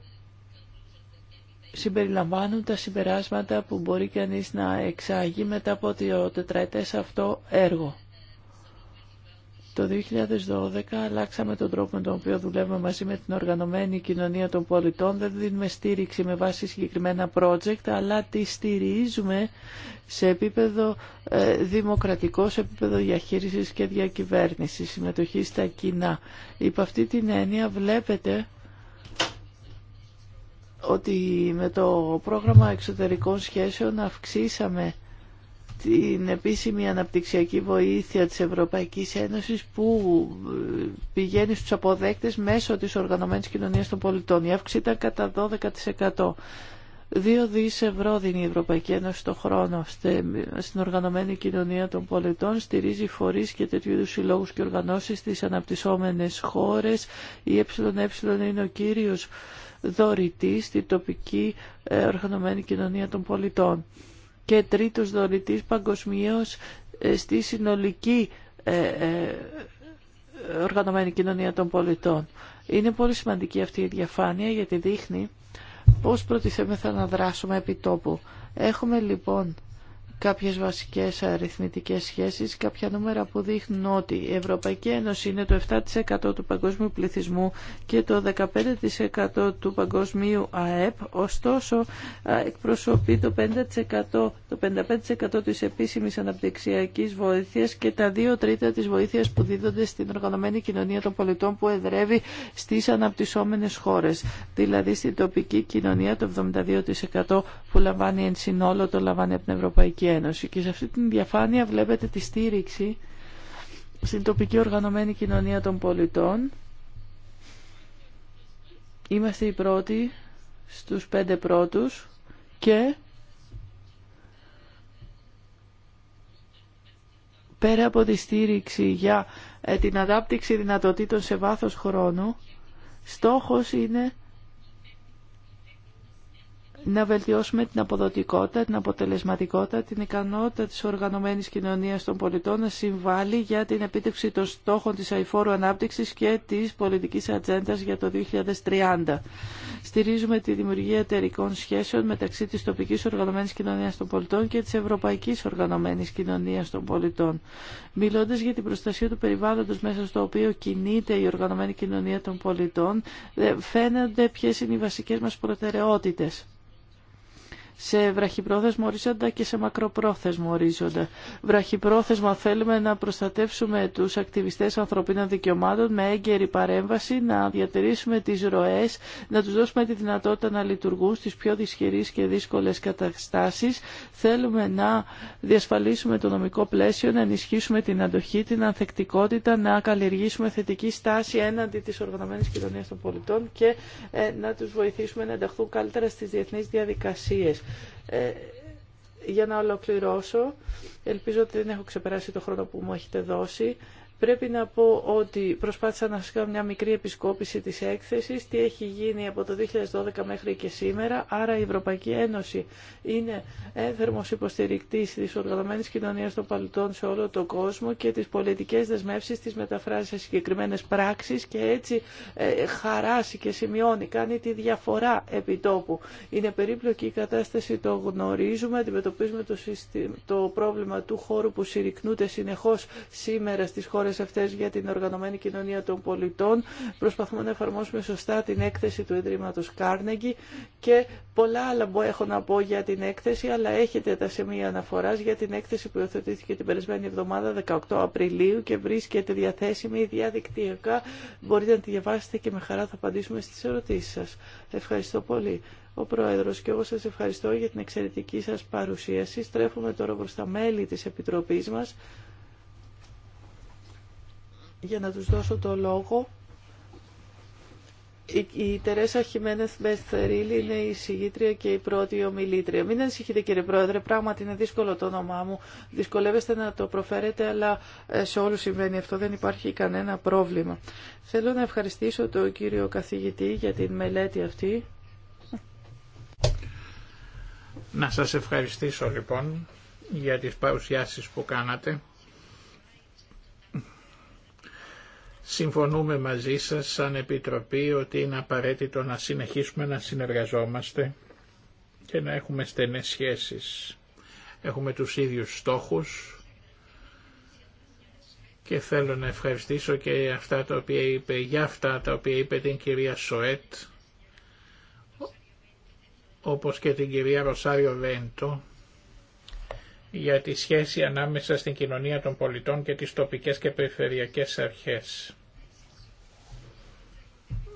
συμπεριλαμβάνουν τα συμπεράσματα που μπορεί κανείς να εξάγει μετά από το τετραετές αυτό έργο. Το 2012 αλλάξαμε τον τρόπο με τον οποίο δουλεύουμε μαζί με την οργανωμένη κοινωνία των πολιτών. Δεν δίνουμε στήριξη με βάση συγκεκριμένα project, αλλά τη στηρίζουμε σε επίπεδο ε, δημοκρατικό, σε επίπεδο διαχείρισης και διακυβέρνησης, συμμετοχή στα κοινά. Υπ' αυτή την έννοια βλέπετε ότι με το πρόγραμμα εξωτερικών σχέσεων αυξήσαμε την επίσημη αναπτυξιακή βοήθεια της Ευρωπαϊκής Ένωσης που ε, πηγαίνει στους αποδέκτες μέσω της οργανωμένης κοινωνίας των πολιτών. Η αύξηση ήταν κατά 12%. Δύο δις ευρώ δίνει η Ευρωπαϊκή Ένωση το χρόνο στην οργανωμένη κοινωνία των πολιτών, στηρίζει φορείς και τέτοιου συλλόγους και οργανώσεις στις αναπτυσσόμενες χώρες. Η ΕΕ είναι ο κύριος δωρητή στη τοπική ε, οργανωμένη κοινωνία των πολιτών και τρίτος δωρητής παγκοσμίως ε, στη συνολική ε, οργανωμένη κοινωνία των πολιτών. Είναι πολύ σημαντική αυτή η διαφάνεια γιατί δείχνει πώς προτιθέμεθα να δράσουμε επί τόπου. Έχουμε λοιπόν κάποιες βασικές αριθμητικές σχέσεις, κάποια νούμερα που δείχνουν ότι η Ευρωπαϊκή Ένωση είναι το 7% του παγκόσμιου πληθυσμού και το 15% του παγκοσμίου ΑΕΠ, ωστόσο εκπροσωπεί το, 5%, το 55% της επίσημης αναπτυξιακής βοήθειας και τα 2 τρίτα της βοήθειας που δίδονται στην οργανωμένη κοινωνία των πολιτών που εδρεύει στις αναπτυσσόμενες χώρες, δηλαδή στην τοπική κοινωνία το 72% που λαμβάνει εν συνόλο το λαμβάνει από την Ευρωπαϊκή Ένωση. Και σε αυτή την διαφάνεια βλέπετε τη στήριξη στην τοπική οργανωμένη κοινωνία των πολιτών. Είμαστε οι πρώτοι στους πέντε πρώτους και πέρα από τη στήριξη για ε, την ανάπτυξη δυνατοτήτων σε βάθος χρόνου, στόχος είναι να βελτιώσουμε την αποδοτικότητα, την αποτελεσματικότητα, την ικανότητα της οργανωμένης κοινωνίας των πολιτών να συμβάλλει για την επίτευξη των στόχων της αηφόρου ανάπτυξης και της πολιτικής ατζέντας για το 2030. Στηρίζουμε τη δημιουργία εταιρικών σχέσεων μεταξύ της τοπικής οργανωμένης κοινωνίας των πολιτών και της ευρωπαϊκής οργανωμένης κοινωνίας των πολιτών. Μιλώντας για την προστασία του περιβάλλοντος μέσα στο οποίο κινείται η οργανωμένη κοινωνία των πολιτών, ε, φαίνονται ποιες είναι οι βασικές μας προτεραιότητες σε βραχυπρόθεσμο ορίζοντα και σε μακροπρόθεσμο ορίζοντα. Βραχυπρόθεσμα θέλουμε να προστατεύσουμε τους ακτιβιστές ανθρωπίνων δικαιωμάτων με έγκαιρη παρέμβαση, να διατηρήσουμε τις ροές, να τους δώσουμε τη δυνατότητα να λειτουργούν στις πιο δυσχερείς και δύσκολες καταστάσεις. Θέλουμε να διασφαλίσουμε το νομικό πλαίσιο, να ενισχύσουμε την αντοχή, την ανθεκτικότητα, να καλλιεργήσουμε θετική στάση έναντι της οργανωμένης κοινωνίας των πολιτών και ε, να τους βοηθήσουμε να ενταχθούν καλύτερα στις διεθνείς διαδικασίες. Ε, για να ολοκληρώσω, ελπίζω ότι δεν έχω ξεπεράσει το χρόνο που μου έχετε δώσει. Πρέπει να πω ότι προσπάθησα να σας κάνω μια μικρή επισκόπηση της έκθεσης, τι έχει γίνει από το 2012 μέχρι και σήμερα. Άρα η Ευρωπαϊκή Ένωση είναι ένθερμος υποστηρικτής της οργανωμένης κοινωνίας των παλιτών σε όλο τον κόσμο και τις πολιτικές δεσμεύσεις τις μεταφράζει σε συγκεκριμένες πράξεις και έτσι ε, χαράσει και σημειώνει, κάνει τη διαφορά επί τόπου. Είναι περίπλοκη η κατάσταση, το γνωρίζουμε, αντιμετωπίζουμε το, το πρόβλημα του χώρου που συρρυκνούνται συνεχώς σήμερα στις χώρες Αυτέ αυτές για την οργανωμένη κοινωνία των πολιτών. Προσπαθούμε να εφαρμόσουμε σωστά την έκθεση του Ιδρύματος Κάρνεγκη και πολλά άλλα που έχω να πω για την έκθεση, αλλά έχετε τα σημεία αναφοράς για την έκθεση που υιοθετήθηκε την περασμένη εβδομάδα 18 Απριλίου και βρίσκεται διαθέσιμη διαδικτυακά. Μπορείτε να τη διαβάσετε και με χαρά θα απαντήσουμε στις ερωτήσεις σας. Ευχαριστώ πολύ ο Πρόεδρος και εγώ σας ευχαριστώ για την εξαιρετική σας παρουσίαση. Στρέφουμε τώρα προς τα μέλη της Επιτροπής μας για να τους δώσω το λόγο. Η Τερέσα Χιμένεθ Μπεθερίλη είναι η συγγήτρια και η πρώτη ομιλήτρια. Μην ανησυχείτε κύριε Πρόεδρε, πράγματι είναι δύσκολο το όνομά μου. Δυσκολεύεστε να το προφέρετε, αλλά ε, σε όλους συμβαίνει αυτό, δεν υπάρχει κανένα πρόβλημα. Θέλω να ευχαριστήσω τον κύριο καθηγητή για την μελέτη αυτή. Να σας ευχαριστήσω λοιπόν για τις παρουσιάσεις που κάνατε. Συμφωνούμε μαζί σας σαν Επιτροπή ότι είναι απαραίτητο να συνεχίσουμε να συνεργαζόμαστε και να έχουμε στενές σχέσεις. Έχουμε τους ίδιους στόχους και θέλω να ευχαριστήσω και αυτά τα οποία είπε, για αυτά τα οποία είπε την κυρία Σοέτ όπως και την κυρία Ροσάριο Βέντο για τη σχέση ανάμεσα στην κοινωνία των πολιτών και τις τοπικές και περιφερειακές αρχές.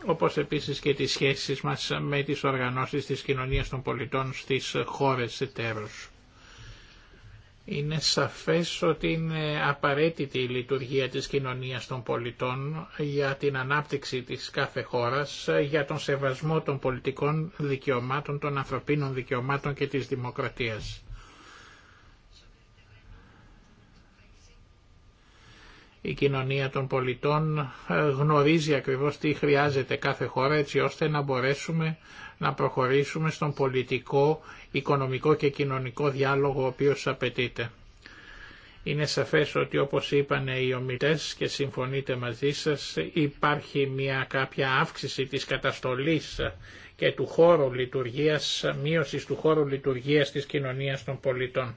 Όπως επίσης και τις σχέσεις μας με τις οργανώσεις της κοινωνίας των πολιτών στις χώρες εταίρους. Είναι σαφές ότι είναι απαραίτητη η λειτουργία της κοινωνίας των πολιτών για την ανάπτυξη της κάθε χώρας, για τον σεβασμό των πολιτικών δικαιωμάτων, των ανθρωπίνων δικαιωμάτων και της δημοκρατίας. η κοινωνία των πολιτών ε, γνωρίζει ακριβώς τι χρειάζεται κάθε χώρα έτσι ώστε να μπορέσουμε να προχωρήσουμε στον πολιτικό, οικονομικό και κοινωνικό διάλογο ο οποίος απαιτείται. Είναι σαφές ότι όπως είπαν οι ομιλητές και συμφωνείτε μαζί σας υπάρχει μια κάποια αύξηση της καταστολής και του χώρου λειτουργίας, μείωσης του χώρου λειτουργίας της κοινωνίας των πολιτών.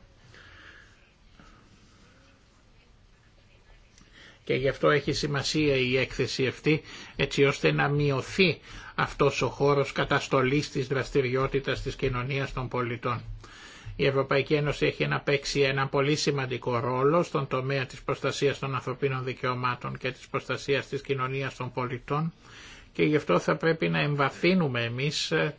και γι' αυτό έχει σημασία η έκθεση αυτή έτσι ώστε να μειωθεί αυτός ο χώρος καταστολής της δραστηριότητας της κοινωνίας των πολιτών. Η Ευρωπαϊκή Ένωση έχει να παίξει ένα πολύ σημαντικό ρόλο στον τομέα της προστασίας των ανθρωπίνων δικαιωμάτων και της προστασίας της κοινωνίας των πολιτών και γι' αυτό θα πρέπει να εμβαθύνουμε εμείς ε,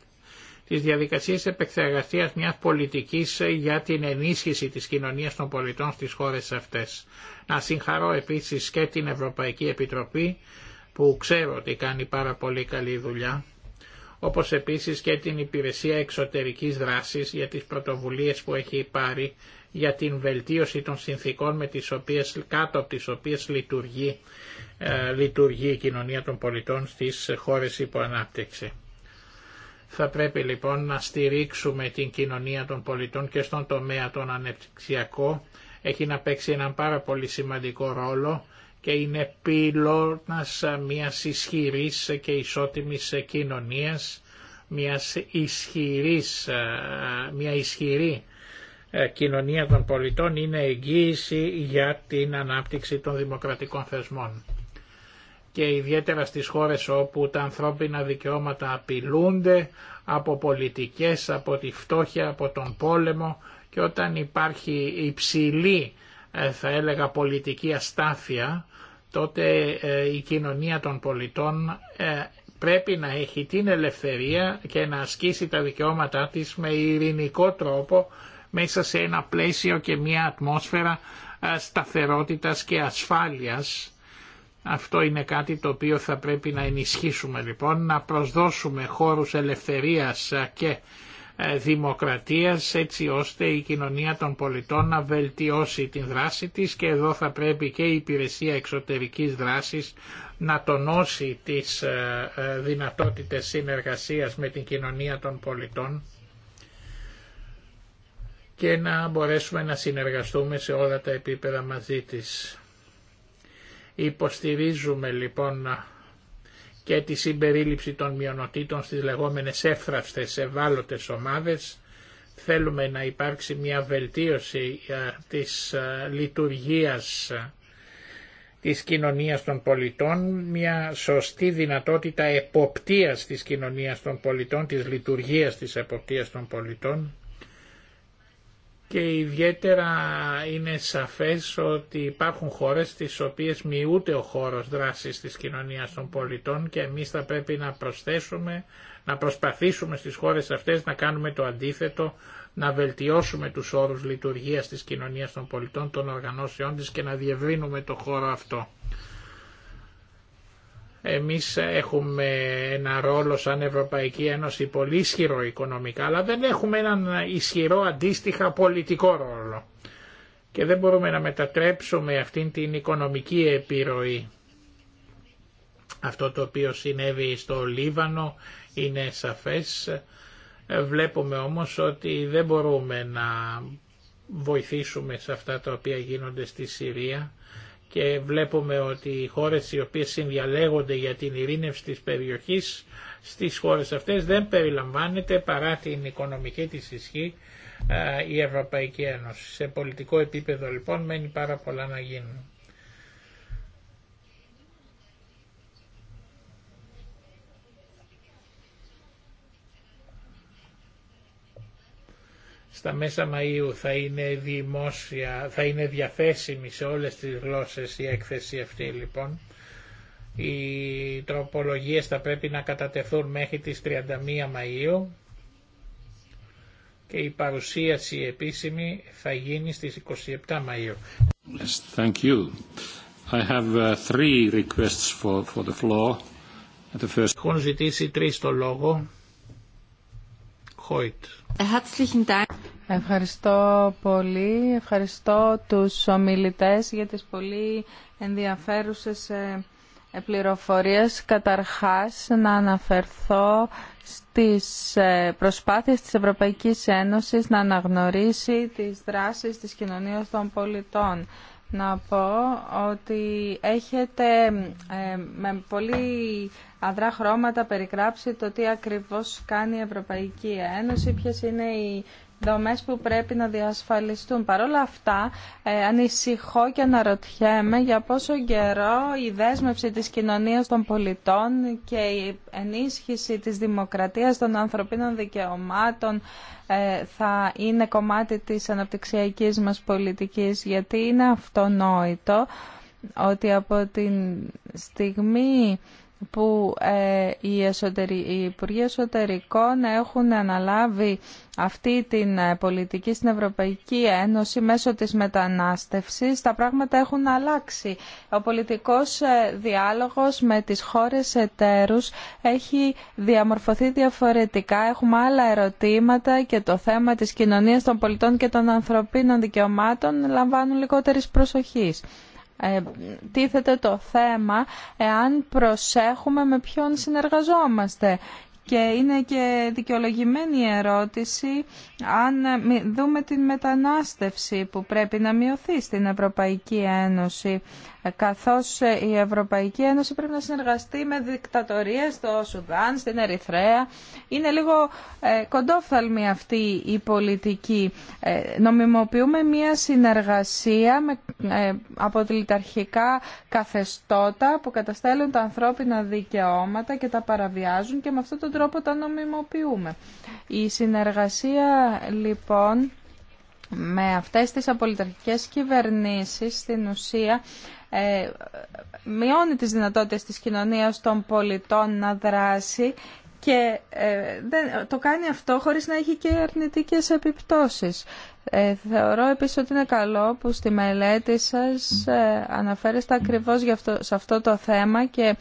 τις διαδικασίες επεξεργασία μιας πολιτικής για την ενίσχυση της κοινωνίας των πολιτών στις χώρες αυτές. Να συγχαρώ επίσης και την Ευρωπαϊκή Επιτροπή που ξέρω ότι κάνει πάρα πολύ καλή δουλειά όπως επίσης και την Υπηρεσία Εξωτερικής Δράσης για τις πρωτοβουλίες που έχει πάρει για την βελτίωση των συνθήκων με τις οποίες, κάτω από τις οποίες λειτουργεί, ε, λειτουργεί η κοινωνία των πολιτών στις χώρες υποανάπτυξης. Θα πρέπει λοιπόν να στηρίξουμε την κοινωνία των πολιτών και στον τομέα των ανεπτυξιακό. Έχει να παίξει έναν πάρα πολύ σημαντικό ρόλο και είναι πυλώνας μιας ισχυρής και ισότιμης κοινωνίας, μιας ισχυρής, ε, μια ισχυρή ε, κοινωνία των πολιτών είναι εγγύηση για την ανάπτυξη των δημοκρατικών θεσμών και ιδιαίτερα στις χώρες όπου τα ανθρώπινα δικαιώματα απειλούνται από πολιτικές, από τη φτώχεια, από τον πόλεμο και όταν υπάρχει υψηλή ε, θα έλεγα πολιτική αστάθεια τότε ε, η κοινωνία των πολιτών ε, πρέπει να έχει την ελευθερία και να ασκήσει τα δικαιώματά της με ειρηνικό τρόπο μέσα σε ένα πλαίσιο και μια ατμόσφαιρα σταθερότητας και ασφάλειας αυτό είναι κάτι το οποίο θα πρέπει να ενισχύσουμε λοιπόν, να προσδώσουμε χώρους ελευθερίας και ε, δημοκρατίας έτσι ώστε η κοινωνία των πολιτών να βελτιώσει την δράση της και εδώ θα πρέπει και η υπηρεσία εξωτερικής δράσης να τονώσει τις ε, ε, δυνατότητες συνεργασίας με την κοινωνία των πολιτών και να μπορέσουμε να συνεργαστούμε σε όλα τα επίπεδα μαζί της. Υποστηρίζουμε λοιπόν και τη συμπερίληψη των μειονοτήτων στις λεγόμενες εύθραυστες ευάλωτες ομάδες. Θέλουμε να υπάρξει μια βελτίωση ε, της ε, λειτουργίας ε, της κοινωνίας των πολιτών, μια σωστή δυνατότητα εποπτείας της κοινωνίας των πολιτών, της λειτουργίας της εποπτείας των πολιτών και ιδιαίτερα είναι σαφές ότι υπάρχουν χώρες στις οποίες μειούται ο χώρος δράσης της κοινωνίας των πολιτών και εμείς θα πρέπει να προσθέσουμε, να προσπαθήσουμε στις χώρες αυτές να κάνουμε το αντίθετο, να βελτιώσουμε τους όρους λειτουργίας της κοινωνίας των πολιτών, των οργανώσεών της και να διευρύνουμε το χώρο αυτό. Εμείς έχουμε ένα ρόλο σαν Ευρωπαϊκή Ένωση πολύ ισχυρό οικονομικά, αλλά δεν έχουμε έναν ισχυρό αντίστοιχα πολιτικό ρόλο. Και δεν μπορούμε να μετατρέψουμε αυτήν την οικονομική επιρροή. Αυτό το οποίο συνέβη στο Λίβανο είναι σαφές. Βλέπουμε όμως ότι δεν μπορούμε να βοηθήσουμε σε αυτά τα οποία γίνονται στη Συρία και βλέπουμε ότι οι χώρες οι οποίες συνδιαλέγονται για την ειρήνευση της περιοχής στις χώρες αυτές δεν περιλαμβάνεται παρά την οικονομική της ισχύ η Ευρωπαϊκή Ένωση. Σε πολιτικό επίπεδο λοιπόν μένει πάρα πολλά να γίνουν. στα μέσα Μαΐου θα είναι δημόσια, θα είναι διαθέσιμη σε όλες τις γλώσσες η έκθεση αυτή λοιπόν. Οι τροπολογίες θα πρέπει να κατατεθούν μέχρι τις 31 Μαΐου και η παρουσίαση επίσημη θα γίνει στις 27 Μαΐου. Yes, thank you. I have uh, three requests for, for the floor. The first... Έχουν ζητήσει τρεις το λόγο. Χόιτ. Ευχαριστώ πολύ. Ευχαριστώ τους ομιλητές για τις πολύ ενδιαφέρουσες ε, πληροφορίες. Καταρχάς, να αναφερθώ στις ε, προσπάθειες της Ευρωπαϊκής Ένωσης να αναγνωρίσει τις δράσεις της κοινωνίας των πολιτών. Να πω ότι έχετε ε, με πολύ αδρά χρώματα περιγράψει το τι ακριβώς κάνει η Ευρωπαϊκή Ένωση, ποιες είναι οι δομές που πρέπει να διασφαλιστούν. Παρ' όλα αυτά, ε, ανησυχώ και αναρωτιέμαι για πόσο καιρό η δέσμευση της κοινωνίας των πολιτών και η ενίσχυση της δημοκρατίας των ανθρωπίνων δικαιωμάτων ε, θα είναι κομμάτι της αναπτυξιακής μας πολιτικής, γιατί είναι αυτονόητο ότι από την στιγμή που ε, οι, εσωτερι... Υπουργοί Εσωτερικών έχουν αναλάβει αυτή την ε, πολιτική στην Ευρωπαϊκή Ένωση μέσω της μετανάστευσης, τα πράγματα έχουν αλλάξει. Ο πολιτικός ε, διάλογος με τις χώρες εταίρους έχει διαμορφωθεί διαφορετικά. Έχουμε άλλα ερωτήματα και το θέμα της κοινωνίας των πολιτών και των ανθρωπίνων δικαιωμάτων λαμβάνουν λιγότερης προσοχής. Ε, τίθεται το θέμα εάν προσέχουμε με ποιον συνεργαζόμαστε. Και είναι και δικαιολογημένη η ερώτηση αν δούμε την μετανάστευση που πρέπει να μειωθεί στην Ευρωπαϊκή Ένωση καθώς ε, η Ευρωπαϊκή Ένωση πρέπει να συνεργαστεί με δικτατορίες στο Σουδάν, στην Ερυθρέα. Είναι λίγο ε, κοντόφθαλμη αυτή η πολιτική. Ε, νομιμοποιούμε μια συνεργασία με αποτελεταρχικά καθεστώτα που καταστέλουν τα ανθρώπινα δικαιώματα και τα παραβιάζουν και με αυτόν τον τρόπο τα νομιμοποιούμε. Η συνεργασία λοιπόν με αυτές τις απολυταρχικές κυβερνήσεις στην ουσία ε, μειώνει τις δυνατότητες της κοινωνίας των πολιτών να δράσει και ε, το κάνει αυτό χωρίς να έχει και αρνητικές επιπτώσεις. Ε, θεωρώ επίσης ότι είναι καλό που στη μελέτη σας ε, αναφέρεστε ακριβώς για αυτό, σε αυτό το θέμα και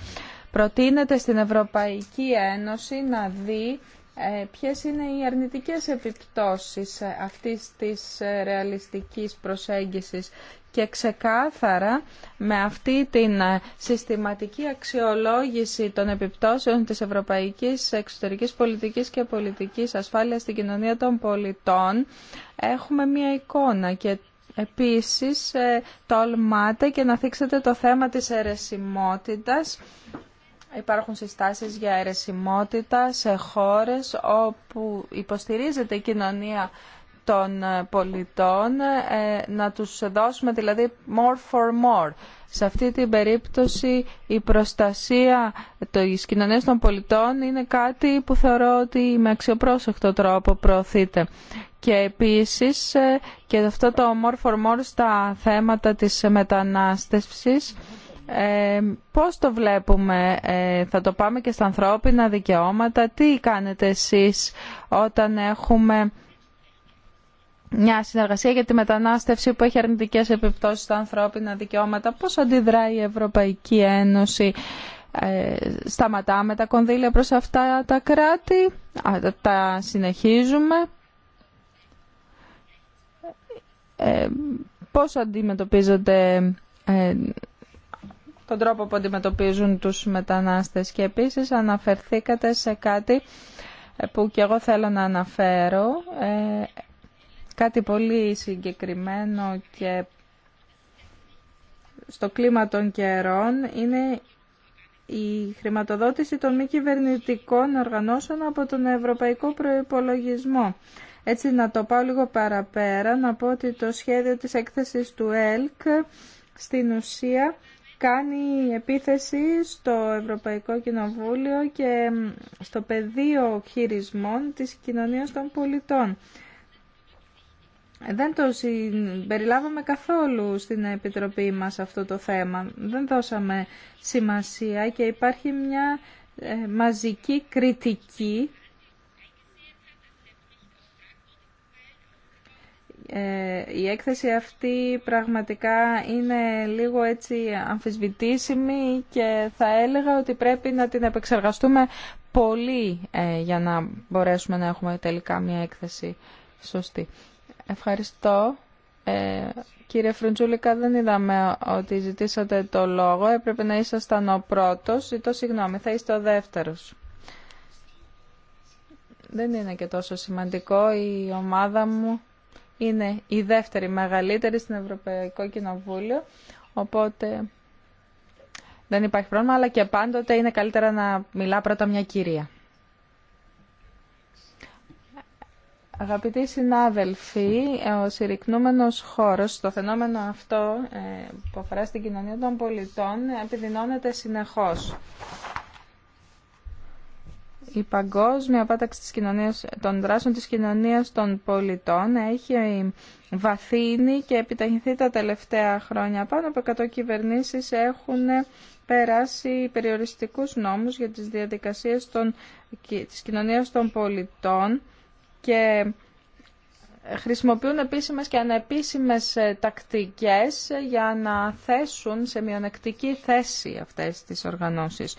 προτείνετε στην Ευρωπαϊκή Ένωση να δει ε, ποιες είναι οι αρνητικές επιπτώσεις ε, αυτής της ε, ρεαλιστικής προσέγγισης και ξεκάθαρα με αυτή την συστηματική αξιολόγηση των επιπτώσεων της ευρωπαϊκής εξωτερικής πολιτικής και πολιτικής ασφάλειας στην κοινωνία των πολιτών έχουμε μια εικόνα και επίσης τολμάτε και να θίξετε το θέμα της αιρεσιμότητας Υπάρχουν συστάσεις για αιρεσιμότητα σε χώρες όπου υποστηρίζεται η κοινωνία των ε, πολιτών, ε, να τους δώσουμε δηλαδή more for more. Σε αυτή την περίπτωση η προστασία της κοινωνίας των πολιτών είναι κάτι που θεωρώ ότι με αξιοπρόσεκτο τρόπο προωθείται. Και επίσης ε, και αυτό το more for more στα θέματα της μετανάστευσης, ε, πώς το βλέπουμε, ε, θα το πάμε και στα ανθρώπινα δικαιώματα. Τι κάνετε εσείς όταν έχουμε μια συνεργασία για τη μετανάστευση που έχει αρνητικές επιπτώσεις στα ανθρώπινα δικαιώματα. Πώς αντιδράει η Ευρωπαϊκή Ένωση. Ε, σταματάμε τα κονδύλια προς αυτά τα κράτη, Α, τα συνεχίζουμε. Ε, πώς αντιμετωπίζονται ε, τον τρόπο που αντιμετωπίζουν τους μετανάστες και επίσης αναφερθήκατε σε κάτι ε, που και εγώ θέλω να αναφέρω, ε, κάτι πολύ συγκεκριμένο και στο κλίμα των καιρών είναι η χρηματοδότηση των μη κυβερνητικών οργανώσεων από τον Ευρωπαϊκό Προϋπολογισμό. Έτσι να το πάω λίγο παραπέρα, να πω ότι το σχέδιο της έκθεσης του ΕΛΚ στην ουσία κάνει επίθεση στο Ευρωπαϊκό Κοινοβούλιο και στο πεδίο χειρισμών της κοινωνίας των πολιτών. Δεν το περιλάβαμε καθόλου στην Επιτροπή μας αυτό το θέμα. Δεν δώσαμε σημασία και υπάρχει μια ε, μαζική κριτική Ε, η έκθεση αυτή πραγματικά είναι λίγο έτσι αμφισβητήσιμη και θα έλεγα ότι πρέπει να την επεξεργαστούμε πολύ ε, για να μπορέσουμε να έχουμε τελικά μια έκθεση σωστή. Ευχαριστώ. Ε, κύριε Φρουντζούλικα, δεν είδαμε ότι ζητήσατε το λόγο. Έπρεπε να ήσασταν ο πρώτος. Ζητώ συγγνώμη, θα είστε ο δεύτερος. Δεν είναι και τόσο σημαντικό. Η ομάδα μου είναι η δεύτερη μεγαλύτερη στην Ευρωπαϊκό Κοινοβούλιο, οπότε δεν υπάρχει πρόβλημα, αλλά και πάντοτε είναι καλύτερα να μιλά πρώτα μια κυρία. Αγαπητοί συνάδελφοι, ο συρρυκνούμενος χώρος, το φαινόμενο αυτό ε, που αφορά στην κοινωνία των πολιτών, επιδεινώνεται συνεχώς. Η παγκόσμια πάταξη της κοινωνίας, των δράσεων της κοινωνίας των πολιτών έχει βαθύνει και επιταχυνθεί τα τελευταία χρόνια. Πάνω από 100 κυβερνήσεις έχουν περάσει περιοριστικούς νόμους για τις διαδικασίες των, της κοινωνίας των πολιτών και χρησιμοποιούν επίσημες και ανεπίσημες τακτικές για να θέσουν σε μειονεκτική θέση αυτές τις οργανώσεις.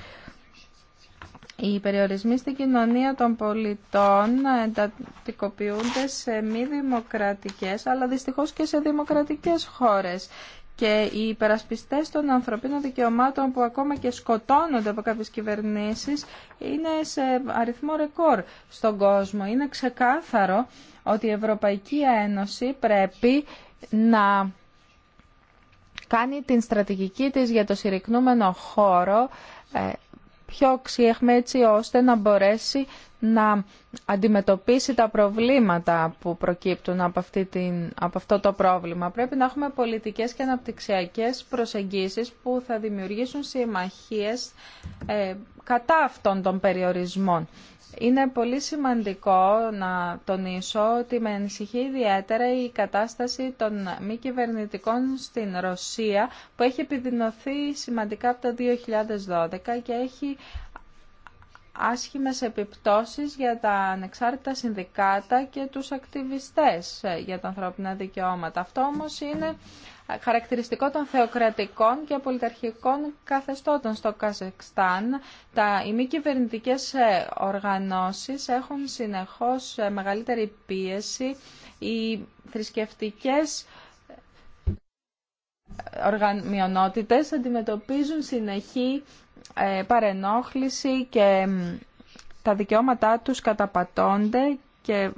Οι περιορισμοί στην κοινωνία των πολιτών εντατικοποιούνται σε μη δημοκρατικές, αλλά δυστυχώς και σε δημοκρατικές χώρες. Και οι υπερασπιστές των ανθρωπίνων δικαιωμάτων που ακόμα και σκοτώνονται από κάποιες κυβερνήσεις είναι σε αριθμό ρεκόρ στον κόσμο. Είναι ξεκάθαρο ότι η Ευρωπαϊκή Ένωση πρέπει να κάνει την στρατηγική της για το συρρυκνούμενο χώρο ε, πιο έχουμε έτσι ώστε να μπορέσει να αντιμετωπίσει τα προβλήματα που προκύπτουν από, αυτή την, από αυτό το πρόβλημα. Πρέπει να έχουμε πολιτικές και αναπτυξιακές προσεγγίσεις που θα δημιουργήσουν συμμαχίες ε, κατά αυτών των περιορισμών. Είναι πολύ σημαντικό να τονίσω ότι με ενισχύει ιδιαίτερα η κατάσταση των μη κυβερνητικών στην Ρωσία που έχει επιδεινωθεί σημαντικά από το 2012 και έχει άσχημες επιπτώσεις για τα ανεξάρτητα συνδικάτα και τους ακτιβιστές ε, για τα ανθρώπινα δικαιώματα. Αυτό όμως είναι χαρακτηριστικό των θεοκρατικών και πολιταρχικών καθεστώτων στο Καζακστάν. Τα, οι μη κυβερνητικέ ε, οργανώσεις έχουν συνεχώς ε, μεγαλύτερη πίεση. Οι θρησκευτικές ε, μειονότητες αντιμετωπίζουν συνεχή παρενόχληση και τα δικαιώματά τους καταπατώνται και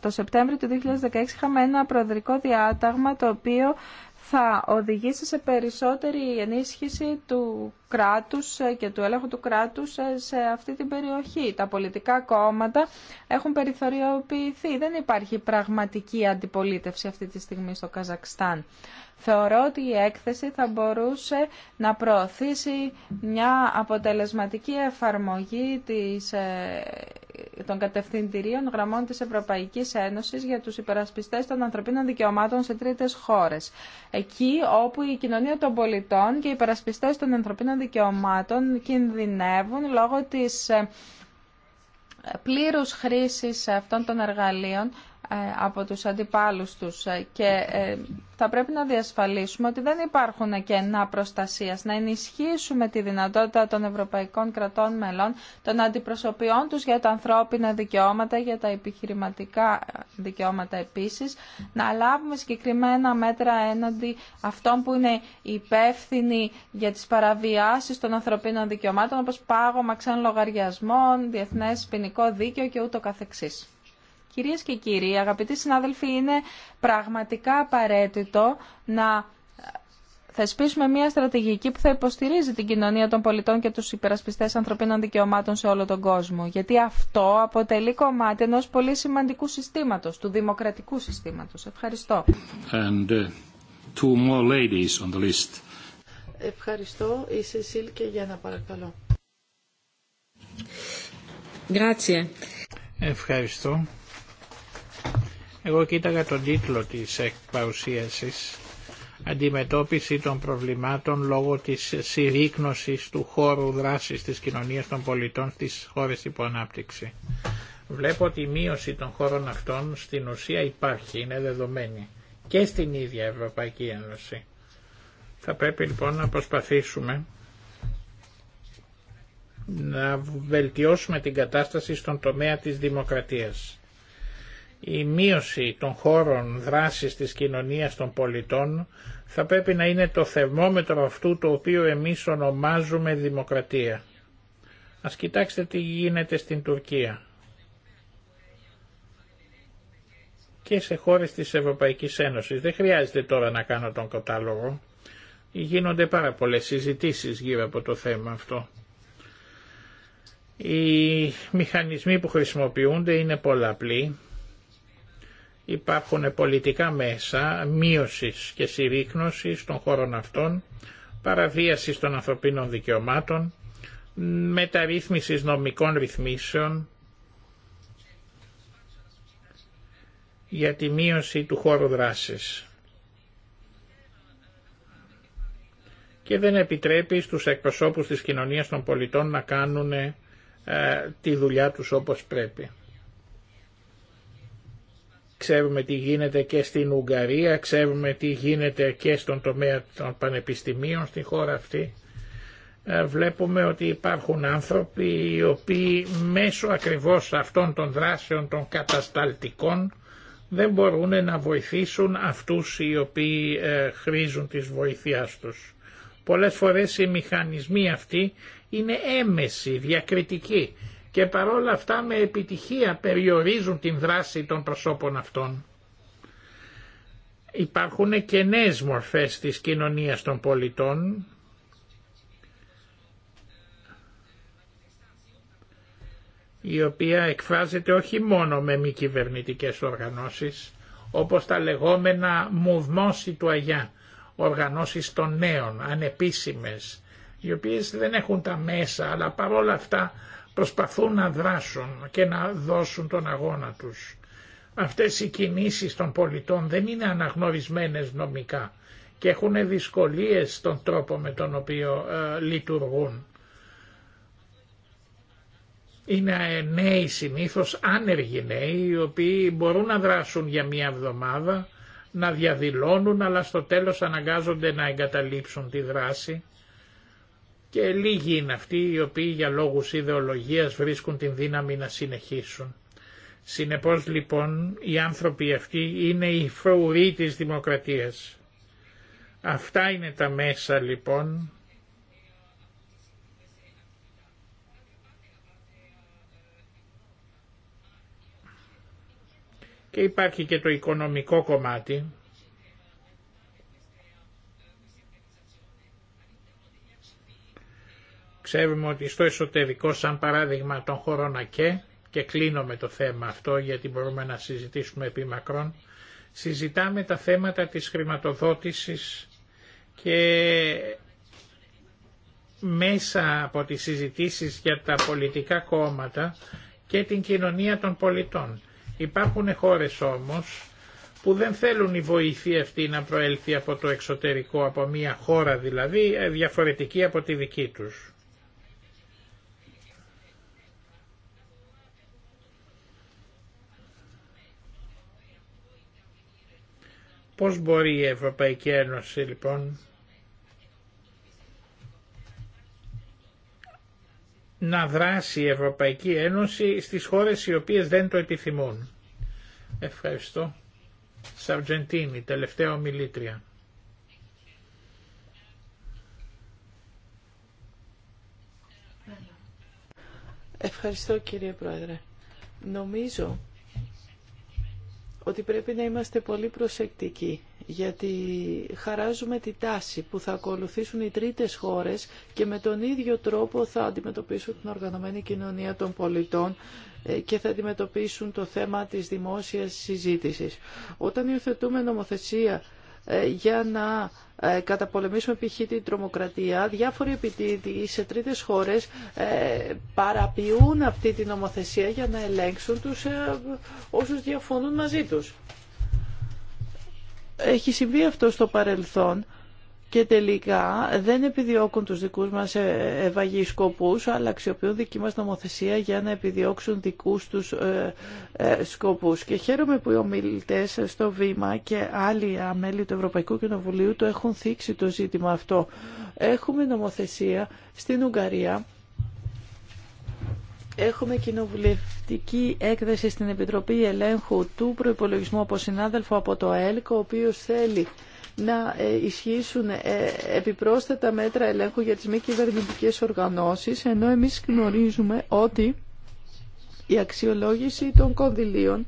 το Σεπτέμβριο του 2016 είχαμε ένα προεδρικό διάταγμα το οποίο θα οδηγήσει σε περισσότερη ενίσχυση του κράτους ε, και του έλεγχου του κράτους ε, σε αυτή την περιοχή. Τα πολιτικά κόμματα έχουν περιθωριοποιηθεί. Δεν υπάρχει πραγματική αντιπολίτευση αυτή τη στιγμή στο Καζακστάν. Θεωρώ ότι η έκθεση θα μπορούσε να προωθήσει μια αποτελεσματική εφαρμογή της, ε, των κατευθυντηρίων γραμμών της Ευρωπαϊκής Ένωσης για τους υπερασπιστές των ανθρωπίνων δικαιωμάτων σε τρίτες χώρες. Εκεί όπου η κοινωνία των πολιτών και οι υπερασπιστές των ανθρωπίνων δικαιωμάτων κινδυνεύουν λόγω της ε, πλήρους χρήσης αυτών των εργαλείων ε, από τους αντιπάλους τους ε, και ε, θα πρέπει να διασφαλίσουμε ότι δεν υπάρχουν κενά προστασίας, να ενισχύσουμε τη δυνατότητα των ευρωπαϊκών κρατών μελών, των αντιπροσωπιών τους για τα ανθρώπινα δικαιώματα, για τα επιχειρηματικά δικαιώματα επίσης, να λάβουμε συγκεκριμένα μέτρα έναντι αυτών που είναι υπεύθυνοι για τις παραβιάσεις των ανθρωπίνων δικαιωμάτων, όπως πάγωμα ξένων λογαριασμών, διεθνές ποινικό δίκαιο και ούτω καθεξής. Κυρίες και κύριοι, αγαπητοί συνάδελφοι, είναι πραγματικά απαραίτητο να θεσπίσουμε μια στρατηγική που θα υποστηρίζει την κοινωνία των πολιτών και τους υπερασπιστές ανθρωπίνων δικαιωμάτων σε όλο τον κόσμο. Γιατί αυτό αποτελεί κομμάτι ενός πολύ σημαντικού συστήματος, του δημοκρατικού συστήματος. Ευχαριστώ. And, uh, two more on the list. Ευχαριστώ. Η Σεσίλ και για να παρακαλώ. Ευχαριστώ. Εγώ κοίταγα τον τίτλο της παρουσίασης αντιμετώπιση των προβλημάτων λόγω της συρρήκνωσης του χώρου δράσης της κοινωνίας των πολιτών στις χώρες υποανάπτυξη. Βλέπω ότι η μείωση των χώρων αυτών στην ουσία υπάρχει, είναι δεδομένη και στην ίδια Ευρωπαϊκή Ένωση. Θα πρέπει λοιπόν να προσπαθήσουμε να βελτιώσουμε την κατάσταση στον τομέα της δημοκρατίας η μείωση των χώρων δράσης της κοινωνίας των πολιτών θα πρέπει να είναι το θερμόμετρο αυτού το οποίο εμείς ονομάζουμε δημοκρατία. Ας κοιτάξτε τι γίνεται στην Τουρκία και σε χώρες της Ευρωπαϊκής Ένωσης. Δεν χρειάζεται τώρα να κάνω τον κατάλογο. Γίνονται πάρα πολλές συζητήσεις γύρω από το θέμα αυτό. Οι μηχανισμοί που χρησιμοποιούνται είναι πολλαπλοί Υπάρχουν πολιτικά μέσα μείωσης και συρρήκνωσης των χώρων αυτών, παραβίασης των ανθρωπίνων δικαιωμάτων, μεταρρύθμισης νομικών ρυθμίσεων, για τη μείωση του χώρου δράσης. Και δεν επιτρέπει στους εκπροσώπους της κοινωνίας των πολιτών να κάνουν ε, τη δουλειά τους όπως πρέπει. Ξέρουμε τι γίνεται και στην Ουγγαρία, ξέρουμε τι γίνεται και στον τομέα των πανεπιστημίων στη χώρα αυτή. Ε, βλέπουμε ότι υπάρχουν άνθρωποι οι οποίοι μέσω ακριβώς αυτών των δράσεων των κατασταλτικών δεν μπορούν να βοηθήσουν αυτούς οι οποίοι ε, χρήζουν της βοήθειάς τους. Πολλές φορές οι μηχανισμοί αυτοί είναι έμεση, διακριτικοί και παρόλα αυτά με επιτυχία περιορίζουν την δράση των προσώπων αυτών. Υπάρχουν και νέες μορφές της κοινωνίας των πολιτών, η οποία εκφράζεται όχι μόνο με μη κυβερνητικέ οργανώσεις, όπως τα λεγόμενα «μουδμόσι του Αγιά, οργανώσεις των νέων, ανεπίσημες, οι οποίες δεν έχουν τα μέσα, αλλά παρόλα αυτά προσπαθούν να δράσουν και να δώσουν τον αγώνα τους. Αυτές οι κινήσεις των πολιτών δεν είναι αναγνωρισμένες νομικά και έχουν δυσκολίες στον τρόπο με τον οποίο ε, λειτουργούν. Είναι νέοι συνήθως, άνεργοι νέοι, οι οποίοι μπορούν να δράσουν για μία εβδομάδα, να διαδηλώνουν, αλλά στο τέλος αναγκάζονται να εγκαταλείψουν τη δράση και λίγοι είναι αυτοί οι οποίοι για λόγους ιδεολογίας βρίσκουν την δύναμη να συνεχίσουν. Συνεπώς λοιπόν οι άνθρωποι αυτοί είναι οι φρουροί της δημοκρατίας. Αυτά είναι τα μέσα λοιπόν και υπάρχει και το οικονομικό κομμάτι Ξέρουμε ότι στο εσωτερικό, σαν παράδειγμα των χωρών ΑΚΕ, και κλείνω με το θέμα αυτό γιατί μπορούμε να συζητήσουμε επί μακρόν, συζητάμε τα θέματα της χρηματοδότησης και μέσα από τις συζητήσεις για τα πολιτικά κόμματα και την κοινωνία των πολιτών. Υπάρχουν χώρες όμως που δεν θέλουν η βοήθεια αυτή να προέλθει από το εξωτερικό, από μια χώρα δηλαδή διαφορετική από τη δική τους. Πώς μπορεί η Ευρωπαϊκή Ένωση λοιπόν να δράσει η Ευρωπαϊκή Ένωση στις χώρες οι οποίες δεν το επιθυμούν. Ευχαριστώ. Σαρτζεντίνη, τελευταία ομιλήτρια. Ευχαριστώ κύριε Πρόεδρε. Νομίζω ότι πρέπει να είμαστε πολύ προσεκτικοί γιατί χαράζουμε τη τάση που θα ακολουθήσουν οι τρίτες χώρες και με τον ίδιο τρόπο θα αντιμετωπίσουν την οργανωμένη κοινωνία των πολιτών ε, και θα αντιμετωπίσουν το θέμα της δημόσιας συζήτησης. Όταν υιοθετούμε νομοθεσία ε, για να ε, καταπολεμήσουμε π.χ. την τρομοκρατία. Διάφοροι επιτήτη σε τρίτες χώρες ε, παραποιούν αυτή την νομοθεσία για να ελέγξουν τους όσους διαφωνούν μαζί τους. Έχει συμβεί αυτό στο παρελθόν και τελικά δεν επιδιώκουν τους δικούς μας ε, ευαγείς σκοπούς, αλλά αξιοποιούν δική μας νομοθεσία για να επιδιώξουν δικούς τους ε, ε, σκοπούς. Και χαίρομαι που οι ομιλητές στο βήμα και άλλοι μέλη του Ευρωπαϊκού Κοινοβουλίου το έχουν θίξει το ζήτημα αυτό. Έχουμε νομοθεσία στην Ουγγαρία Έχουμε κοινοβουλευτική έκθεση στην Επιτροπή Ελέγχου του Προϋπολογισμού από συνάδελφο από το ΕΛΚ, ο οποίος θέλει να ε, ισχύσουν ε, επιπρόσθετα μέτρα ελέγχου για τις μη κυβερνητικέ οργανώσεις, ενώ εμείς γνωρίζουμε ότι η αξιολόγηση των κονδυλίων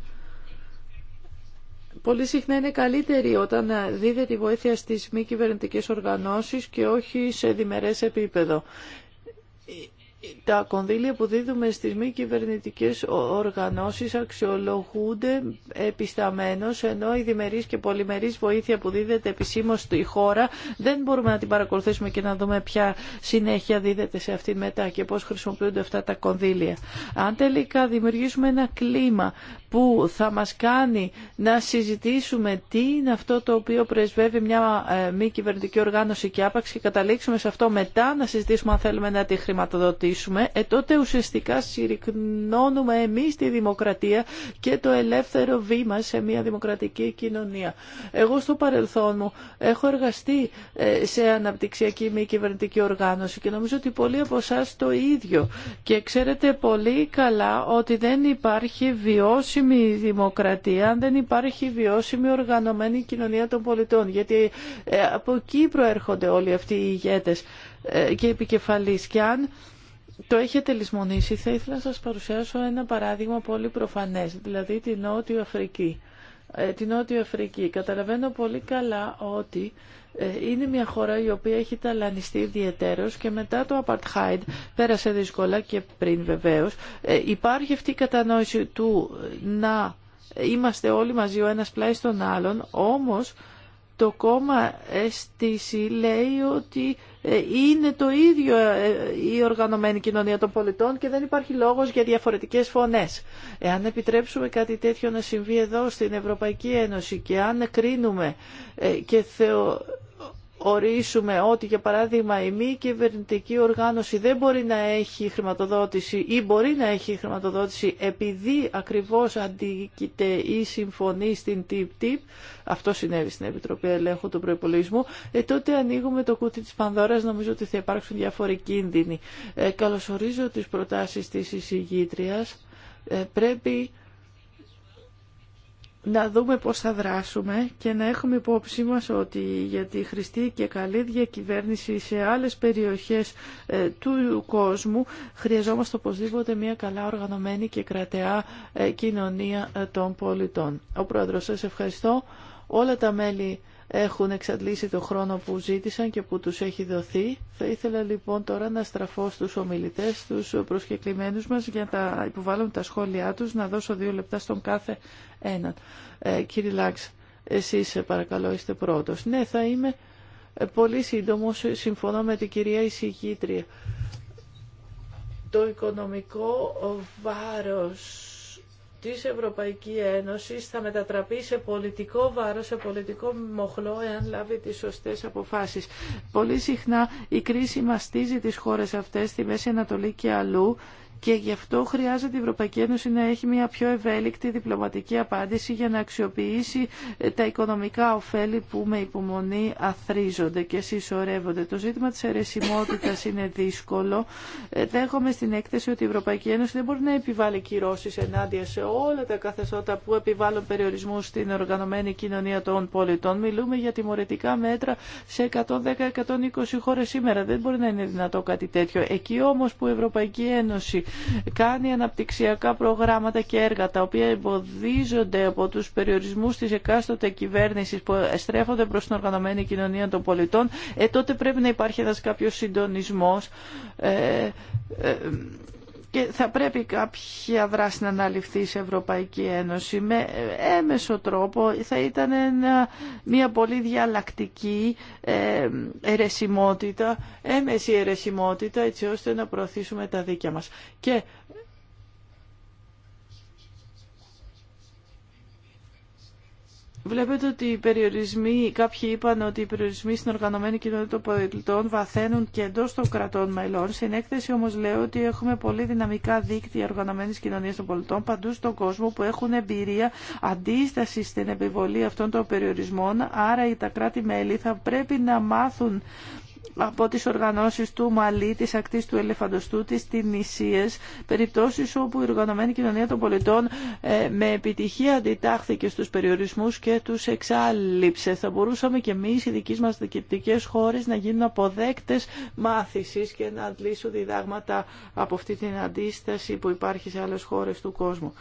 πολύ συχνά είναι καλύτερη όταν ε, δίδεται η βοήθεια στις μη κυβερνητικέ οργανώσεις και όχι σε διμερές επίπεδο τα κονδύλια που δίδουμε στις μη κυβερνητικές οργανώσεις αξιολογούνται επισταμένως, ενώ η διμερής και πολυμερής βοήθεια που δίδεται επισήμως στη χώρα δεν μπορούμε να την παρακολουθήσουμε και να δούμε ποια συνέχεια δίδεται σε αυτήν μετά και πώς χρησιμοποιούνται αυτά τα κονδύλια. Αν τελικά δημιουργήσουμε ένα κλίμα που θα μας κάνει να συζητήσουμε τι είναι αυτό το οποίο πρεσβεύει μια ε, μη κυβερνητική οργάνωση και άπαξ και καταλήξουμε σε αυτό μετά να συζητήσουμε αν θέλουμε να τη χρηματοδοτήσουμε, ε, τότε ουσιαστικά συρρυκνώνουμε εμείς τη δημοκρατία και το ελεύθερο βήμα σε μια δημοκρατική κοινωνία. Εγώ στο παρελθόν μου έχω εργαστεί ε, σε αναπτυξιακή μη κυβερνητική οργάνωση και νομίζω ότι πολλοί από εσά το ίδιο. Και ξέρετε πολύ καλά ότι δεν υπάρχει βιώσιμη βιώσιμη δημοκρατία αν δεν υπάρχει βιώσιμη οργανωμένη κοινωνία των πολιτών. Γιατί ε, από εκεί προέρχονται όλοι αυτοί οι ηγέτες ε, και επικεφαλής. Και αν το έχετε λησμονήσει, θα ήθελα να σας παρουσιάσω ένα παράδειγμα πολύ προφανές, δηλαδή την Νότιο Αφρική. Ε, την Νότιο Αφρική. Καταλαβαίνω πολύ καλά ότι ε, είναι μια χώρα η οποία έχει ταλανιστεί ιδιαιτέρως και μετά το Apartheid πέρασε δύσκολα και πριν βεβαίως. Ε, υπάρχει αυτή η κατανόηση του ε, να είμαστε όλοι μαζί ο ένας πλάι στον άλλον, όμως το κόμμα αίσθηση λέει ότι είναι το ίδιο η οργανωμένη κοινωνία των πολιτών και δεν υπάρχει λόγος για διαφορετικές φωνές. Εάν επιτρέψουμε κάτι τέτοιο να συμβεί εδώ στην Ευρωπαϊκή Ένωση και αν κρίνουμε και θεω ορίσουμε ότι για παράδειγμα η μη κυβερνητική οργάνωση δεν μπορεί να έχει χρηματοδότηση ή μπορεί να έχει χρηματοδότηση επειδή ακριβώς αντίκειται ή συμφωνεί στην TIP-TIP, αυτό συνέβη στην Επιτροπή Ελέγχου του Προϋπολογισμού, ε, τότε ανοίγουμε το κούτι της Πανδώρας, νομίζω ότι θα υπάρξουν διάφοροι κίνδυνοι. Ε, καλωσορίζω τις προτάσεις της εισηγήτριας. Ε, πρέπει να δούμε πώς θα δράσουμε και να έχουμε υπόψη μας ότι για τη χρηστή και καλή διακυβέρνηση σε άλλες περιοχές ε, του κόσμου χρειαζόμαστε οπωσδήποτε μια καλά οργανωμένη και κρατεά ε, κοινωνία ε, των πολιτών. Ο Πρόεδρος, σας ευχαριστώ. Όλα τα μέλη έχουν εξαντλήσει το χρόνο που ζήτησαν και που τους έχει δοθεί. Θα ήθελα λοιπόν τώρα να στραφώ στους ομιλητές, στους προσκεκλημένους μας για να υποβάλουν τα σχόλιά τους, να δώσω δύο λεπτά στον κάθε έναν. Ε, κύριε Λάξ, εσείς ε, παρακαλώ είστε πρώτος. Ναι, θα είμαι ε, πολύ σύντομο, ε, συμφωνώ με την κυρία εισηγήτρια. Το οικονομικό βάρος της Ευρωπαϊκή Ένωσης θα μετατραπεί σε πολιτικό βάρος, σε πολιτικό μοχλό εάν λάβει τις σωστές αποφάσεις. Πολύ συχνά η κρίση μαστίζει τις χώρες αυτές στη Μέση Ανατολή και αλλού και γι' αυτό χρειάζεται η Ευρωπαϊκή Ένωση να έχει μια πιο ευέλικτη διπλωματική απάντηση για να αξιοποιήσει ε, τα οικονομικά ωφέλη που με υπομονή αθρίζονται και συσσωρεύονται. Το ζήτημα της αιρεσιμότητας είναι δύσκολο. Ε, δέχομαι στην έκθεση ότι η Ευρωπαϊκή Ένωση δεν μπορεί να επιβάλλει κυρώσεις ενάντια σε όλα τα καθεστώτα που επιβάλλουν περιορισμού στην οργανωμένη κοινωνία των πολιτών. Μιλούμε για τιμωρητικά μέτρα σε 110-120 χώρε σήμερα. Δεν μπορεί να είναι δυνατό κάτι τέτοιο. Εκεί όμως που η Ευρωπαϊκή Ένωση κάνει αναπτυξιακά προγράμματα και έργα τα οποία εμποδίζονται από τους περιορισμούς της εκάστοτε κυβέρνησης που στρέφονται προς την οργανωμένη κοινωνία των πολιτών, ε, τότε πρέπει να υπάρχει ένας κάποιος συντονισμός ε, ε, και θα πρέπει κάποια δράση να αναλυφθεί σε Ευρωπαϊκή Ένωση με έμεσο τρόπο θα ήταν μια πολύ διαλλακτική ερεσιμότητα, έμεση ερεσιμότητα έτσι ώστε να προωθήσουμε τα δίκαια μας. Και Βλέπετε ότι οι περιορισμοί, κάποιοι είπαν ότι οι περιορισμοί στην οργανωμένη κοινωνία των πολιτών βαθαίνουν και εντό των κρατών μελών. Στην έκθεση όμω λέω ότι έχουμε πολύ δυναμικά δίκτυα οργανωμένη κοινωνία των πολιτών παντού στον κόσμο που έχουν εμπειρία αντίσταση στην επιβολή αυτών των περιορισμών. Άρα τα κράτη-μέλη θα πρέπει να μάθουν από τις οργανώσεις του Μαλή, της Ακτής του Ελεφαντοστού, της Τινησίας, περιπτώσεις όπου η οργανωμένη κοινωνία των πολιτών ε, με επιτυχία αντιτάχθηκε στους περιορισμούς και τους εξάλληψε. Θα μπορούσαμε και εμείς οι δικοί μας δικαιωτικές χώρες να γίνουν αποδέκτες μάθησης και να αντλήσουν διδάγματα από αυτή την αντίσταση που υπάρχει σε άλλες χώρες του κόσμου.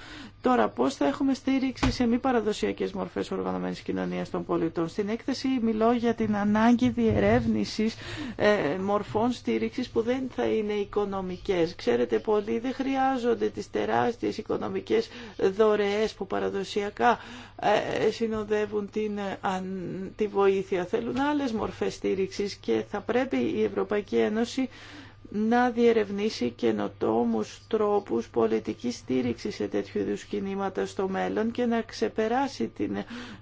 Τώρα, πώς θα έχουμε στήριξη σε μη παραδοσιακές μορφές οργανωμένης κοινωνίας των πολιτών. Στην έκθεση μιλώ για την ανάγκη διερεύνησης ε, μορφών στήριξης που δεν θα είναι οικονομικές. Ξέρετε, πολλοί δεν χρειάζονται τις τεράστιες οικονομικές δωρεές που παραδοσιακά ε, συνοδεύουν την, ε, τη βοήθεια. Θέλουν άλλες μορφές στήριξης και θα πρέπει η Ευρωπαϊκή Ένωση να διερευνήσει καινοτόμου, τρόπους πολιτικής στήριξης σε τέτοιου είδου κινήματα στο μέλλον και να ξεπεράσει την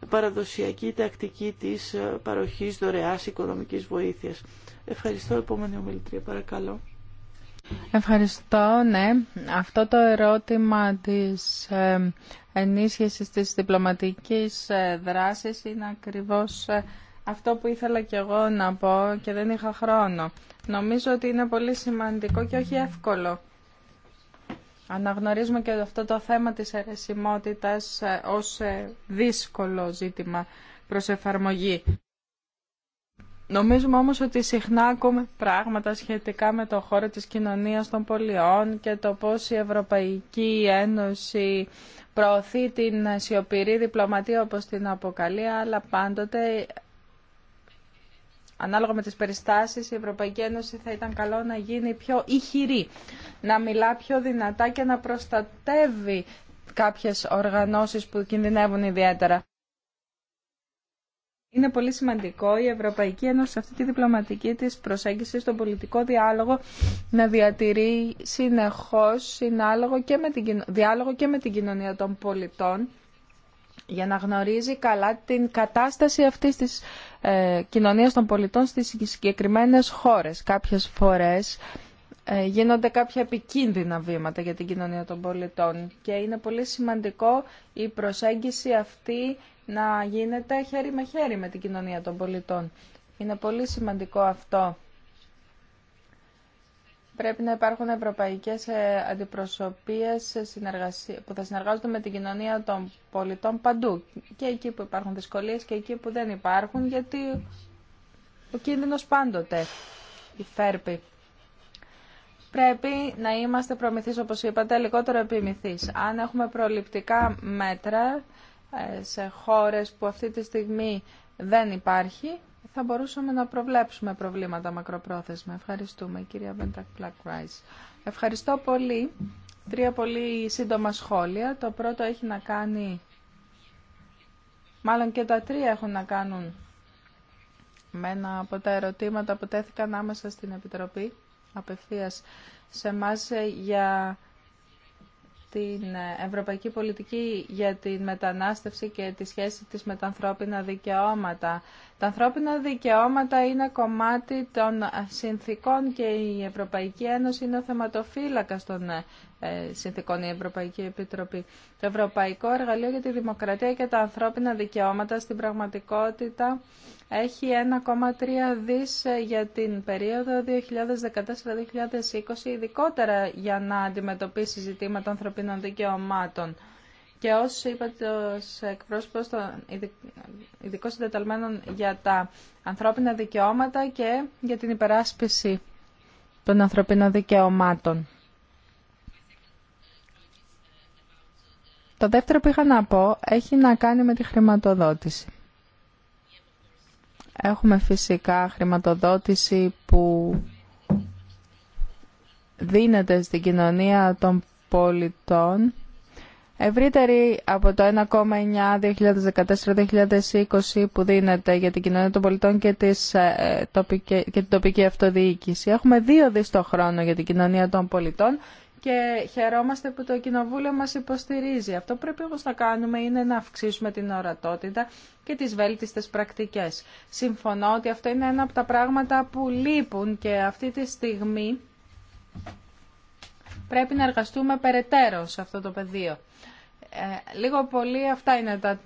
παραδοσιακή τακτική της παροχής δωρεάς οικονομικής βοήθειας. Ευχαριστώ. Επόμενη ομιλητρία, παρακαλώ. Ευχαριστώ, ναι. Αυτό το ερώτημα της ε, ενίσχυσης της διπλωματικής ε, δράσης είναι ακριβώς ε, αυτό που ήθελα και εγώ να πω και δεν είχα χρόνο. Νομίζω ότι είναι πολύ σημαντικό και όχι εύκολο. Αναγνωρίζουμε και αυτό το θέμα της αιρεσιμότητας ως δύσκολο ζήτημα προς εφαρμογή. Νομίζουμε όμως ότι συχνά ακούμε πράγματα σχετικά με το χώρο της κοινωνίας των πολιών και το πώς η Ευρωπαϊκή Ένωση προωθεί την σιωπηρή διπλωματία όπως την αποκαλεί, αλλά πάντοτε ανάλογα με τις περιστάσεις η Ευρωπαϊκή Ένωση θα ήταν καλό να γίνει πιο ηχηρή, να μιλά πιο δυνατά και να προστατεύει κάποιες οργανώσεις που κινδυνεύουν ιδιαίτερα. Είναι πολύ σημαντικό η Ευρωπαϊκή Ένωση αυτή τη διπλωματική της προσέγγιση στον πολιτικό διάλογο να διατηρεί συνεχώς συνάλογο και με την, διάλογο και με την κοινωνία των πολιτών για να γνωρίζει καλά την κατάσταση αυτής της ε, κοινωνίας των πολιτών στις συγκεκριμένες χώρες. Κάποιες φορές ε, γίνονται κάποια επικίνδυνα βήματα για την κοινωνία των πολιτών και είναι πολύ σημαντικό η προσέγγιση αυτή να γίνεται χέρι με χέρι με την κοινωνία των πολιτών. Είναι πολύ σημαντικό αυτό. Πρέπει να υπάρχουν ευρωπαϊκές ε, αντιπροσωπείες ε, που θα συνεργάζονται με την κοινωνία των πολιτών παντού. Και εκεί που υπάρχουν δυσκολίες και εκεί που δεν υπάρχουν, γιατί ο κίνδυνος πάντοτε υφέρπει. Πρέπει να είμαστε προμηθείς, όπως είπατε, λιγότερο επιμηθείς. Αν έχουμε προληπτικά μέτρα, ε, σε χώρες που αυτή τη στιγμή δεν υπάρχει, θα μπορούσαμε να προβλέψουμε προβλήματα μακροπρόθεσμα. Ευχαριστούμε, κυρία Βέντακ Πλακράις. Ευχαριστώ πολύ. Τρία πολύ σύντομα σχόλια. Το πρώτο έχει να κάνει... Μάλλον και τα τρία έχουν να κάνουν με ένα από τα ερωτήματα που τέθηκαν άμεσα στην Επιτροπή απευθείας σε εμάς ε, για την ευρωπαϊκή πολιτική για την μετανάστευση και τη σχέση της με τα ανθρώπινα δικαιώματα. Τα ανθρώπινα δικαιώματα είναι κομμάτι των συνθήκων και η Ευρωπαϊκή Ένωση είναι ο θεματοφύλακα των ε, συνθήκων, η Ευρωπαϊκή Επιτροπή. Το Ευρωπαϊκό Εργαλείο για τη Δημοκρατία και τα Ανθρώπινα Δικαιώματα στην πραγματικότητα έχει 1,3 δις ε, για την περίοδο 2014-2020, ειδικότερα για να αντιμετωπίσει ζητήματα ανθρωπίνων δικαιωμάτων. Και όσοι είπατε ως εκπρόσωπος των ειδικών συντεταλμένων για τα ανθρώπινα δικαιώματα και για την υπεράσπιση των ανθρωπίνων δικαιωμάτων. Το δεύτερο που είχα να πω έχει να κάνει με τη χρηματοδότηση. Έχουμε φυσικά χρηματοδότηση που δίνεται στην κοινωνία των πολιτών ευρύτερη από το 1,9 2014-2020 που δίνεται για την κοινωνία των πολιτών και, τις, ε, και την τοπική αυτοδιοίκηση. Έχουμε δύο δις το χρόνο για την κοινωνία των πολιτών και χαιρόμαστε που το Κοινοβούλιο μας υποστηρίζει. Αυτό που πρέπει όμως να κάνουμε είναι να αυξήσουμε την ορατότητα και τις βέλτιστες πρακτικές. Συμφωνώ ότι αυτό είναι ένα από τα πράγματα που λείπουν και αυτή τη στιγμή πρέπει να εργαστούμε περαιτέρω σε αυτό το πεδίο. Ε, λίγο πολύ αυτά είναι τα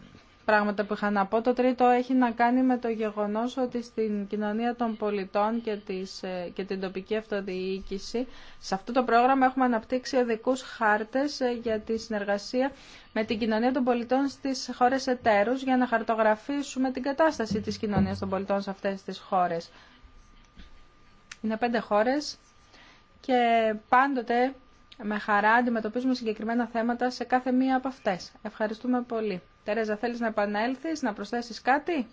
πράγματα που είχα να πω. Το τρίτο έχει να κάνει με το γεγονός ότι στην κοινωνία των πολιτών και, της, ε, και την τοπική αυτοδιοίκηση σε αυτό το πρόγραμμα έχουμε αναπτύξει οδικού χάρτες ε, για τη συνεργασία με την κοινωνία των πολιτών στις χώρες εταίρους για να χαρτογραφήσουμε την κατάσταση της κοινωνίας των πολιτών σε αυτές τις χώρες. Είναι πέντε χώρες και πάντοτε με χαρά αντιμετωπίζουμε συγκεκριμένα θέματα σε κάθε μία από αυτές. Ευχαριστούμε πολύ. Τερέζα, θέλεις να επανέλθει, να προσθέσεις κάτι?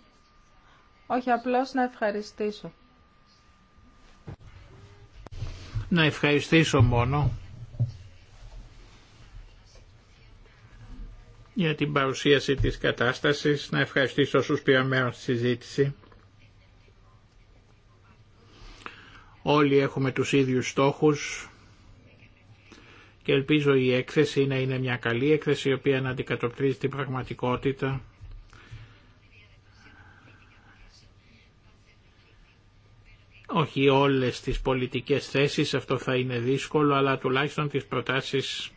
Όχι, απλώς να ευχαριστήσω. Να ευχαριστήσω μόνο για την παρουσίαση της κατάστασης, να ευχαριστήσω όσους πήραν μέρος στη συζήτηση. Όλοι έχουμε τους ίδιους στόχους, και ελπίζω η έκθεση να είναι μια καλή έκθεση η οποία να αντικατοπτρίζει την πραγματικότητα όχι όλες τις πολιτικές θέσεις, αυτό θα είναι δύσκολο, αλλά τουλάχιστον τις προτάσεις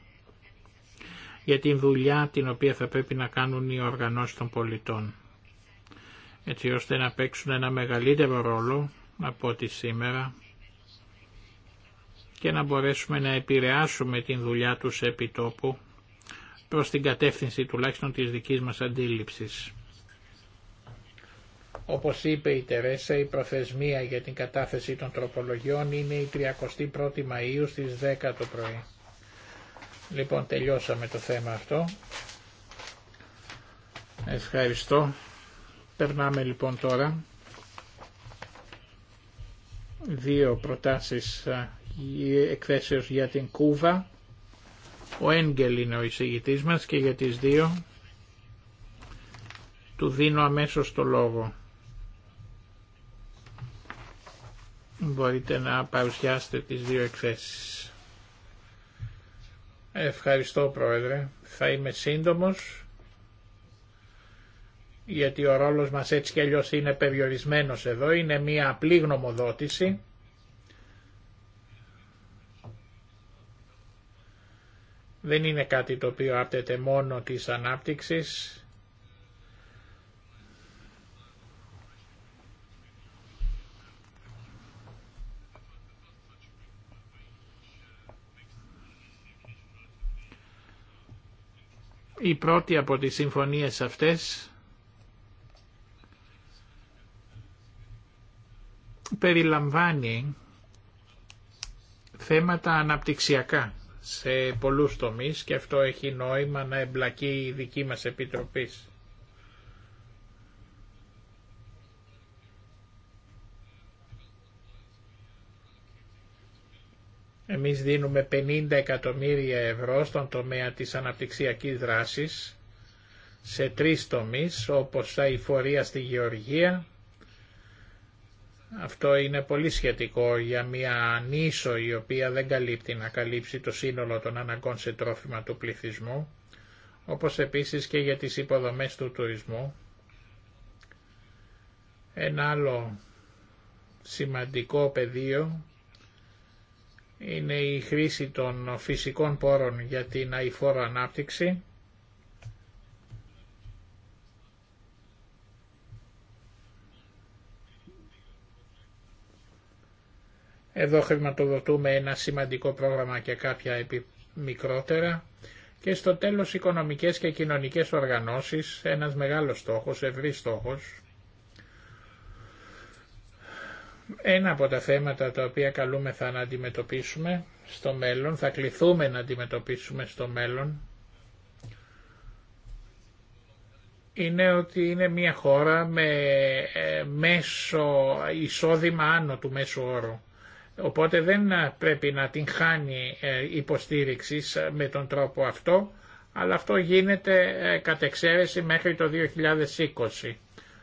για την δουλειά την οποία θα πρέπει να κάνουν οι οργανώσεις των πολιτών. Έτσι ώστε να παίξουν ένα μεγαλύτερο ρόλο από ό,τι σήμερα και να μπορέσουμε να επηρεάσουμε την δουλειά τους επί τόπου προς την κατεύθυνση τουλάχιστον της δικής μας αντίληψης. Όπως είπε η Τερέσα, η προθεσμία για την κατάθεση των τροπολογιών είναι η 31η Μαΐου στις 10 το πρωί. Λοιπόν, τελειώσαμε το θέμα αυτό. Ευχαριστώ. Περνάμε λοιπόν τώρα δύο προτάσεις εκθέσεις για την Κούβα. Ο Έγγελ είναι ο εισηγητής μας και για τις δύο του δίνω αμέσως το λόγο. Μπορείτε να παρουσιάσετε τις δύο εκθέσεις. Ευχαριστώ Πρόεδρε. Θα είμαι σύντομος γιατί ο ρόλος μας έτσι κι αλλιώς είναι περιορισμένος εδώ. Είναι μία απλή γνωμοδότηση δεν είναι κάτι το οποίο άπτεται μόνο της ανάπτυξης, Η πρώτη από τις συμφωνίες αυτές περιλαμβάνει θέματα αναπτυξιακά σε πολλούς τομείς και αυτό έχει νόημα να εμπλακεί η δική μας επιτροπή. Εμείς δίνουμε 50 εκατομμύρια ευρώ στον τομέα της αναπτυξιακής δράσης σε τρεις τομείς όπως η Φορεία στη γεωργία, αυτό είναι πολύ σχετικό για μια ανίσο η οποία δεν καλύπτει να καλύψει το σύνολο των αναγκών σε τρόφιμα του πληθυσμού, όπως επίσης και για τις υποδομές του τουρισμού. Ένα άλλο σημαντικό πεδίο είναι η χρήση των φυσικών πόρων για την αηφόρο ανάπτυξη Εδώ χρηματοδοτούμε ένα σημαντικό πρόγραμμα και κάποια μικρότερα. Και στο τέλος οικονομικές και κοινωνικές οργανώσεις, ένας μεγάλος στόχος, ευρύ στόχος. Ένα από τα θέματα τα οποία καλούμεθα να αντιμετωπίσουμε στο μέλλον, θα κληθούμε να αντιμετωπίσουμε στο μέλλον, είναι ότι είναι μια χώρα με ε, μέσο εισόδημα άνω του μέσου όρου. Οπότε δεν ε, πρέπει να την χάνει ε, υποστήριξη ε, με τον τρόπο αυτό, αλλά αυτό γίνεται κατ' εξαίρεση μέχρι το 2020.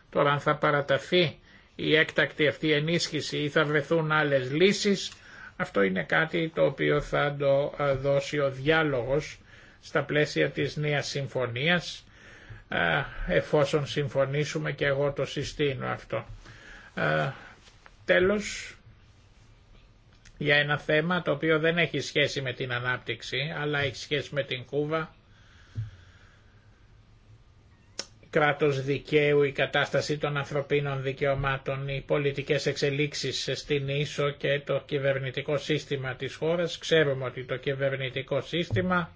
Τώρα αν θα παραταθεί η έκτακτη αυτή ενίσχυση ή θα βρεθούν άλλες λύσεις, αυτό είναι κάτι το οποίο θα το δώσει ο διάλογος στα πλαίσια της νέας συμφωνίας, εφόσον συμφωνήσουμε και εγώ το συστήνω αυτό. Τέλος, για ένα θέμα το οποίο δεν έχει σχέση με την ανάπτυξη, αλλά έχει σχέση με την Κούβα, κράτος δικαίου, η κατάσταση των ανθρωπίνων δικαιωμάτων, οι πολιτικές εξελίξεις στην ίσο και το κυβερνητικό σύστημα της χώρας. Ξέρουμε ότι το κυβερνητικό σύστημα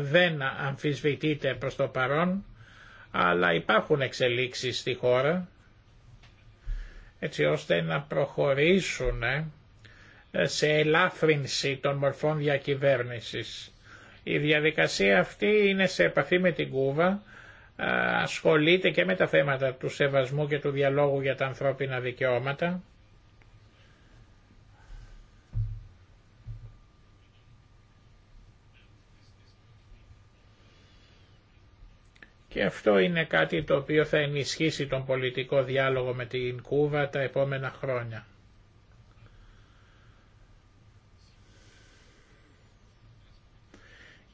δεν αμφισβητείται προς το παρόν, αλλά υπάρχουν εξελίξεις στη χώρα έτσι ώστε να προχωρήσουν ε, σε ελάφρυνση των μορφών διακυβέρνησης. Η διαδικασία αυτή είναι σε επαφή με την Κούβα, ασχολείται και με τα θέματα του σεβασμού και του διαλόγου για τα ανθρώπινα δικαιώματα. Και αυτό είναι κάτι το οποίο θα ενισχύσει τον πολιτικό διάλογο με την Κούβα τα επόμενα χρόνια.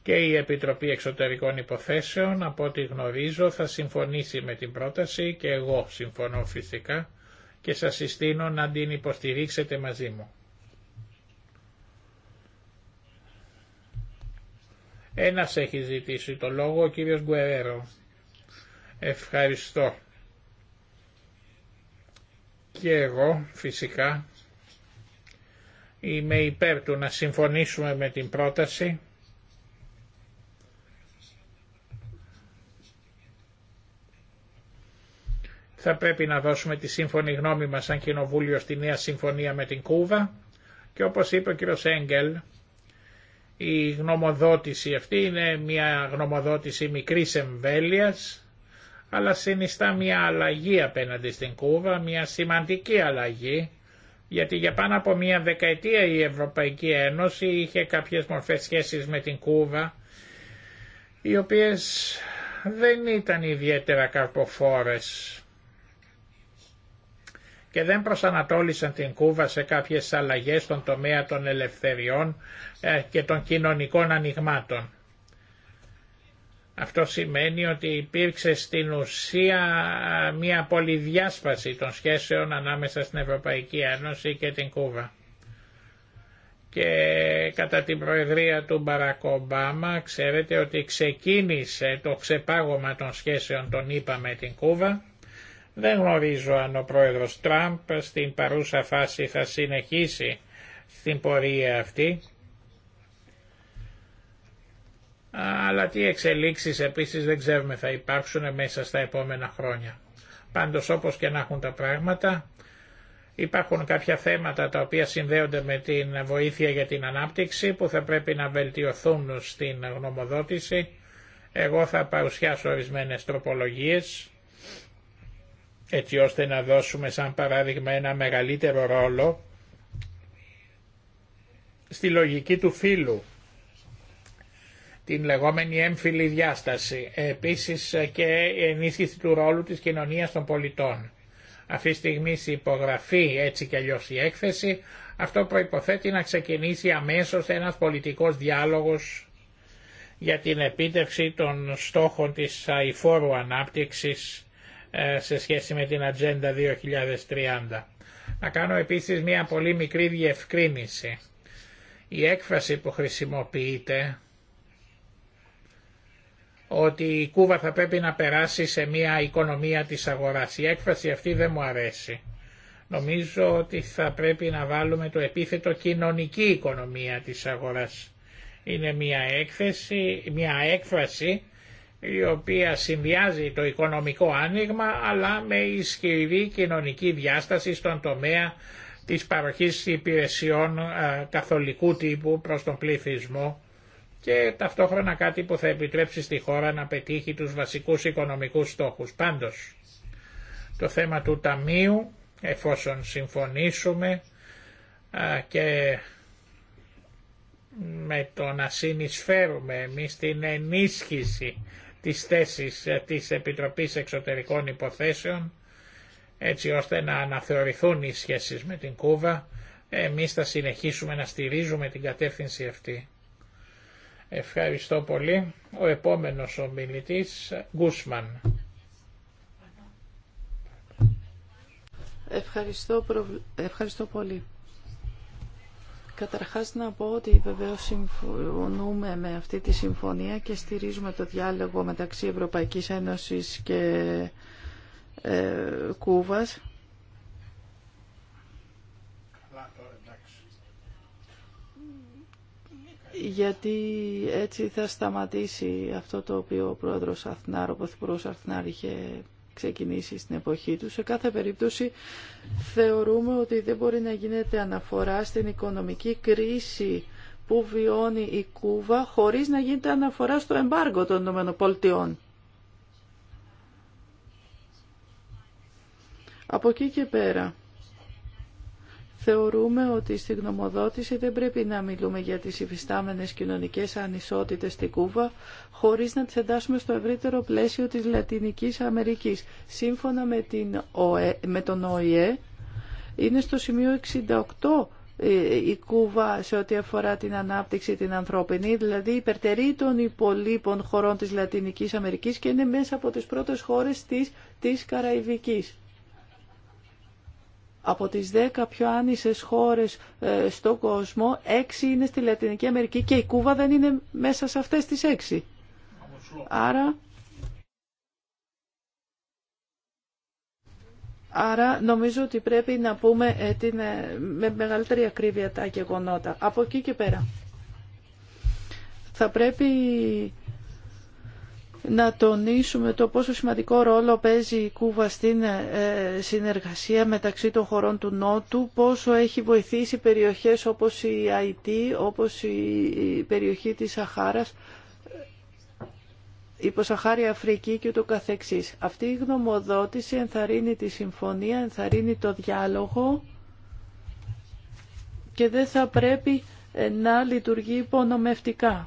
και η Επιτροπή Εξωτερικών Υποθέσεων, από ό,τι γνωρίζω, θα συμφωνήσει με την πρόταση και εγώ συμφωνώ φυσικά και σας συστήνω να την υποστηρίξετε μαζί μου. Ένας έχει ζητήσει το λόγο, ο κύριος Γκουερέρο. Ευχαριστώ. Και εγώ φυσικά είμαι υπέρ του να συμφωνήσουμε με την πρόταση Θα πρέπει να δώσουμε τη σύμφωνη γνώμη μας σαν κοινοβούλιο στη νέα συμφωνία με την Κούβα και όπως είπε ο κ. Έγγελ, η γνωμοδότηση αυτή είναι μια γνωμοδότηση μικρής εμβέλειας, αλλά συνιστά μια αλλαγή απέναντι στην Κούβα, μια σημαντική αλλαγή, γιατί για πάνω από μια δεκαετία η Ευρωπαϊκή Ένωση είχε κάποιες μορφές σχέσεις με την Κούβα, οι οποίες δεν ήταν ιδιαίτερα καρποφόρες και δεν προσανατόλισαν την Κούβα σε κάποιες αλλαγές στον τομέα των ελευθεριών ε, και των κοινωνικών ανοιγμάτων. Αυτό σημαίνει ότι υπήρξε στην ουσία ε, μια πολυδιάσπαση των σχέσεων ανάμεσα στην Ευρωπαϊκή Ένωση και την Κούβα. Και κατά την προεδρία του Μπαρακ Ομπάμα ξέρετε ότι ξεκίνησε το ξεπάγωμα των σχέσεων των ΗΠΑ με την Κούβα δεν γνωρίζω αν ο πρόεδρος Τραμπ στην παρούσα φάση θα συνεχίσει στην πορεία αυτή. Αλλά τι εξελίξεις επίσης δεν ξέρουμε θα υπάρξουν μέσα στα επόμενα χρόνια. Πάντως όπως και να έχουν τα πράγματα, υπάρχουν κάποια θέματα τα οποία συνδέονται με την βοήθεια για την ανάπτυξη που θα πρέπει να βελτιωθούν στην γνωμοδότηση. Εγώ θα παρουσιάσω ορισμένες τροπολογίες έτσι ώστε να δώσουμε σαν παράδειγμα ένα μεγαλύτερο ρόλο στη λογική του φίλου, την λεγόμενη έμφυλη διάσταση, επίσης και ενίσχυση του ρόλου της κοινωνίας των πολιτών. Αυτή τη στιγμή η υπογραφή έτσι και αλλιώς η έκθεση, αυτό προϋποθέτει να ξεκινήσει αμέσως ένας πολιτικός διάλογος για την επίτευξη των στόχων της αηφόρου ανάπτυξης ε, σε σχέση με την Ατζέντα 2030. Να κάνω επίσης μια πολύ μικρή διευκρίνηση. Η έκφραση που χρησιμοποιείται ότι η Κούβα θα πρέπει να περάσει σε μια οικονομία της αγοράς. Η έκφραση αυτή δεν μου αρέσει. Νομίζω ότι θα πρέπει να βάλουμε το επίθετο κοινωνική οικονομία της αγοράς. Είναι μια έκθεση, μια έκφραση η οποία συνδυάζει το οικονομικό άνοιγμα αλλά με ισχυρή κοινωνική διάσταση στον τομέα της παροχής υπηρεσιών καθολικού τύπου προς τον πληθυσμό και ταυτόχρονα κάτι που θα επιτρέψει στη χώρα να πετύχει τους βασικούς οικονομικούς στόχους. Πάντως, το θέμα του Ταμείου, εφόσον συμφωνήσουμε και με το να συνεισφέρουμε εμείς την ενίσχυση τις θέσεις ε, της Επιτροπής Εξωτερικών Υποθέσεων έτσι ώστε να αναθεωρηθούν οι σχέσεις με την Κούβα. Εμείς θα συνεχίσουμε να στηρίζουμε την κατεύθυνση αυτή. Ευχαριστώ πολύ. Ο επόμενος ομιλητής, Γκούσμαν. Ευχαριστώ, προ... Ευχαριστώ πολύ. Καταρχάς να πω ότι βεβαίως συμφωνούμε με αυτή τη συμφωνία και στηρίζουμε το διάλογο μεταξύ Ευρωπαϊκής Ένωσης και ε, Κούβας. γιατί έτσι θα σταματήσει αυτό το οποίο ο πρόεδρος Αθνάρ, ο πρωθυπουργός Αθνάρ είχε ξεκινήσει στην εποχή του. Σε κάθε περίπτωση θεωρούμε ότι δεν μπορεί να γίνεται αναφορά στην οικονομική κρίση που βιώνει η Κούβα χωρίς να γίνεται αναφορά στο εμπάργκο των ΗΠΑ. Από εκεί και πέρα θεωρούμε ότι στη γνωμοδότηση δεν πρέπει να μιλούμε για τις υφιστάμενες κοινωνικές ανισότητες στην Κούβα χωρίς να τις εντάσσουμε στο ευρύτερο πλαίσιο της Λατινικής Αμερικής. Σύμφωνα με, την ΟΕ, με τον ΟΗΕ είναι στο σημείο 68 ε, η Κούβα σε ό,τι αφορά την ανάπτυξη την ανθρώπινη, δηλαδή υπερτερεί των υπολείπων χωρών της Λατινικής Αμερικής και είναι μέσα από τις πρώτες χώρες της, της Καραϊβικής. Από τις 10 πιο άνισες χώρες ε, στον κόσμο, 6 είναι στη Λατινική Αμερική και η Κούβα δεν είναι μέσα σε αυτές τις 6. Άρα... Άρα νομίζω ότι πρέπει να πούμε ε, την, ε, με μεγαλύτερη ακρίβεια τα γεγονότα. Από εκεί και πέρα. Θα πρέπει να τονίσουμε το πόσο σημαντικό ρόλο παίζει η Κούβα στην ε, συνεργασία μεταξύ των χωρών του Νότου, πόσο έχει βοηθήσει περιοχές όπως η Αϊτή, όπως η περιοχή της Σαχάρας, η Ποσαχάρη Αφρική και ούτω καθεξής. Αυτή η γνωμοδότηση ενθαρρύνει τη συμφωνία, ενθαρρύνει το διάλογο και δεν θα πρέπει ε, να λειτουργεί υπονομευτικά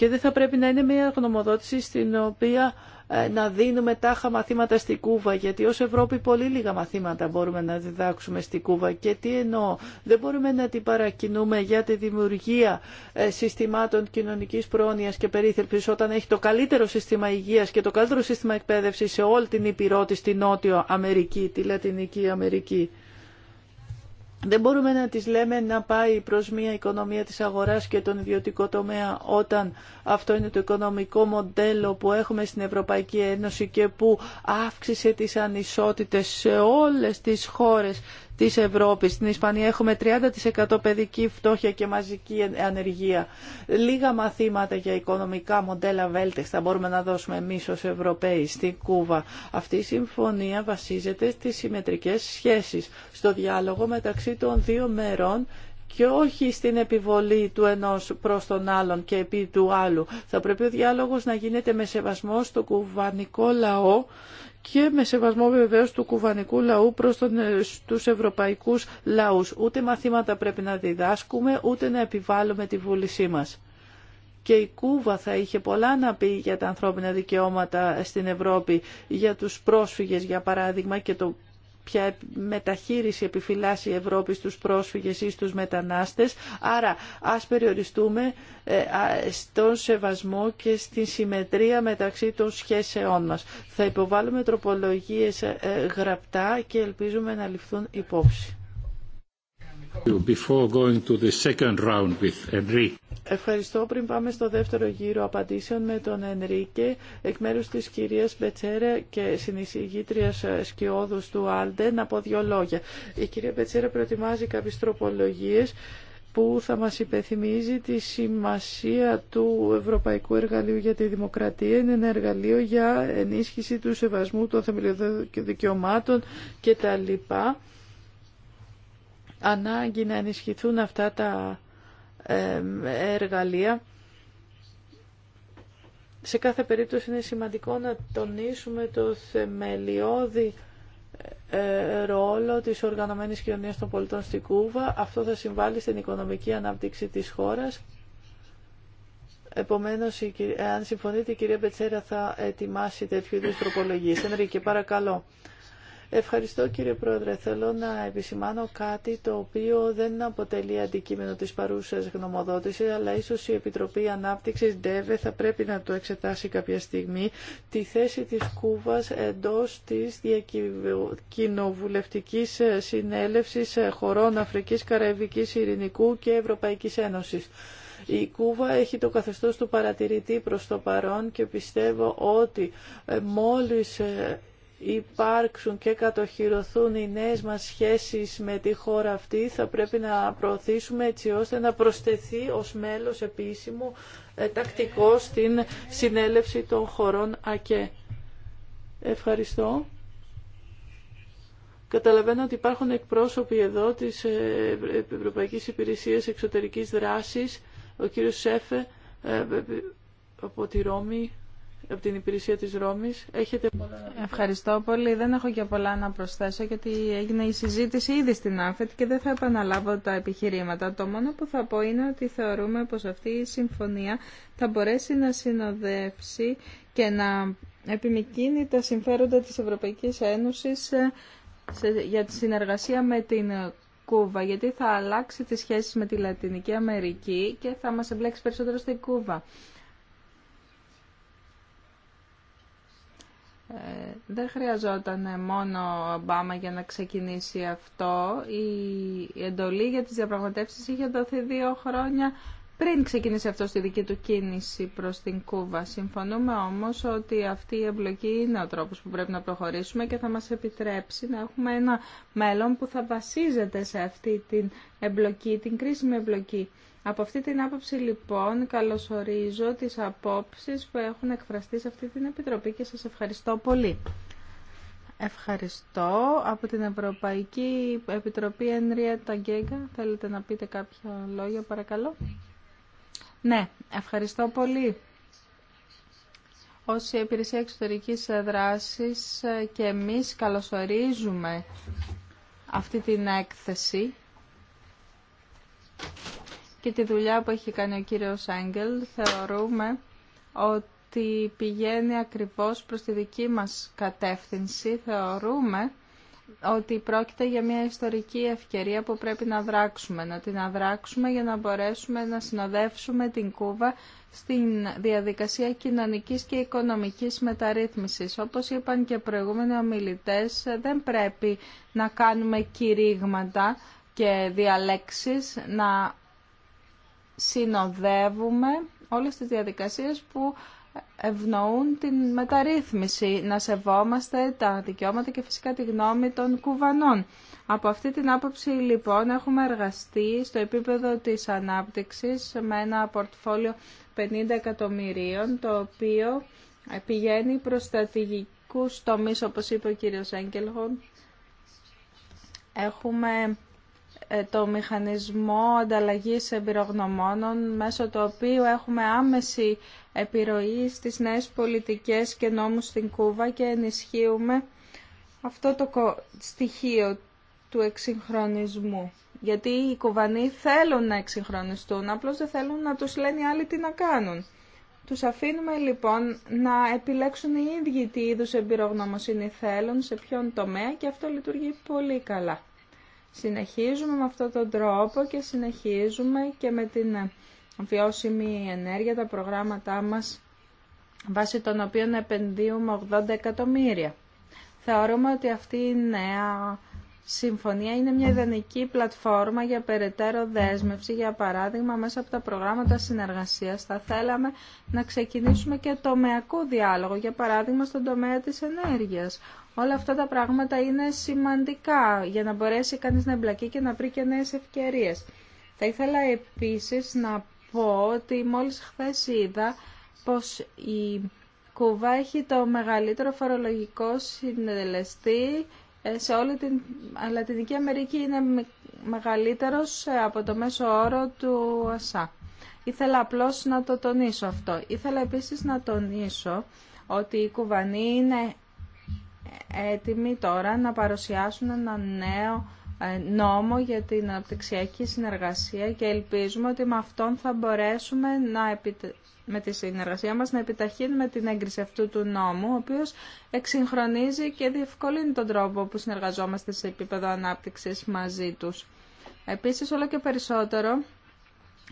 και δεν θα πρέπει να είναι μια γνωμοδότηση στην οποία ε, να δίνουμε τάχα μαθήματα στη Κούβα, γιατί ως Ευρώπη πολύ λίγα μαθήματα μπορούμε να διδάξουμε στη Κούβα. Και τι εννοώ, δεν μπορούμε να την παρακινούμε για τη δημιουργία ε, συστημάτων κοινωνικής πρόνοιας και περίθελψης όταν έχει το καλύτερο σύστημα υγείας και το καλύτερο σύστημα εκπαίδευσης σε όλη την Υπηρώτη στη Νότιο Αμερική, τη Λατινική Αμερική. Δεν μπορούμε να τις λέμε να πάει προς μια οικονομία της αγοράς και τον ιδιωτικό τομέα όταν αυτό είναι το οικονομικό μοντέλο που έχουμε στην Ευρωπαϊκή Ένωση και που αύξησε τις ανισότητες σε όλες τις χώρες της Ευρώπης. Στην Ισπανία έχουμε 30% παιδική φτώχεια και μαζική ανεργία. Λίγα μαθήματα για οικονομικά μοντέλα θα μπορούμε να δώσουμε εμείς ως Ευρωπαίοι στην Κούβα. Αυτή η συμφωνία βασίζεται στις συμμετρικές σχέσεις, στο διάλογο μεταξύ των δύο μερών και όχι στην επιβολή του ενός προς τον άλλον και επί του άλλου. Θα πρέπει ο διάλογος να γίνεται με σεβασμό στο κουβανικό λαό και με σεβασμό βεβαίω του κουβανικού λαού προς ε, τους ευρωπαϊκούς λαούς. Ούτε μαθήματα πρέπει να διδάσκουμε, ούτε να επιβάλλουμε τη βούλησή μας. Και η Κούβα θα είχε πολλά να πει για τα ανθρώπινα δικαιώματα στην Ευρώπη, για τους πρόσφυγες για παράδειγμα και το ποια μεταχείριση επιφυλάσσει η Ευρώπη στους πρόσφυγες ή στους μετανάστες. Άρα ας περιοριστούμε ε, στον σεβασμό και στη συμμετρία μεταξύ των σχέσεών μας. Θα υποβάλουμε τροπολογίες ε, ε, γραπτά και ελπίζουμε να ληφθούν υπόψη. Ευχαριστώ. Πριν πάμε στο δεύτερο γύρο απαντήσεων με τον Ενρίκε, εκ μέρους της κυρίας Μπετσέρα και συνεισηγήτριας ε, σκιώδους του Άλντε, να πω δύο λόγια. Η κυρία Μπετσέρα προετοιμάζει κάποιες τροπολογίες που θα μας υπεθυμίζει τη σημασία του Ευρωπαϊκού Εργαλείου για τη Δημοκρατία. Είναι ένα εργαλείο για ενίσχυση του σεβασμού των θεμελιωδών δικαιωμάτων κτλ ανάγκη να ενισχυθούν αυτά τα εργαλεία. Σε κάθε περίπτωση είναι σημαντικό να τονίσουμε το θεμελιώδη ε, ρόλο της οργανωμένης κοινωνίας των πολιτών στην Κούβα. Αυτό θα συμβάλλει στην οικονομική ανάπτυξη της χώρας. Επομένως, αν συμφωνείτε, η κυρία Μπετσέρα θα ετοιμάσει τέτοιου είδους τροπολογίες. Ενρήκε, παρακαλώ. Ευχαριστώ κύριε Πρόεδρε. Θέλω να επισημάνω κάτι το οποίο δεν αποτελεί αντικείμενο της παρούσας γνωμοδότησης, αλλά ίσως η Επιτροπή Ανάπτυξης ΔΕΒΕ θα πρέπει να το εξετάσει κάποια στιγμή τη θέση της Κούβας εντός της κοινοβουλευτικής συνέλευσης χωρών Αφρικής, Καραϊβικής, Ειρηνικού και Ευρωπαϊκής Ένωσης. Η Κούβα έχει το καθεστώς του παρατηρητή προς το παρόν και πιστεύω ότι μόλις υπάρξουν και κατοχυρωθούν οι νέες μας σχέσεις με τη χώρα αυτή θα πρέπει να προωθήσουμε έτσι ώστε να προσθεθεί ως μέλος επίσημο ε, τακτικό στην συνέλευση των χωρών ΑΚΕ. Ευχαριστώ. Καταλαβαίνω ότι υπάρχουν εκπρόσωποι εδώ της ε, Ευρωπαϊκής Υπηρεσίας Εξωτερικής Δράσης, ο κύριος Σέφε ε, από τη Ρώμη από την υπηρεσία της Έχετε Ευχαριστώ πολύ. Δεν έχω και πολλά να προσθέσω γιατί έγινε η συζήτηση ήδη στην ΑΦΕΤ και δεν θα επαναλάβω τα επιχειρήματα. Το μόνο που θα πω είναι ότι θεωρούμε πως αυτή η συμφωνία θα μπορέσει να συνοδεύσει και να επιμηκύνει τα συμφέροντα της Ευρωπαϊκής Ένωσης ε, για τη συνεργασία με την Κούβα, γιατί θα αλλάξει τις σχέσεις με τη Λατινική Αμερική και θα μας εμπλέξει περισσότερο στην Κούβα. Ε, δεν χρειαζόταν μόνο ο Ομπάμα για να ξεκινήσει αυτό. Η εντολή για τις διαπραγματεύσεις είχε δοθεί δύο χρόνια πριν ξεκινήσει αυτό στη δική του κίνηση προς την Κούβα. Συμφωνούμε όμως ότι αυτή η εμπλοκή είναι ο τρόπος που πρέπει να προχωρήσουμε και θα μας επιτρέψει να έχουμε ένα μέλλον που θα βασίζεται σε αυτή την εμπλοκή, την κρίσιμη εμπλοκή. Από αυτή την άποψη λοιπόν καλωσορίζω τις απόψεις που έχουν εκφραστεί σε αυτή την Επιτροπή και σας ευχαριστώ πολύ. Ευχαριστώ. Από την Ευρωπαϊκή Επιτροπή Ενρία Ταγκέγκα θέλετε να πείτε κάποια λόγια παρακαλώ. Ναι, ευχαριστώ πολύ. Ως Υπηρεσία Εξωτερικής Δράσης ε, και εμείς καλωσορίζουμε αυτή την έκθεση και τη δουλειά που έχει κάνει ο κύριος Άγγελ θεωρούμε ότι πηγαίνει ακριβώς προς τη δική μας κατεύθυνση. Θεωρούμε ότι πρόκειται για μια ιστορική ευκαιρία που πρέπει να δράξουμε, να την αδράξουμε για να μπορέσουμε να συνοδεύσουμε την Κούβα στην διαδικασία κοινωνικής και οικονομικής μεταρρύθμισης. Όπως είπαν και προηγούμενοι ομιλητές, δεν πρέπει να κάνουμε κηρύγματα και διαλέξεις, να συνοδεύουμε όλες τις διαδικασίες που ευνοούν την μεταρρύθμιση, να σεβόμαστε τα δικαιώματα και φυσικά τη γνώμη των κουβανών. Από αυτή την άποψη λοιπόν έχουμε εργαστεί στο επίπεδο της ανάπτυξης με ένα πορτφόλιο 50 εκατομμυρίων το οποίο πηγαίνει προς στρατηγικούς τομείς όπως είπε ο κύριος Έγκελχον. Έχουμε ε, το μηχανισμό ανταλλαγής εμπειρογνωμόνων μέσω του οποίου έχουμε άμεση επιρροή στις νέες πολιτικές και νόμους στην Κούβα και ενισχύουμε αυτό το στοιχείο του εξυγχρονισμού. Γιατί οι Κουβανοί θέλουν να εξυγχρονιστούν, απλώς δεν θέλουν να τους λένε οι άλλοι τι να κάνουν. Τους αφήνουμε λοιπόν να επιλέξουν οι ίδιοι τι είδους εμπειρογνωμοσύνη θέλουν, σε ποιον τομέα και αυτό λειτουργεί πολύ καλά. Συνεχίζουμε με αυτόν τον τρόπο και συνεχίζουμε και με την βιώσιμη ενέργεια, τα προγράμματά μας, βάσει των οποίων επενδύουμε 80 εκατομμύρια. Θεωρούμε ότι αυτή η νέα συμφωνία είναι μια ιδανική πλατφόρμα για περαιτέρω δέσμευση. Για παράδειγμα, μέσα από τα προγράμματα συνεργασίας θα θέλαμε να ξεκινήσουμε και τομεακό διάλογο, για παράδειγμα στον τομέα της ενέργειας. Όλα αυτά τα πράγματα είναι σημαντικά για να μπορέσει κανείς να εμπλακεί και να βρει και νέες ευκαιρίες. Θα ήθελα επίσης να πω ότι μόλις χθε είδα πως η Κουβά έχει το μεγαλύτερο φορολογικό συντελεστή ε, σε όλη την Λατινική Αμερική είναι μεγαλύτερος ε, από το μέσο όρο του ΑΣΑ. Ήθελα απλώς να το τονίσω αυτό. Ήθελα επίσης να τονίσω ότι οι Κουβανοί είναι έτοιμοι τώρα να παρουσιάσουν ένα νέο ε, νόμο για την αναπτυξιακή συνεργασία και ελπίζουμε ότι με αυτόν θα μπορέσουμε να με τη συνεργασία μας να επιταχύνουμε την έγκριση αυτού του νόμου, ο οποίος εξυγχρονίζει και διευκολύνει τον τρόπο που συνεργαζόμαστε σε επίπεδο ανάπτυξης μαζί τους. Επίσης, όλο και περισσότερο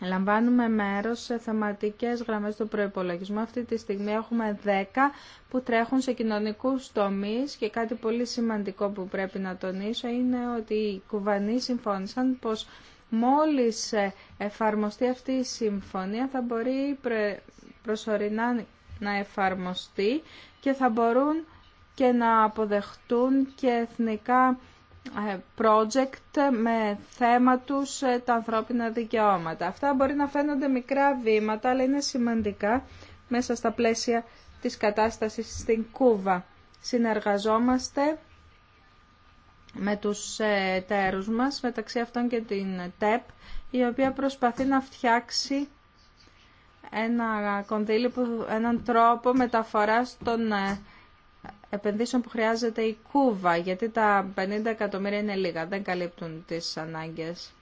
λαμβάνουμε μέρος σε θεματικές γραμμές του προϋπολογισμού. Αυτή τη στιγμή έχουμε 10 που τρέχουν σε κοινωνικούς τομείς και κάτι πολύ σημαντικό που πρέπει να τονίσω είναι ότι οι κουβανοί συμφώνησαν πως Μόλις ε, εφαρμοστεί αυτή η συμφωνία θα μπορεί προσωρινά να εφαρμοστεί και θα μπορούν και να αποδεχτούν και εθνικά ε, project με θέμα τους ε, τα ανθρώπινα δικαιώματα. Αυτά μπορεί να φαίνονται μικρά βήματα, αλλά είναι σημαντικά μέσα στα πλαίσια της κατάστασης στην Κούβα. Συνεργαζόμαστε με τους ε, τέρους μας, μεταξύ αυτών και την ΤΕΠ, η οποία προσπαθεί να φτιάξει ένα κονδύλι, έναν τρόπο μεταφοράς των ε, επενδύσεων που χρειάζεται η Κούβα, γιατί τα 50 εκατομμύρια είναι λίγα, δεν καλύπτουν τις ανάγκες.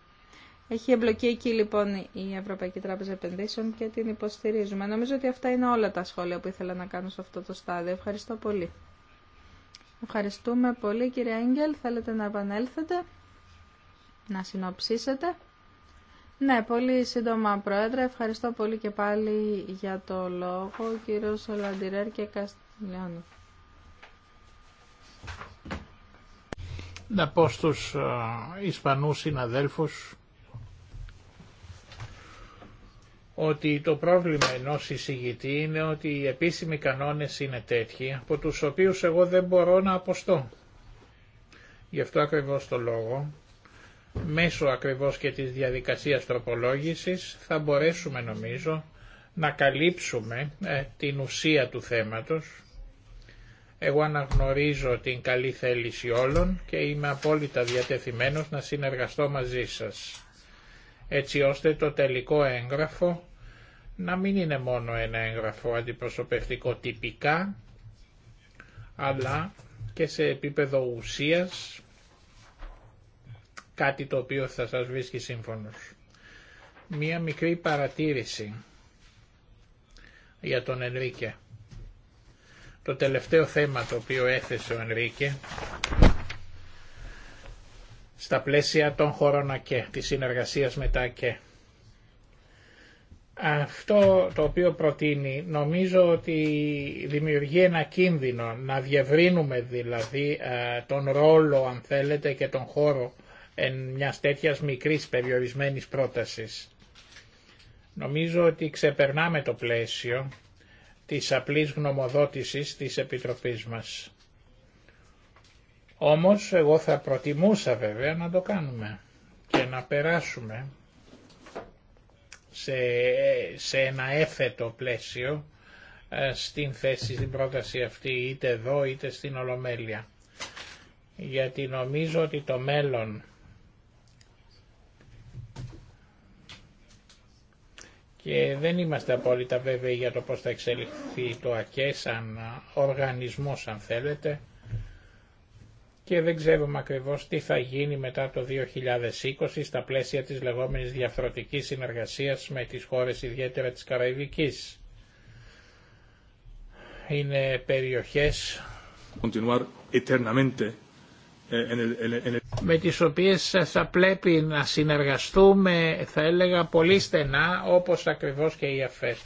Έχει εμπλοκή εκεί λοιπόν η Ευρωπαϊκή Τράπεζα Επενδύσεων και την υποστηρίζουμε. Νομίζω ότι αυτά είναι όλα τα σχόλια που ήθελα να κάνω σε αυτό το στάδιο. Ευχαριστώ πολύ. Ευχαριστούμε πολύ κύριε Έγγελ. Θέλετε να επανέλθετε, να συνοψίσετε. Ναι, πολύ σύντομα Πρόεδρε. Ευχαριστώ πολύ και πάλι για το λόγο κύριο Σολαντιρέρ και Καστιλιάνου. Να πω στους Ισπανούς συναδέλφους ότι το πρόβλημα ενός εισηγητή είναι ότι οι επίσημοι κανόνες είναι τέτοιοι, από τους οποίους εγώ δεν μπορώ να αποστώ. Γι' αυτό ακριβώς το λόγο, μέσω ακριβώς και της διαδικασίας τροπολόγησης, θα μπορέσουμε νομίζω να καλύψουμε ε, την ουσία του θέματος. Εγώ αναγνωρίζω την καλή θέληση όλων και είμαι απόλυτα διατεθειμένος να συνεργαστώ μαζί σας έτσι ώστε το τελικό έγγραφο να μην είναι μόνο ένα έγγραφο αντιπροσωπευτικό τυπικά, αλλά και σε επίπεδο ουσίας, κάτι το οποίο θα σας βρίσκει σύμφωνος. Μία μικρή παρατήρηση για τον Ενρίκε. Το τελευταίο θέμα το οποίο έθεσε ο Ενρίκε στα πλαίσια των χωρών ΑΚΕ, της συνεργασίας με τα ΑΚΕ. Αυτό το οποίο προτείνει νομίζω ότι δημιουργεί ένα κίνδυνο να διευρύνουμε δηλαδή ε, τον ρόλο αν θέλετε και τον χώρο εν μιας τέτοιας μικρής περιορισμένης πρότασης. Νομίζω ότι ξεπερνάμε το πλαίσιο της απλής γνωμοδότησης της Επιτροπής μας. Όμως εγώ θα προτιμούσα βέβαια να το κάνουμε και να περάσουμε σε, σε ένα έφετο πλαίσιο ε, στην θέση, στην πρόταση αυτή, είτε εδώ είτε στην Ολομέλεια. Γιατί νομίζω ότι το μέλλον και δεν είμαστε απόλυτα βέβαιοι για το πώς θα εξελιχθεί το ΑΚΕ σαν οργανισμός αν θέλετε και δεν ξέρουμε ακριβώς τι θα γίνει μετά το 2020 στα πλαίσια της λεγόμενης διαφθρωτικής συνεργασίας με τις χώρες ιδιαίτερα της Καραϊβικής. Είναι περιοχές eh, με τις οποίες θα πρέπει να συνεργαστούμε, θα έλεγα, πολύ στενά, όπως ακριβώς και η ΑΦΕΤ.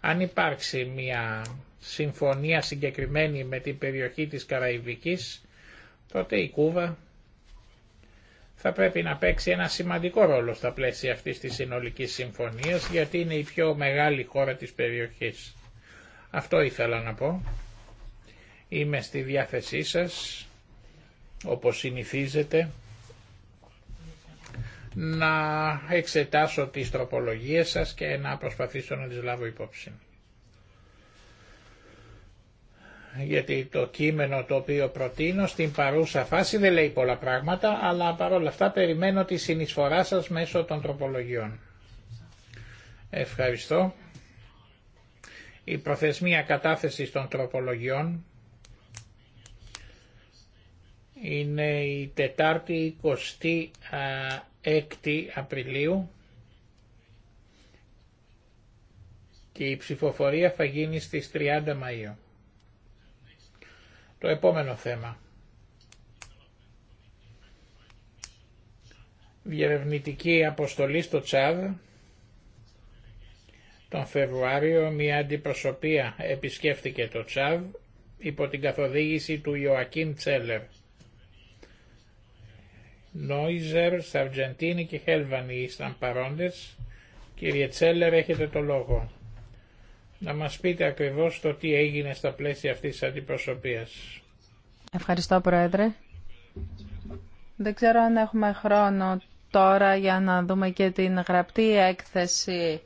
Αν υπάρξει μια συμφωνία συγκεκριμένη με την περιοχή της Καραϊβικής, τότε η Κούβα θα πρέπει να παίξει ένα σημαντικό ρόλο στα πλαίσια αυτής της συνολικής συμφωνίας γιατί είναι η πιο μεγάλη χώρα της περιοχής. Αυτό ήθελα να πω. Είμαι στη διάθεσή σας, όπως συνηθίζετε, να εξετάσω τις τροπολογίες σας και να προσπαθήσω να τις λάβω υπόψη. γιατί το κείμενο το οποίο προτείνω στην παρούσα φάση δεν λέει πολλά πράγματα, αλλά παρόλα αυτά περιμένω τη συνεισφορά σας μέσω των τροπολογιών. Ευχαριστώ. Η προθεσμία κατάθεσης των τροπολογιών είναι η Τετάρτη 26 Απριλίου και η ψηφοφορία θα γίνει στις 30 Μαΐου. Το επόμενο θέμα. Διερευνητική αποστολή στο Τσάδ. Τον Φεβρουάριο μια αντιπροσωπεία επισκέφθηκε το Τσάβ υπό την καθοδήγηση του Ιωακίν Τσέλερ. Νόιζερ, Σαρτζεντίνη και Χέλβανη ήσταν παρόντες. Κύριε Τσέλερ έχετε το λόγο να μας πείτε ακριβώς το τι έγινε στα πλαίσια αυτής της αντιπροσωπείας. Ευχαριστώ Πρόεδρε. Δεν ξέρω αν έχουμε χρόνο τώρα για να δούμε και την γραπτή έκθεση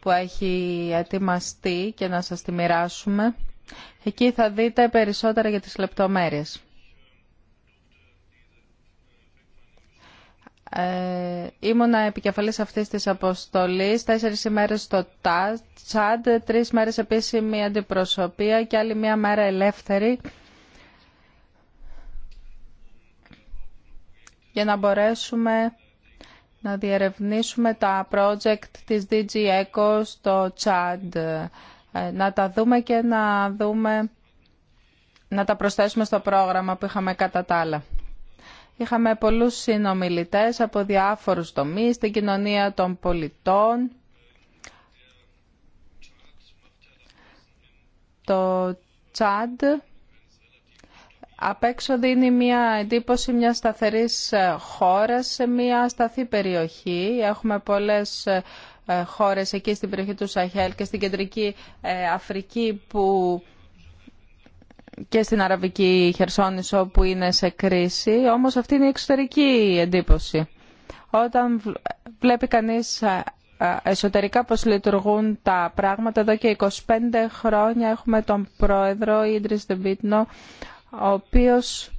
που έχει ετοιμαστεί και να σας τη μοιράσουμε. Εκεί θα δείτε περισσότερα για τις λεπτομέρειες. Ε, ήμουνα επικεφαλής αυτής της αποστολής, τέσσερις ημέρες στο Τσάντ, τρεις μέρες επίσημη αντιπροσωπεία και άλλη μία μέρα ελεύθερη για να μπορέσουμε να διερευνήσουμε τα project της DG ECHO στο Τσάντ, ε, να τα δούμε και να δούμε να τα προσθέσουμε στο πρόγραμμα που είχαμε κατά τα άλλα. Είχαμε πολλούς συνομιλητές από διάφορους τομείς, την κοινωνία των πολιτών. Το Τσάντ απ' έξω δίνει μια εντύπωση μια σταθερής ε, χώρας σε μια σταθή περιοχή. Έχουμε πολλές ε, χώρες εκεί στην περιοχή του Σαχέλ και στην Κεντρική ε, Αφρική που και στην Αραβική Χερσόνησο που είναι σε κρίση, όμως αυτή είναι η εξωτερική εντύπωση. Όταν βλέπει κανείς εσωτερικά πώς λειτουργούν τα πράγματα, εδώ και 25 χρόνια έχουμε τον πρόεδρο Ίντρις Δεμπίτνο, ο οποίος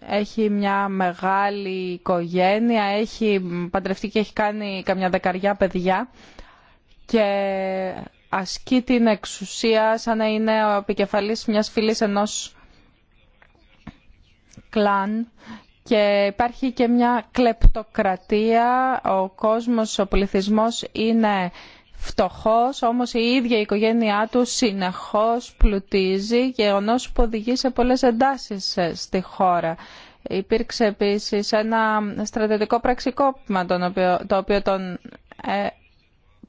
έχει μια μεγάλη οικογένεια, έχει παντρευτεί και έχει κάνει καμιά δεκαριά παιδιά και ασκεί την εξουσία σαν να είναι ο επικεφαλής μιας φυλής ενός κλάν και υπάρχει και μια κλεπτοκρατία, ο κόσμος, ο πληθυσμός είναι φτωχός, όμως η ίδια η οικογένειά του συνεχώς πλουτίζει, γεγονός που οδηγεί σε πολλές εντάσεις ε, στη χώρα. Υπήρξε επίσης ένα στρατιωτικό πραξικόπημα το οποίο τον ε,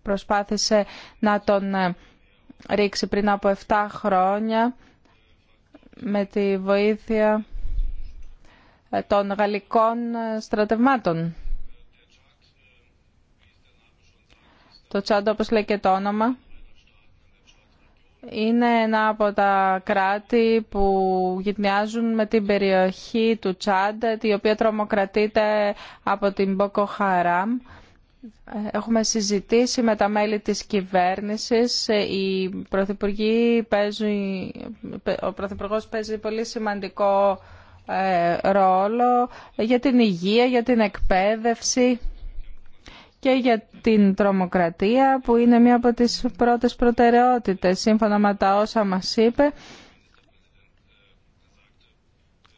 προσπάθησε να τον ε, ρίξει πριν από 7 χρόνια με τη βοήθεια ε, των γαλλικών ε, στρατευμάτων. Το Τσάντο, όπως λέει και το όνομα, είναι ένα από τα κράτη που γυρνιάζουν με την περιοχή του Τσάντ, η οποία τρομοκρατείται από την Μποκοχαράμ. Έχουμε συζητήσει με τα μέλη της κυβέρνησης. Οι ο Πρωθυπουργός παίζει πολύ σημαντικό ε, ρόλο για την υγεία, για την εκπαίδευση και για την τρομοκρατία που είναι μία από τις πρώτες προτεραιότητες σύμφωνα με τα όσα μας είπε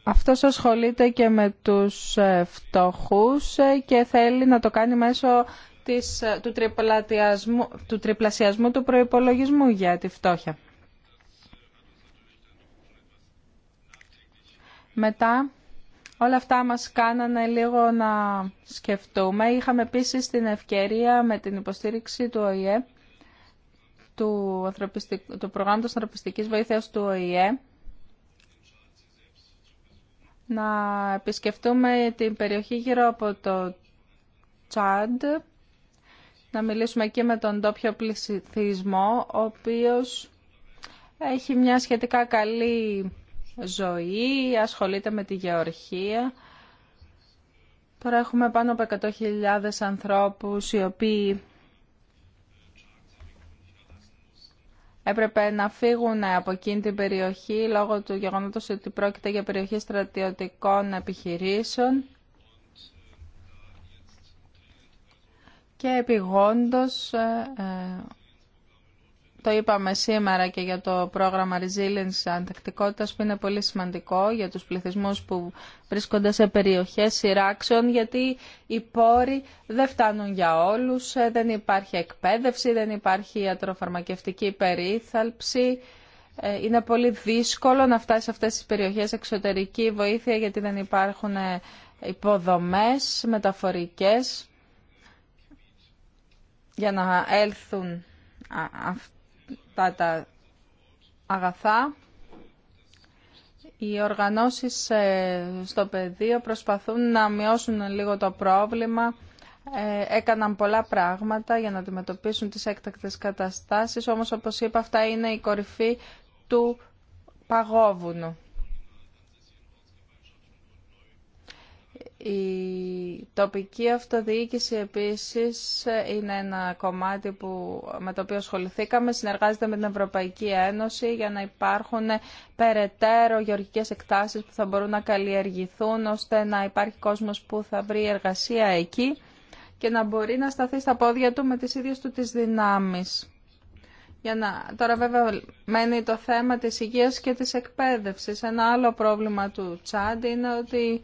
αυτός ασχολείται και με τους ε, φτωχούς ε, και θέλει να το κάνει μέσω της, ε, του, τριπλασιασμού, του τριπλασιασμού του προϋπολογισμού για τη φτώχεια. Μετά όλα αυτά μας κάνανε λίγο να σκεφτούμε. Είχαμε επίσης την ευκαιρία με την υποστήριξη του ΟΗΕ, του, του προγράμματος ανθρωπιστικής βοήθειας του ΟΗΕ, να επισκεφτούμε την περιοχή γύρω από το Τσάντ, να μιλήσουμε εκεί με τον τόπιο πληθυσμό, ο οποίος έχει μια σχετικά καλή ζωή, ασχολείται με τη γεωργία. Τώρα έχουμε πάνω από 100.000 ανθρώπους οι οποίοι έπρεπε να φύγουν από εκείνη την περιοχή λόγω του γεγονότος ότι πρόκειται για περιοχή στρατιωτικών επιχειρήσεων και επιγόντως ε, ε, το είπαμε σήμερα και για το πρόγραμμα Resilience Αντακτικότητας που είναι πολύ σημαντικό για τους πληθυσμούς που βρίσκονται σε περιοχές σειράξεων γιατί οι πόροι δεν φτάνουν για όλους, ε, δεν υπάρχει εκπαίδευση, δεν υπάρχει ιατροφαρμακευτική περίθαλψη. Ε, είναι πολύ δύσκολο να φτάσει σε αυτές τις περιοχές εξωτερική βοήθεια γιατί δεν υπάρχουν ε, υποδομές μεταφορικές για να έλθουν τα τα αγαθά. Οι οργανώσεις ε, στο πεδίο προσπαθούν να μειώσουν λίγο το πρόβλημα. Ε, έκαναν πολλά πράγματα για να αντιμετωπίσουν τις έκτακτες καταστάσεις, όμως όπως είπα αυτά είναι η κορυφή του παγόβουνου. Η τοπική αυτοδιοίκηση επίσης είναι ένα κομμάτι που, με το οποίο ασχοληθήκαμε. Συνεργάζεται με την Ευρωπαϊκή Ένωση για να υπάρχουν περαιτέρω γεωργικές εκτάσεις που θα μπορούν να καλλιεργηθούν ώστε να υπάρχει κόσμος που θα βρει εργασία εκεί και να μπορεί να σταθεί στα πόδια του με τις ίδιες του τις δυνάμεις. Για να... Τώρα βέβαια μένει το θέμα της υγείας και της εκπαίδευσης. Ένα άλλο πρόβλημα του Τσάντ είναι ότι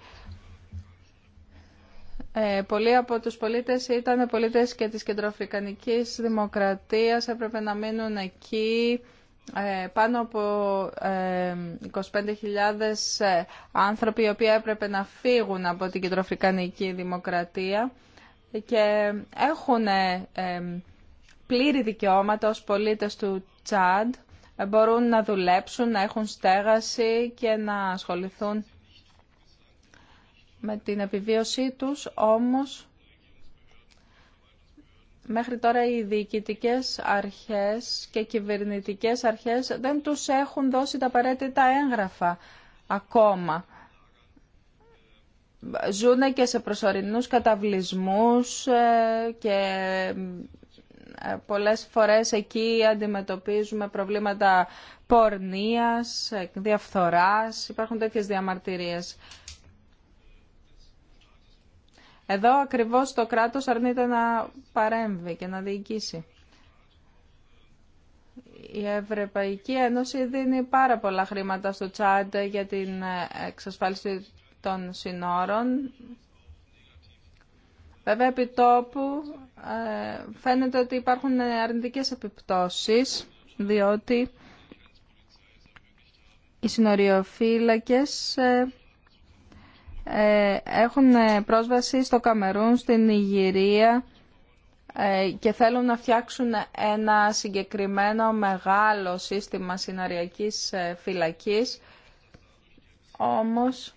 ε, πολλοί από τους πολίτες ήταν πολίτες και της κεντροαφρικανικής δημοκρατίας, έπρεπε να μείνουν εκεί. Ε, πάνω από 25.000 ε, ε, άνθρωποι οι οποίοι έπρεπε να φύγουν από την κεντροαφρικανική δημοκρατία και έχουν πλήρη δικαιώματα ως πολίτες του Τσάντ, μπορούν να δουλέψουν, να έχουν στέγαση και να ασχοληθούν με την επιβίωσή τους, όμως μέχρι τώρα οι διοικητικέ αρχές και κυβερνητικές αρχές δεν τους έχουν δώσει τα απαραίτητα έγγραφα ακόμα. Ζούνε και σε προσωρινούς καταβλισμούς ε, και ε, πολλές φορές εκεί αντιμετωπίζουμε προβλήματα πορνείας, ε, διαφθοράς, υπάρχουν τέτοιες διαμαρτυρίες. Εδώ ακριβώς το κράτος αρνείται να παρέμβει και να διοικήσει. Η Ευρωπαϊκή Ένωση δίνει πάρα πολλά χρήματα στο Τσάντ για την εξασφάλιση των συνόρων. Βέβαια, επί τόπου ε, φαίνεται ότι υπάρχουν αρνητικές επιπτώσεις, διότι οι συνοριοφύλακες ε, ε, έχουν ε, πρόσβαση στο Καμερούν, στην Ιγυρία ε, και θέλουν να φτιάξουν ένα συγκεκριμένο μεγάλο σύστημα συναριακής φυλακής. Όμως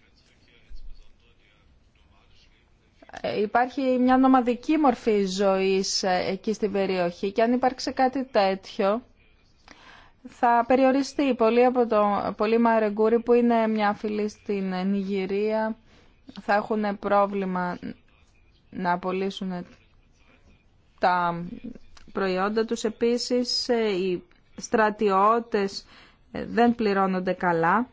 υπάρχει μια νομαδική μορφή ζωής εκεί στην περιοχή και αν υπάρξει κάτι τέτοιο θα περιοριστεί πολύ από το πολύ Μαρεγκούρι που είναι μια φυλή στην Νιγηρία θα έχουν πρόβλημα να απολύσουν τα προϊόντα τους. Επίσης, ε, οι στρατιώτες ε, δεν πληρώνονται καλά.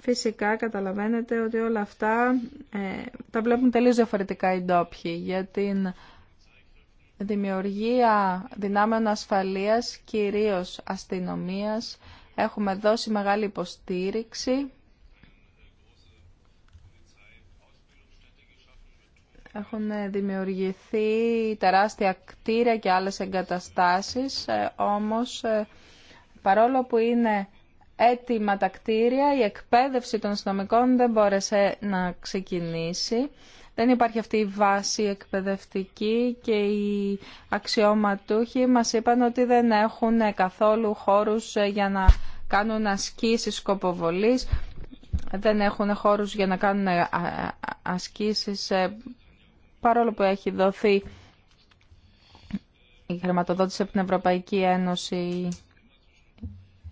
Φυσικά καταλαβαίνετε ότι όλα αυτά ε, τα βλέπουν τελείως διαφορετικά οι ντόπιοι για την δημιουργία δυνάμεων ασφαλείας, κυρίως αστυνομίας, Έχουμε δώσει μεγάλη υποστήριξη. Έχουν δημιουργηθεί τεράστια κτίρια και άλλες εγκαταστάσεις, ε, όμως ε, παρόλο που είναι έτοιμα τα κτίρια, η εκπαίδευση των αστυνομικών δεν μπόρεσε να ξεκινήσει. Δεν υπάρχει αυτή η βάση εκπαιδευτική και οι αξιώματούχοι μας είπαν ότι δεν έχουν καθόλου χώρους ε, για να κάνουν ασκήσεις σκοποβολής, δεν έχουν χώρους για να κάνουν ε, ασκήσεις ε, παρόλο που έχει δοθεί η χρηματοδότηση από την Ευρωπαϊκή Ένωση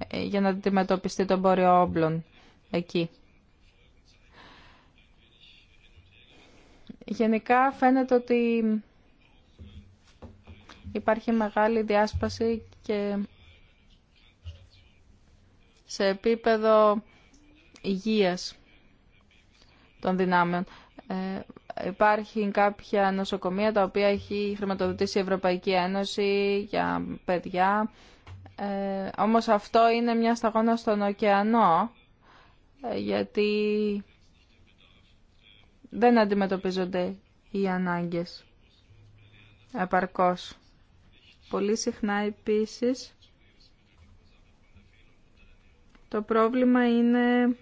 ε, για να αντιμετωπιστεί το εμπόριο όμπλων εκεί. Γενικά φαίνεται ότι υπάρχει μεγάλη διάσπαση και σε επίπεδο υγείας των δυνάμεων. Ε, υπάρχει κάποια νοσοκομεία τα οποία έχει χρηματοδοτήσει η Ευρωπαϊκή Ένωση για παιδιά. Ε, όμως αυτό είναι μια σταγόνα στον ωκεανό, ε, γιατί δεν αντιμετωπίζονται οι ανάγκες επαρκώς. Πολύ συχνά επίσης το πρόβλημα είναι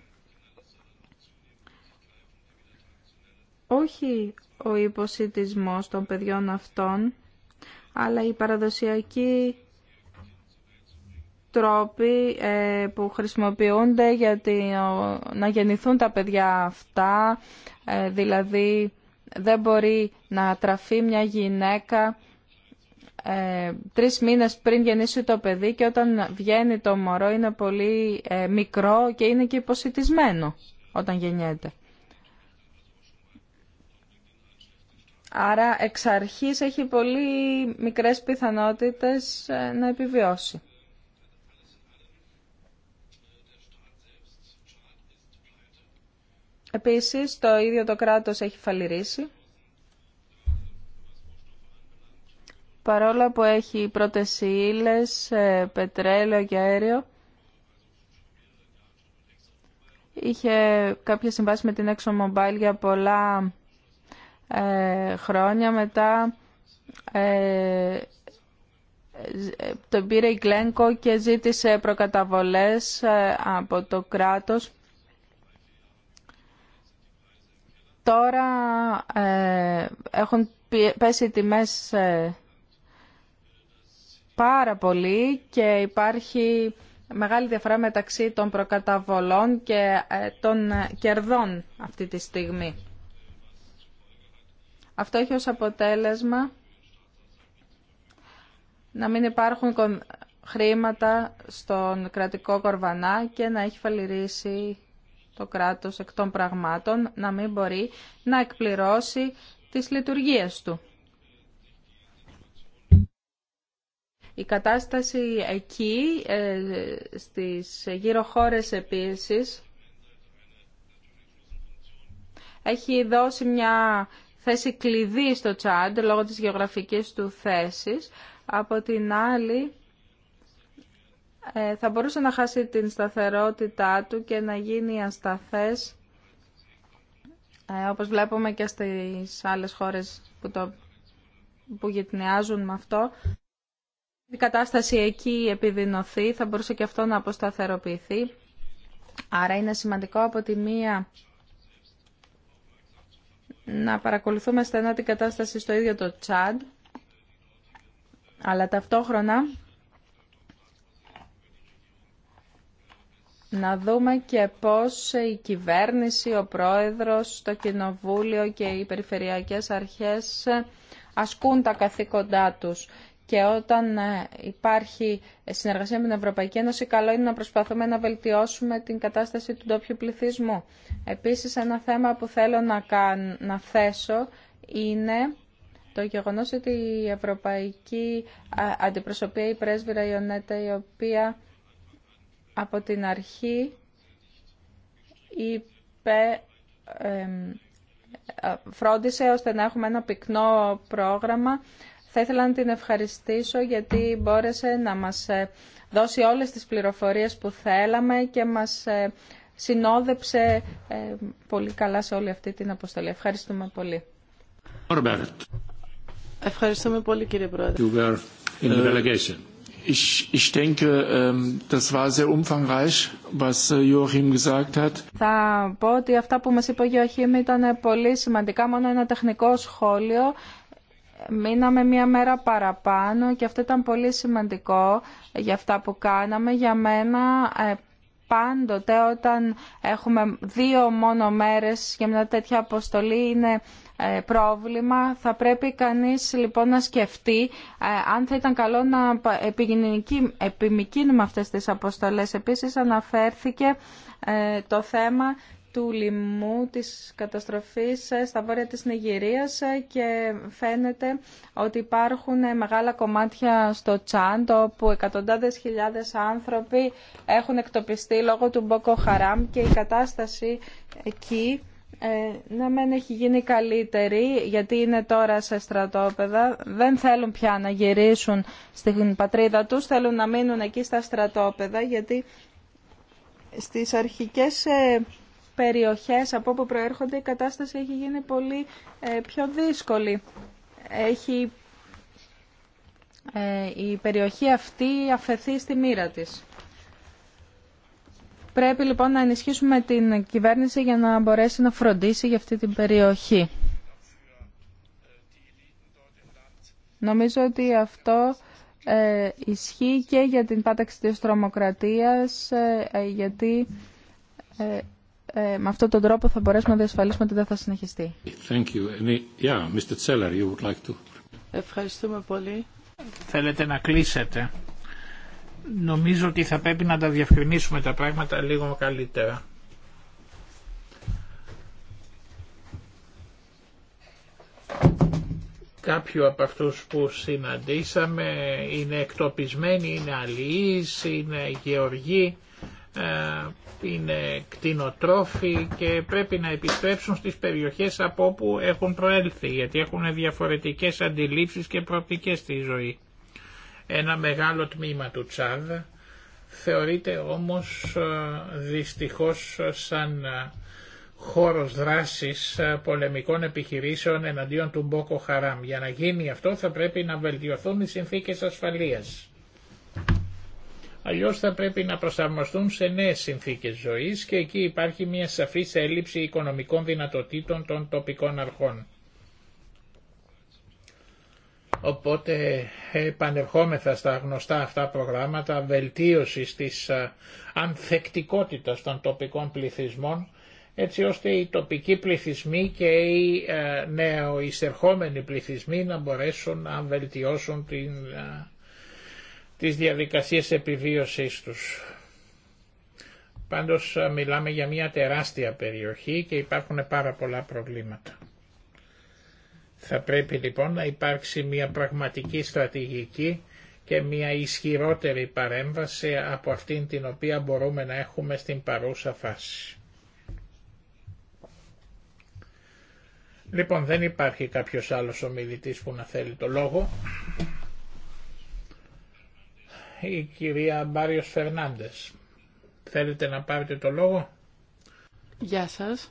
όχι ο υποσυτισμός των παιδιών αυτών, αλλά οι παραδοσιακοί τρόποι ε, που χρησιμοποιούνται για να γεννηθούν τα παιδιά αυτά, ε, δηλαδή δεν μπορεί να τραφεί μια γυναίκα ε, τρεις μήνες πριν γεννήσει το παιδί και όταν βγαίνει το μωρό είναι πολύ ε, μικρό και είναι και υποσυτισμένο όταν γεννιέται. Άρα εξ αρχής έχει πολύ μικρές πιθανότητες ε, να επιβιώσει. Επίσης, το ίδιο το κράτος έχει φαλυρίσει. παρόλα που έχει πρώτες ύλες, ε, πετρέλαιο και αέριο, είχε κάποια συμβάσεις με την ExxonMobil για πολλά ε, χρόνια. Μετά ε, τον πήρε η Γκλένκο και ζήτησε προκαταβολές ε, από το κράτος. Τώρα έχουν πέσει τιμές πάρα πολύ και υπάρχει μεγάλη διαφορά μεταξύ των προκαταβολών και ε, των ε, κερδών αυτή τη στιγμή. Αυτό έχει ως αποτέλεσμα να μην υπάρχουν χρήματα στον κρατικό κορβανά και να έχει φαλυρίσει το κράτος εκ των πραγμάτων, να μην μπορεί να εκπληρώσει τις λειτουργίες του. Η κατάσταση εκεί, ε, στις γύρω χώρες επίσης, έχει δώσει μια θέση κλειδί στο Τσάντ λόγω της γεωγραφικής του θέσης. Από την άλλη, ε, θα μπορούσε να χάσει την σταθερότητά του και να γίνει ασταθές, ε, όπως βλέπουμε και στις άλλες χώρες που, το, που γυτνιάζουν με αυτό η κατάσταση εκεί επιδεινωθεί, θα μπορούσε και αυτό να αποσταθεροποιηθεί. Άρα είναι σημαντικό από τη μία να παρακολουθούμε στενά την κατάσταση στο ίδιο το Τσάντ, αλλά ταυτόχρονα να δούμε και πώς η κυβέρνηση, ο πρόεδρος, το κοινοβούλιο και οι περιφερειακές αρχές ασκούν τα καθήκοντά τους και όταν ε, υπάρχει συνεργασία με την Ευρωπαϊκή Ένωση, καλό είναι να προσπαθούμε να βελτιώσουμε την κατάσταση του ντόπιου πληθυσμού. Επίσης, ένα θέμα που θέλω να, να θέσω είναι το γεγονός ότι η Ευρωπαϊκή ε, Αντιπροσωπεία, η πρέσβυρα Ιονέτα, η οποία από την αρχή είπε, ε, φρόντισε ώστε να έχουμε ένα πυκνό πρόγραμμα θα ήθελα να την ευχαριστήσω γιατί μπόρεσε να μας ε, δώσει όλες τις πληροφορίες που θέλαμε και μας ε, συνόδεψε ε, πολύ καλά σε όλη αυτή την αποστολή. Ευχαριστούμε πολύ. Ευχαριστούμε πολύ κύριε Πρόεδρε. Θα πω ότι αυτά που μας είπε ο Γιώχημ ήταν πολύ σημαντικά. Μόνο ένα τεχνικό σχόλιο μείναμε μία μέρα παραπάνω και αυτό ήταν πολύ σημαντικό για αυτά που κάναμε. Για μένα ε, πάντοτε όταν έχουμε δύο μόνο μέρες για μια τέτοια αποστολή είναι ε, πρόβλημα. Θα πρέπει κανείς λοιπόν να σκεφτεί ε, αν θα ήταν καλό να επιμικρύνουμε αυτές τις αποστολές. Επίσης αναφέρθηκε το θέμα του λοιμού της καταστροφής ε, στα βόρεια της Νιγηρίας ε, και φαίνεται ότι υπάρχουν ε, μεγάλα κομμάτια στο Τσάντο όπου εκατοντάδες χιλιάδες άνθρωποι έχουν εκτοπιστεί λόγω του Μπόκο και η κατάσταση εκεί να μην έχει γίνει καλύτερη γιατί είναι τώρα σε στρατόπεδα δεν θέλουν πια να γυρίσουν στην πατρίδα τους θέλουν να μείνουν εκεί στα στρατόπεδα γιατί στις αρχικές περιοχές από όπου προέρχονται η κατάσταση έχει γίνει πολύ ε, πιο δύσκολη. Έχει ε, η περιοχή αυτή αφαιθεί στη μοίρα της. Πρέπει λοιπόν να ενισχύσουμε την κυβέρνηση για να μπορέσει να φροντίσει για αυτή την περιοχή. Νομίζω ότι αυτό ε, ισχύει και για την πάταξη της τρομοκρατίας, ε, γιατί ε, με αυτόν τον τρόπο θα μπορέσουμε να διασφαλίσουμε ότι δεν θα συνεχιστεί. Ευχαριστούμε πολύ. Θέλετε να κλείσετε. Νομίζω ότι θα πρέπει να τα διευκρινίσουμε τα πράγματα λίγο καλύτερα. Κάποιοι από αυτούς που συναντήσαμε είναι εκτοπισμένοι, είναι αλληλείς, είναι γεωργοί ε, είναι κτηνοτρόφοι και πρέπει να επιστρέψουν στις περιοχές από όπου έχουν προέλθει γιατί έχουν διαφορετικές αντιλήψεις και προοπτικές στη ζωή. Ένα μεγάλο τμήμα του Τσάδ θεωρείται όμως ε, δυστυχώς σαν ε, χώρος δράσης πολεμικών επιχειρήσεων εναντίον του Μπόκο Χαράμ. Για να γίνει αυτό θα πρέπει να βελτιωθούν οι συνθήκες ασφαλείας Αλλιώς θα πρέπει να προσαρμοστούν σε νέες συνθήκες ζωής και εκεί υπάρχει μια σαφής έλλειψη οικονομικών δυνατοτήτων των τοπικών αρχών. Οπότε επανερχόμεθα στα γνωστά αυτά προγράμματα βελτίωσης της ανθεκτικότητας των τοπικών πληθυσμών έτσι ώστε οι τοπικοί πληθυσμοί και οι νεοεισερχόμενοι πληθυσμοί να μπορέσουν να βελτιώσουν την τις διαδικασίες επιβίωσής τους. Πάντως μιλάμε για μια τεράστια περιοχή και υπάρχουν πάρα πολλά προβλήματα. Θα πρέπει λοιπόν να υπάρξει μια πραγματική στρατηγική και μια ισχυρότερη παρέμβαση από αυτήν την οποία μπορούμε να έχουμε στην παρούσα φάση. Λοιπόν, δεν υπάρχει κάποιος άλλος ομιλητής που να θέλει το λόγο η κυρία Μπάριος Φερνάντες. Θέλετε να πάρετε το λόγο. Γεια σας.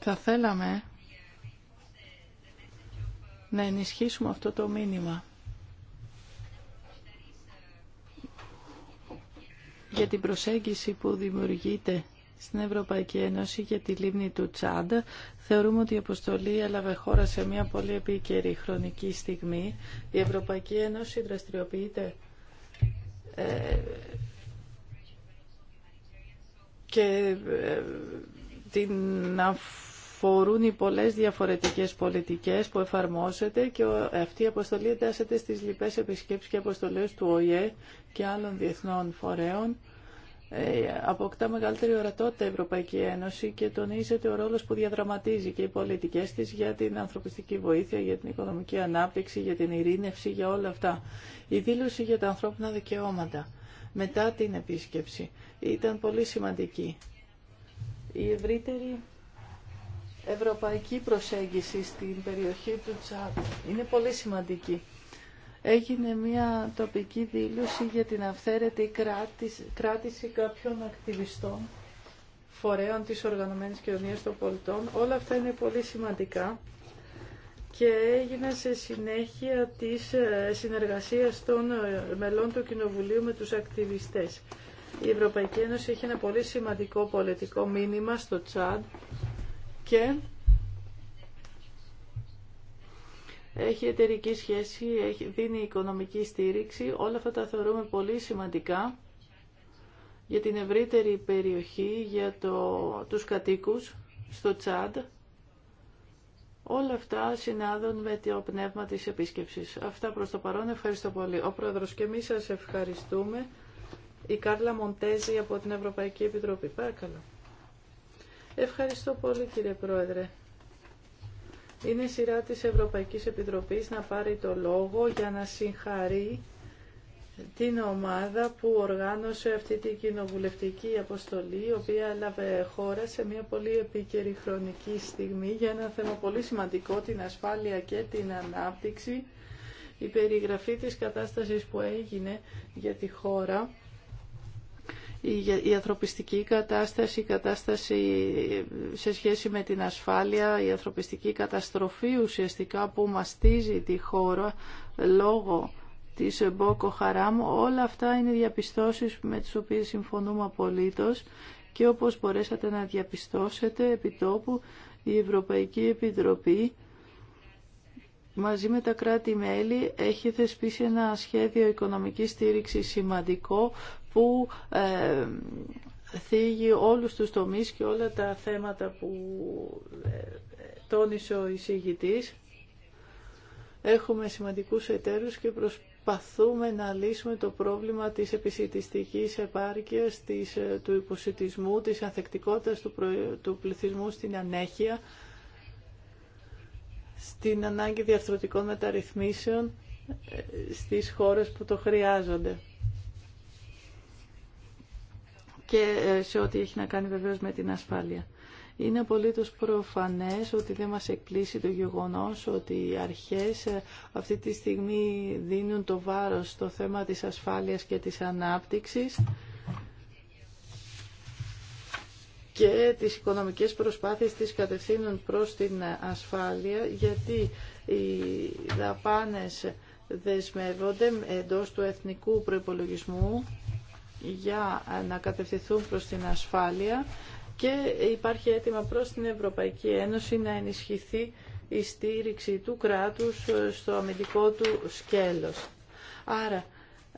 Θα θέλαμε να ενισχύσουμε αυτό το μήνυμα. Για την προσέγγιση που δημιουργείται στην Ευρωπαϊκή Ένωση για τη λίμνη του Τσάντα. Θεωρούμε ότι η αποστολή έλαβε χώρα σε μια πολύ επίκαιρη χρονική στιγμή. Η Ευρωπαϊκή Ένωση δραστηριοποιείται ε, και ε, την αφορούν οι πολλές διαφορετικές πολιτικές που εφαρμόζεται και αυτή η αποστολή εντάσσεται στις λοιπές επισκέψεις και αποστολές του ΟΗΕ και άλλων διεθνών φορέων. Ε, αποκτά μεγαλύτερη ορατότητα η Ευρωπαϊκή Ένωση και τονίζεται ο ρόλος που διαδραματίζει και οι πολιτικές της για την ανθρωπιστική βοήθεια, για την οικονομική ανάπτυξη, για την ειρήνευση, για όλα αυτά. Η δήλωση για τα ανθρώπινα δικαιώματα μετά την επίσκεψη ήταν πολύ σημαντική. Η ευρύτερη ευρωπαϊκή προσέγγιση στην περιοχή του Τσάτ είναι πολύ σημαντική έγινε μια τοπική δήλωση για την αυθαίρετη κράτηση, κράτηση κάποιων ακτιβιστών φορέων της οργανωμένης κοινωνίας των πολιτών. Όλα αυτά είναι πολύ σημαντικά και έγινε σε συνέχεια της ε, συνεργασίας των ε, μελών του Κοινοβουλίου με τους ακτιβιστές. Η Ευρωπαϊκή Ένωση έχει ένα πολύ σημαντικό πολιτικό μήνυμα στο Τσάντ και έχει εταιρική σχέση, έχει, δίνει οικονομική στήριξη. Όλα αυτά τα θεωρούμε πολύ σημαντικά για την ευρύτερη περιοχή, για το, τους κατοίκους στο Τσάντ. Όλα αυτά συνάδουν με το πνεύμα της επίσκεψης. Αυτά προς το παρόν. Ευχαριστώ πολύ. Ο Πρόεδρος και εμείς σας ευχαριστούμε. Η Κάρλα Μοντέζη από την Ευρωπαϊκή Επιτροπή. Παρακαλώ. Ευχαριστώ πολύ κύριε Πρόεδρε. Είναι σειρά της Ευρωπαϊκής Επιτροπής να πάρει το λόγο για να συγχαρεί την ομάδα που οργάνωσε αυτή την κοινοβουλευτική αποστολή, η οποία έλαβε χώρα σε μια πολύ επίκαιρη χρονική στιγμή για ένα θέμα πολύ σημαντικό, την ασφάλεια και την ανάπτυξη, η περιγραφή της κατάστασης που έγινε για τη χώρα η ανθρωπιστική κατάσταση, η κατάσταση σε σχέση με την ασφάλεια, η ανθρωπιστική καταστροφή ουσιαστικά που μαστίζει τη χώρα λόγω της Μπόκο Χαράμ, όλα αυτά είναι διαπιστώσεις με τις οποίες συμφωνούμε απολύτως και όπως μπορέσατε να διαπιστώσετε επιτόπου η Ευρωπαϊκή Επιτροπή μαζί με τα κράτη-μέλη έχει θεσπίσει ένα σχέδιο οικονομικής στήριξης σημαντικό που ε, θίγει όλους τους τομείς και όλα τα θέματα που ε, τόνισε ο εισηγητής. Έχουμε σημαντικούς εταίρους και προσπαθούμε να λύσουμε το πρόβλημα της επισητιστικής επάρκειας, της, ε, του υποσυτισμού, της ανθεκτικότητας του, προ... του πληθυσμού στην ανέχεια στην ανάγκη διαρθρωτικών μεταρρυθμίσεων ε, στις χώρες που το χρειάζονται. Και ε, σε ό,τι έχει να κάνει βεβαίως με την ασφάλεια. Είναι απολύτως προφανές ότι δεν μας εκπλήσει το γεγονός ότι οι αρχές ε, αυτή τη στιγμή δίνουν το βάρος στο θέμα της ασφάλειας και της ανάπτυξης και τις οικονομικές προσπάθειες τις κατευθύνουν προς την ασφάλεια γιατί οι δαπάνες δεσμεύονται εντός του εθνικού προϋπολογισμού για να κατευθυνθούν προς την ασφάλεια και υπάρχει αίτημα προς την Ευρωπαϊκή Ένωση να ενισχυθεί η στήριξη του κράτους στο αμυντικό του σκέλος. Άρα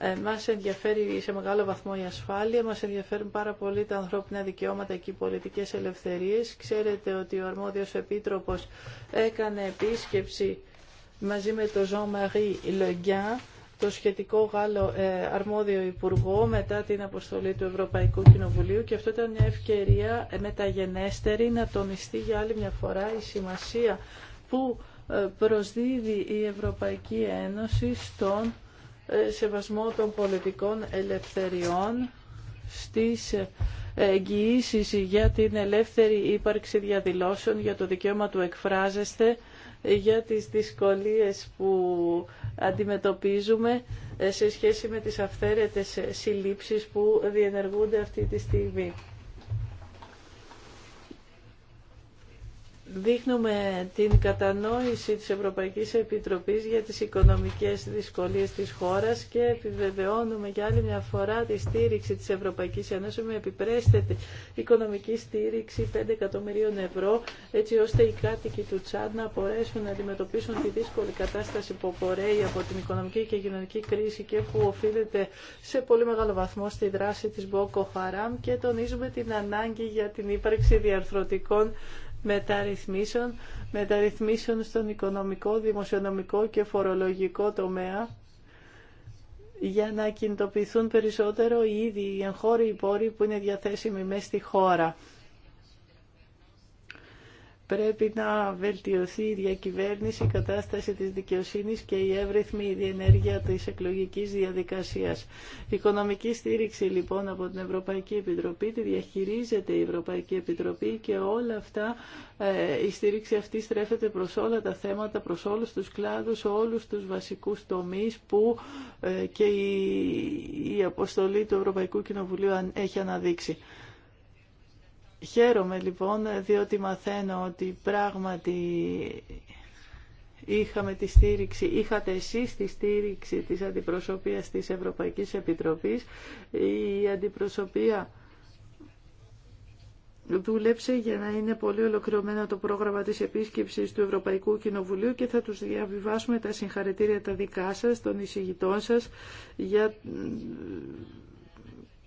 ε, μας ενδιαφέρει σε μεγάλο βαθμό η ασφάλεια, μας ενδιαφέρουν πάρα πολύ τα ανθρώπινα δικαιώματα και οι πολιτικές ελευθερίες. Ξέρετε ότι ο αρμόδιος επίτροπος έκανε επίσκεψη μαζί με τον Jean-Marie Leguin, το σχετικό Γάλλο ε, αρμόδιο υπουργό μετά την αποστολή του Ευρωπαϊκού Κοινοβουλίου και αυτό ήταν μια ευκαιρία μεταγενέστερη να τονιστεί για άλλη μια φορά η σημασία που ε, προσδίδει η Ευρωπαϊκή Ένωση στον σεβασμό των πολιτικών ελευθεριών στις εγγυήσεις για την ελεύθερη ύπαρξη διαδηλώσεων, για το δικαίωμα του εκφράζεστε, για τις δυσκολίες που αντιμετωπίζουμε σε σχέση με τις αυθαίρετες συλλήψεις που διενεργούνται αυτή τη στιγμή. δείχνουμε την κατανόηση της Ευρωπαϊκής Επιτροπής για τις οικονομικές δυσκολίες της χώρας και επιβεβαιώνουμε για άλλη μια φορά τη στήριξη της Ευρωπαϊκής Ένωσης με επιπρέσθετη οικονομική στήριξη 5 εκατομμυρίων ευρώ έτσι ώστε οι κάτοικοι του Τσάντ να μπορέσουν να αντιμετωπίσουν τη δύσκολη κατάσταση που απορρέει από την οικονομική και κοινωνική κρίση και που οφείλεται σε πολύ μεγάλο βαθμό στη δράση της Μπόκο Χαράμ και τονίζουμε την ανάγκη για την ύπαρξη διαρθρωτικών μεταρρυθμίσεων, μεταρρυθμίσεων στον οικονομικό, δημοσιονομικό και φορολογικό τομέα για να κινητοποιηθούν περισσότερο οι ίδιοι οι εγχώροι πόροι που είναι διαθέσιμοι μέσα στη χώρα. Πρέπει να βελτιωθεί η διακυβέρνηση, η κατάσταση της δικαιοσύνης και η εύρυθμη διενέργεια της εκλογικής διαδικασίας. Η οικονομική στήριξη λοιπόν από την Ευρωπαϊκή Επιτροπή τη διαχειρίζεται η Ευρωπαϊκή Επιτροπή και όλα αυτά, ε, η στήριξη αυτή στρέφεται προς όλα τα θέματα, προς όλους τους κλάδους, όλους τους βασικούς τομείς που ε, και η αποστολή του Ευρωπαϊκού Κοινοβουλίου έχει αναδείξει. Χαίρομαι λοιπόν διότι μαθαίνω ότι πράγματι είχαμε τη στήριξη, είχατε εσείς τη στήριξη της αντιπροσωπείας της Ευρωπαϊκής Επιτροπής. Η αντιπροσωπεία δούλεψε για να είναι πολύ ολοκληρωμένο το πρόγραμμα της επίσκεψης του Ευρωπαϊκού Κοινοβουλίου και θα τους διαβιβάσουμε τα συγχαρητήρια τα δικά σας, των εισηγητών σας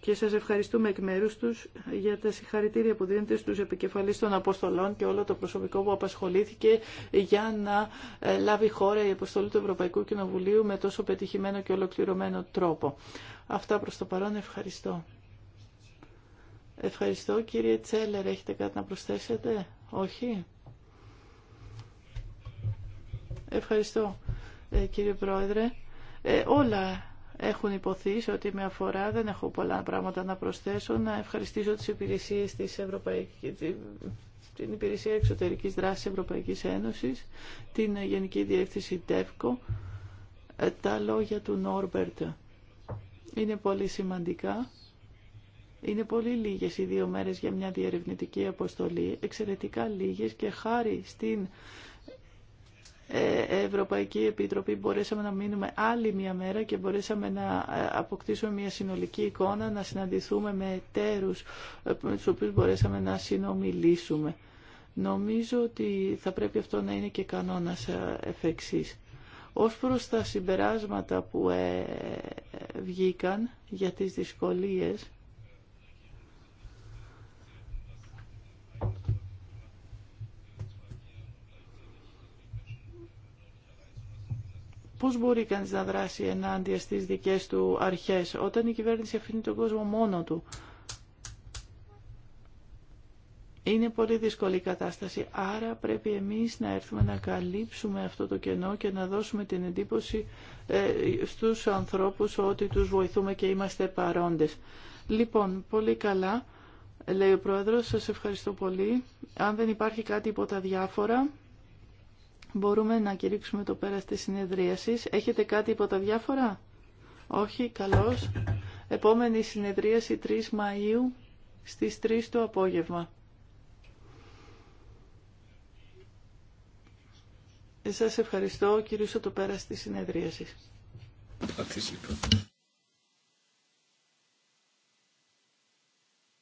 και σας ευχαριστούμε εκ μέρου τους για τα συγχαρητήρια που δίνετε στους επικεφαλείς των αποστολών και όλο το προσωπικό που απασχολήθηκε για να ε, λάβει χώρα η αποστολή του Ευρωπαϊκού Κοινοβουλίου με τόσο πετυχημένο και ολοκληρωμένο τρόπο. Αυτά προς το παρόν ευχαριστώ. Ευχαριστώ κύριε Τσέλερ, έχετε κάτι να προσθέσετε, όχι. Ευχαριστώ ε, κύριε Πρόεδρε. Ε, όλα έχουν υποθεί σε ό,τι με αφορά. Δεν έχω πολλά πράγματα να προσθέσω. Να ευχαριστήσω τις υπηρεσίες της Ευρωπαϊκής, την Υπηρεσία Εξωτερικής Δράσης Ευρωπαϊκής Ένωσης, την Γενική Διεύθυνση ΤΕΦΚΟ, τα λόγια του Νόρμπερτ. Είναι πολύ σημαντικά. Είναι πολύ λίγες οι δύο μέρες για μια διερευνητική αποστολή, εξαιρετικά λίγες και χάρη στην ε, Ευρωπαϊκή Επιτροπή μπορέσαμε να μείνουμε άλλη μια μέρα και μπορέσαμε να ε, αποκτήσουμε μια συνολική εικόνα, να συναντηθούμε με εταίρους ε, με τους οποίους μπορέσαμε να συνομιλήσουμε. Νομίζω ότι θα πρέπει αυτό να είναι και κανόνας εφεξής. Ως προς τα συμπεράσματα που βγήκαν για τις δυσκολίες, πώς μπορεί κανείς να δράσει ενάντια στις δικές του αρχές όταν η κυβέρνηση αφήνει τον κόσμο μόνο του. Είναι πολύ δύσκολη η κατάσταση, άρα πρέπει εμείς να έρθουμε να καλύψουμε αυτό το κενό και να δώσουμε την εντύπωση ε, στους ανθρώπους ότι τους βοηθούμε και είμαστε παρόντες. Λοιπόν, πολύ καλά, λέει ο Πρόεδρος, σας ευχαριστώ πολύ. Αν δεν υπάρχει κάτι υπό τα διάφορα μπορούμε να κηρύξουμε το πέρας της συνεδρίασης. Έχετε κάτι υπό τα διάφορα? Όχι, καλώς. Επόμενη συνεδρίαση 3 Μαΐου στις 3 το απόγευμα. Σας ευχαριστώ, κυρίως το πέρας της συνεδρίασης.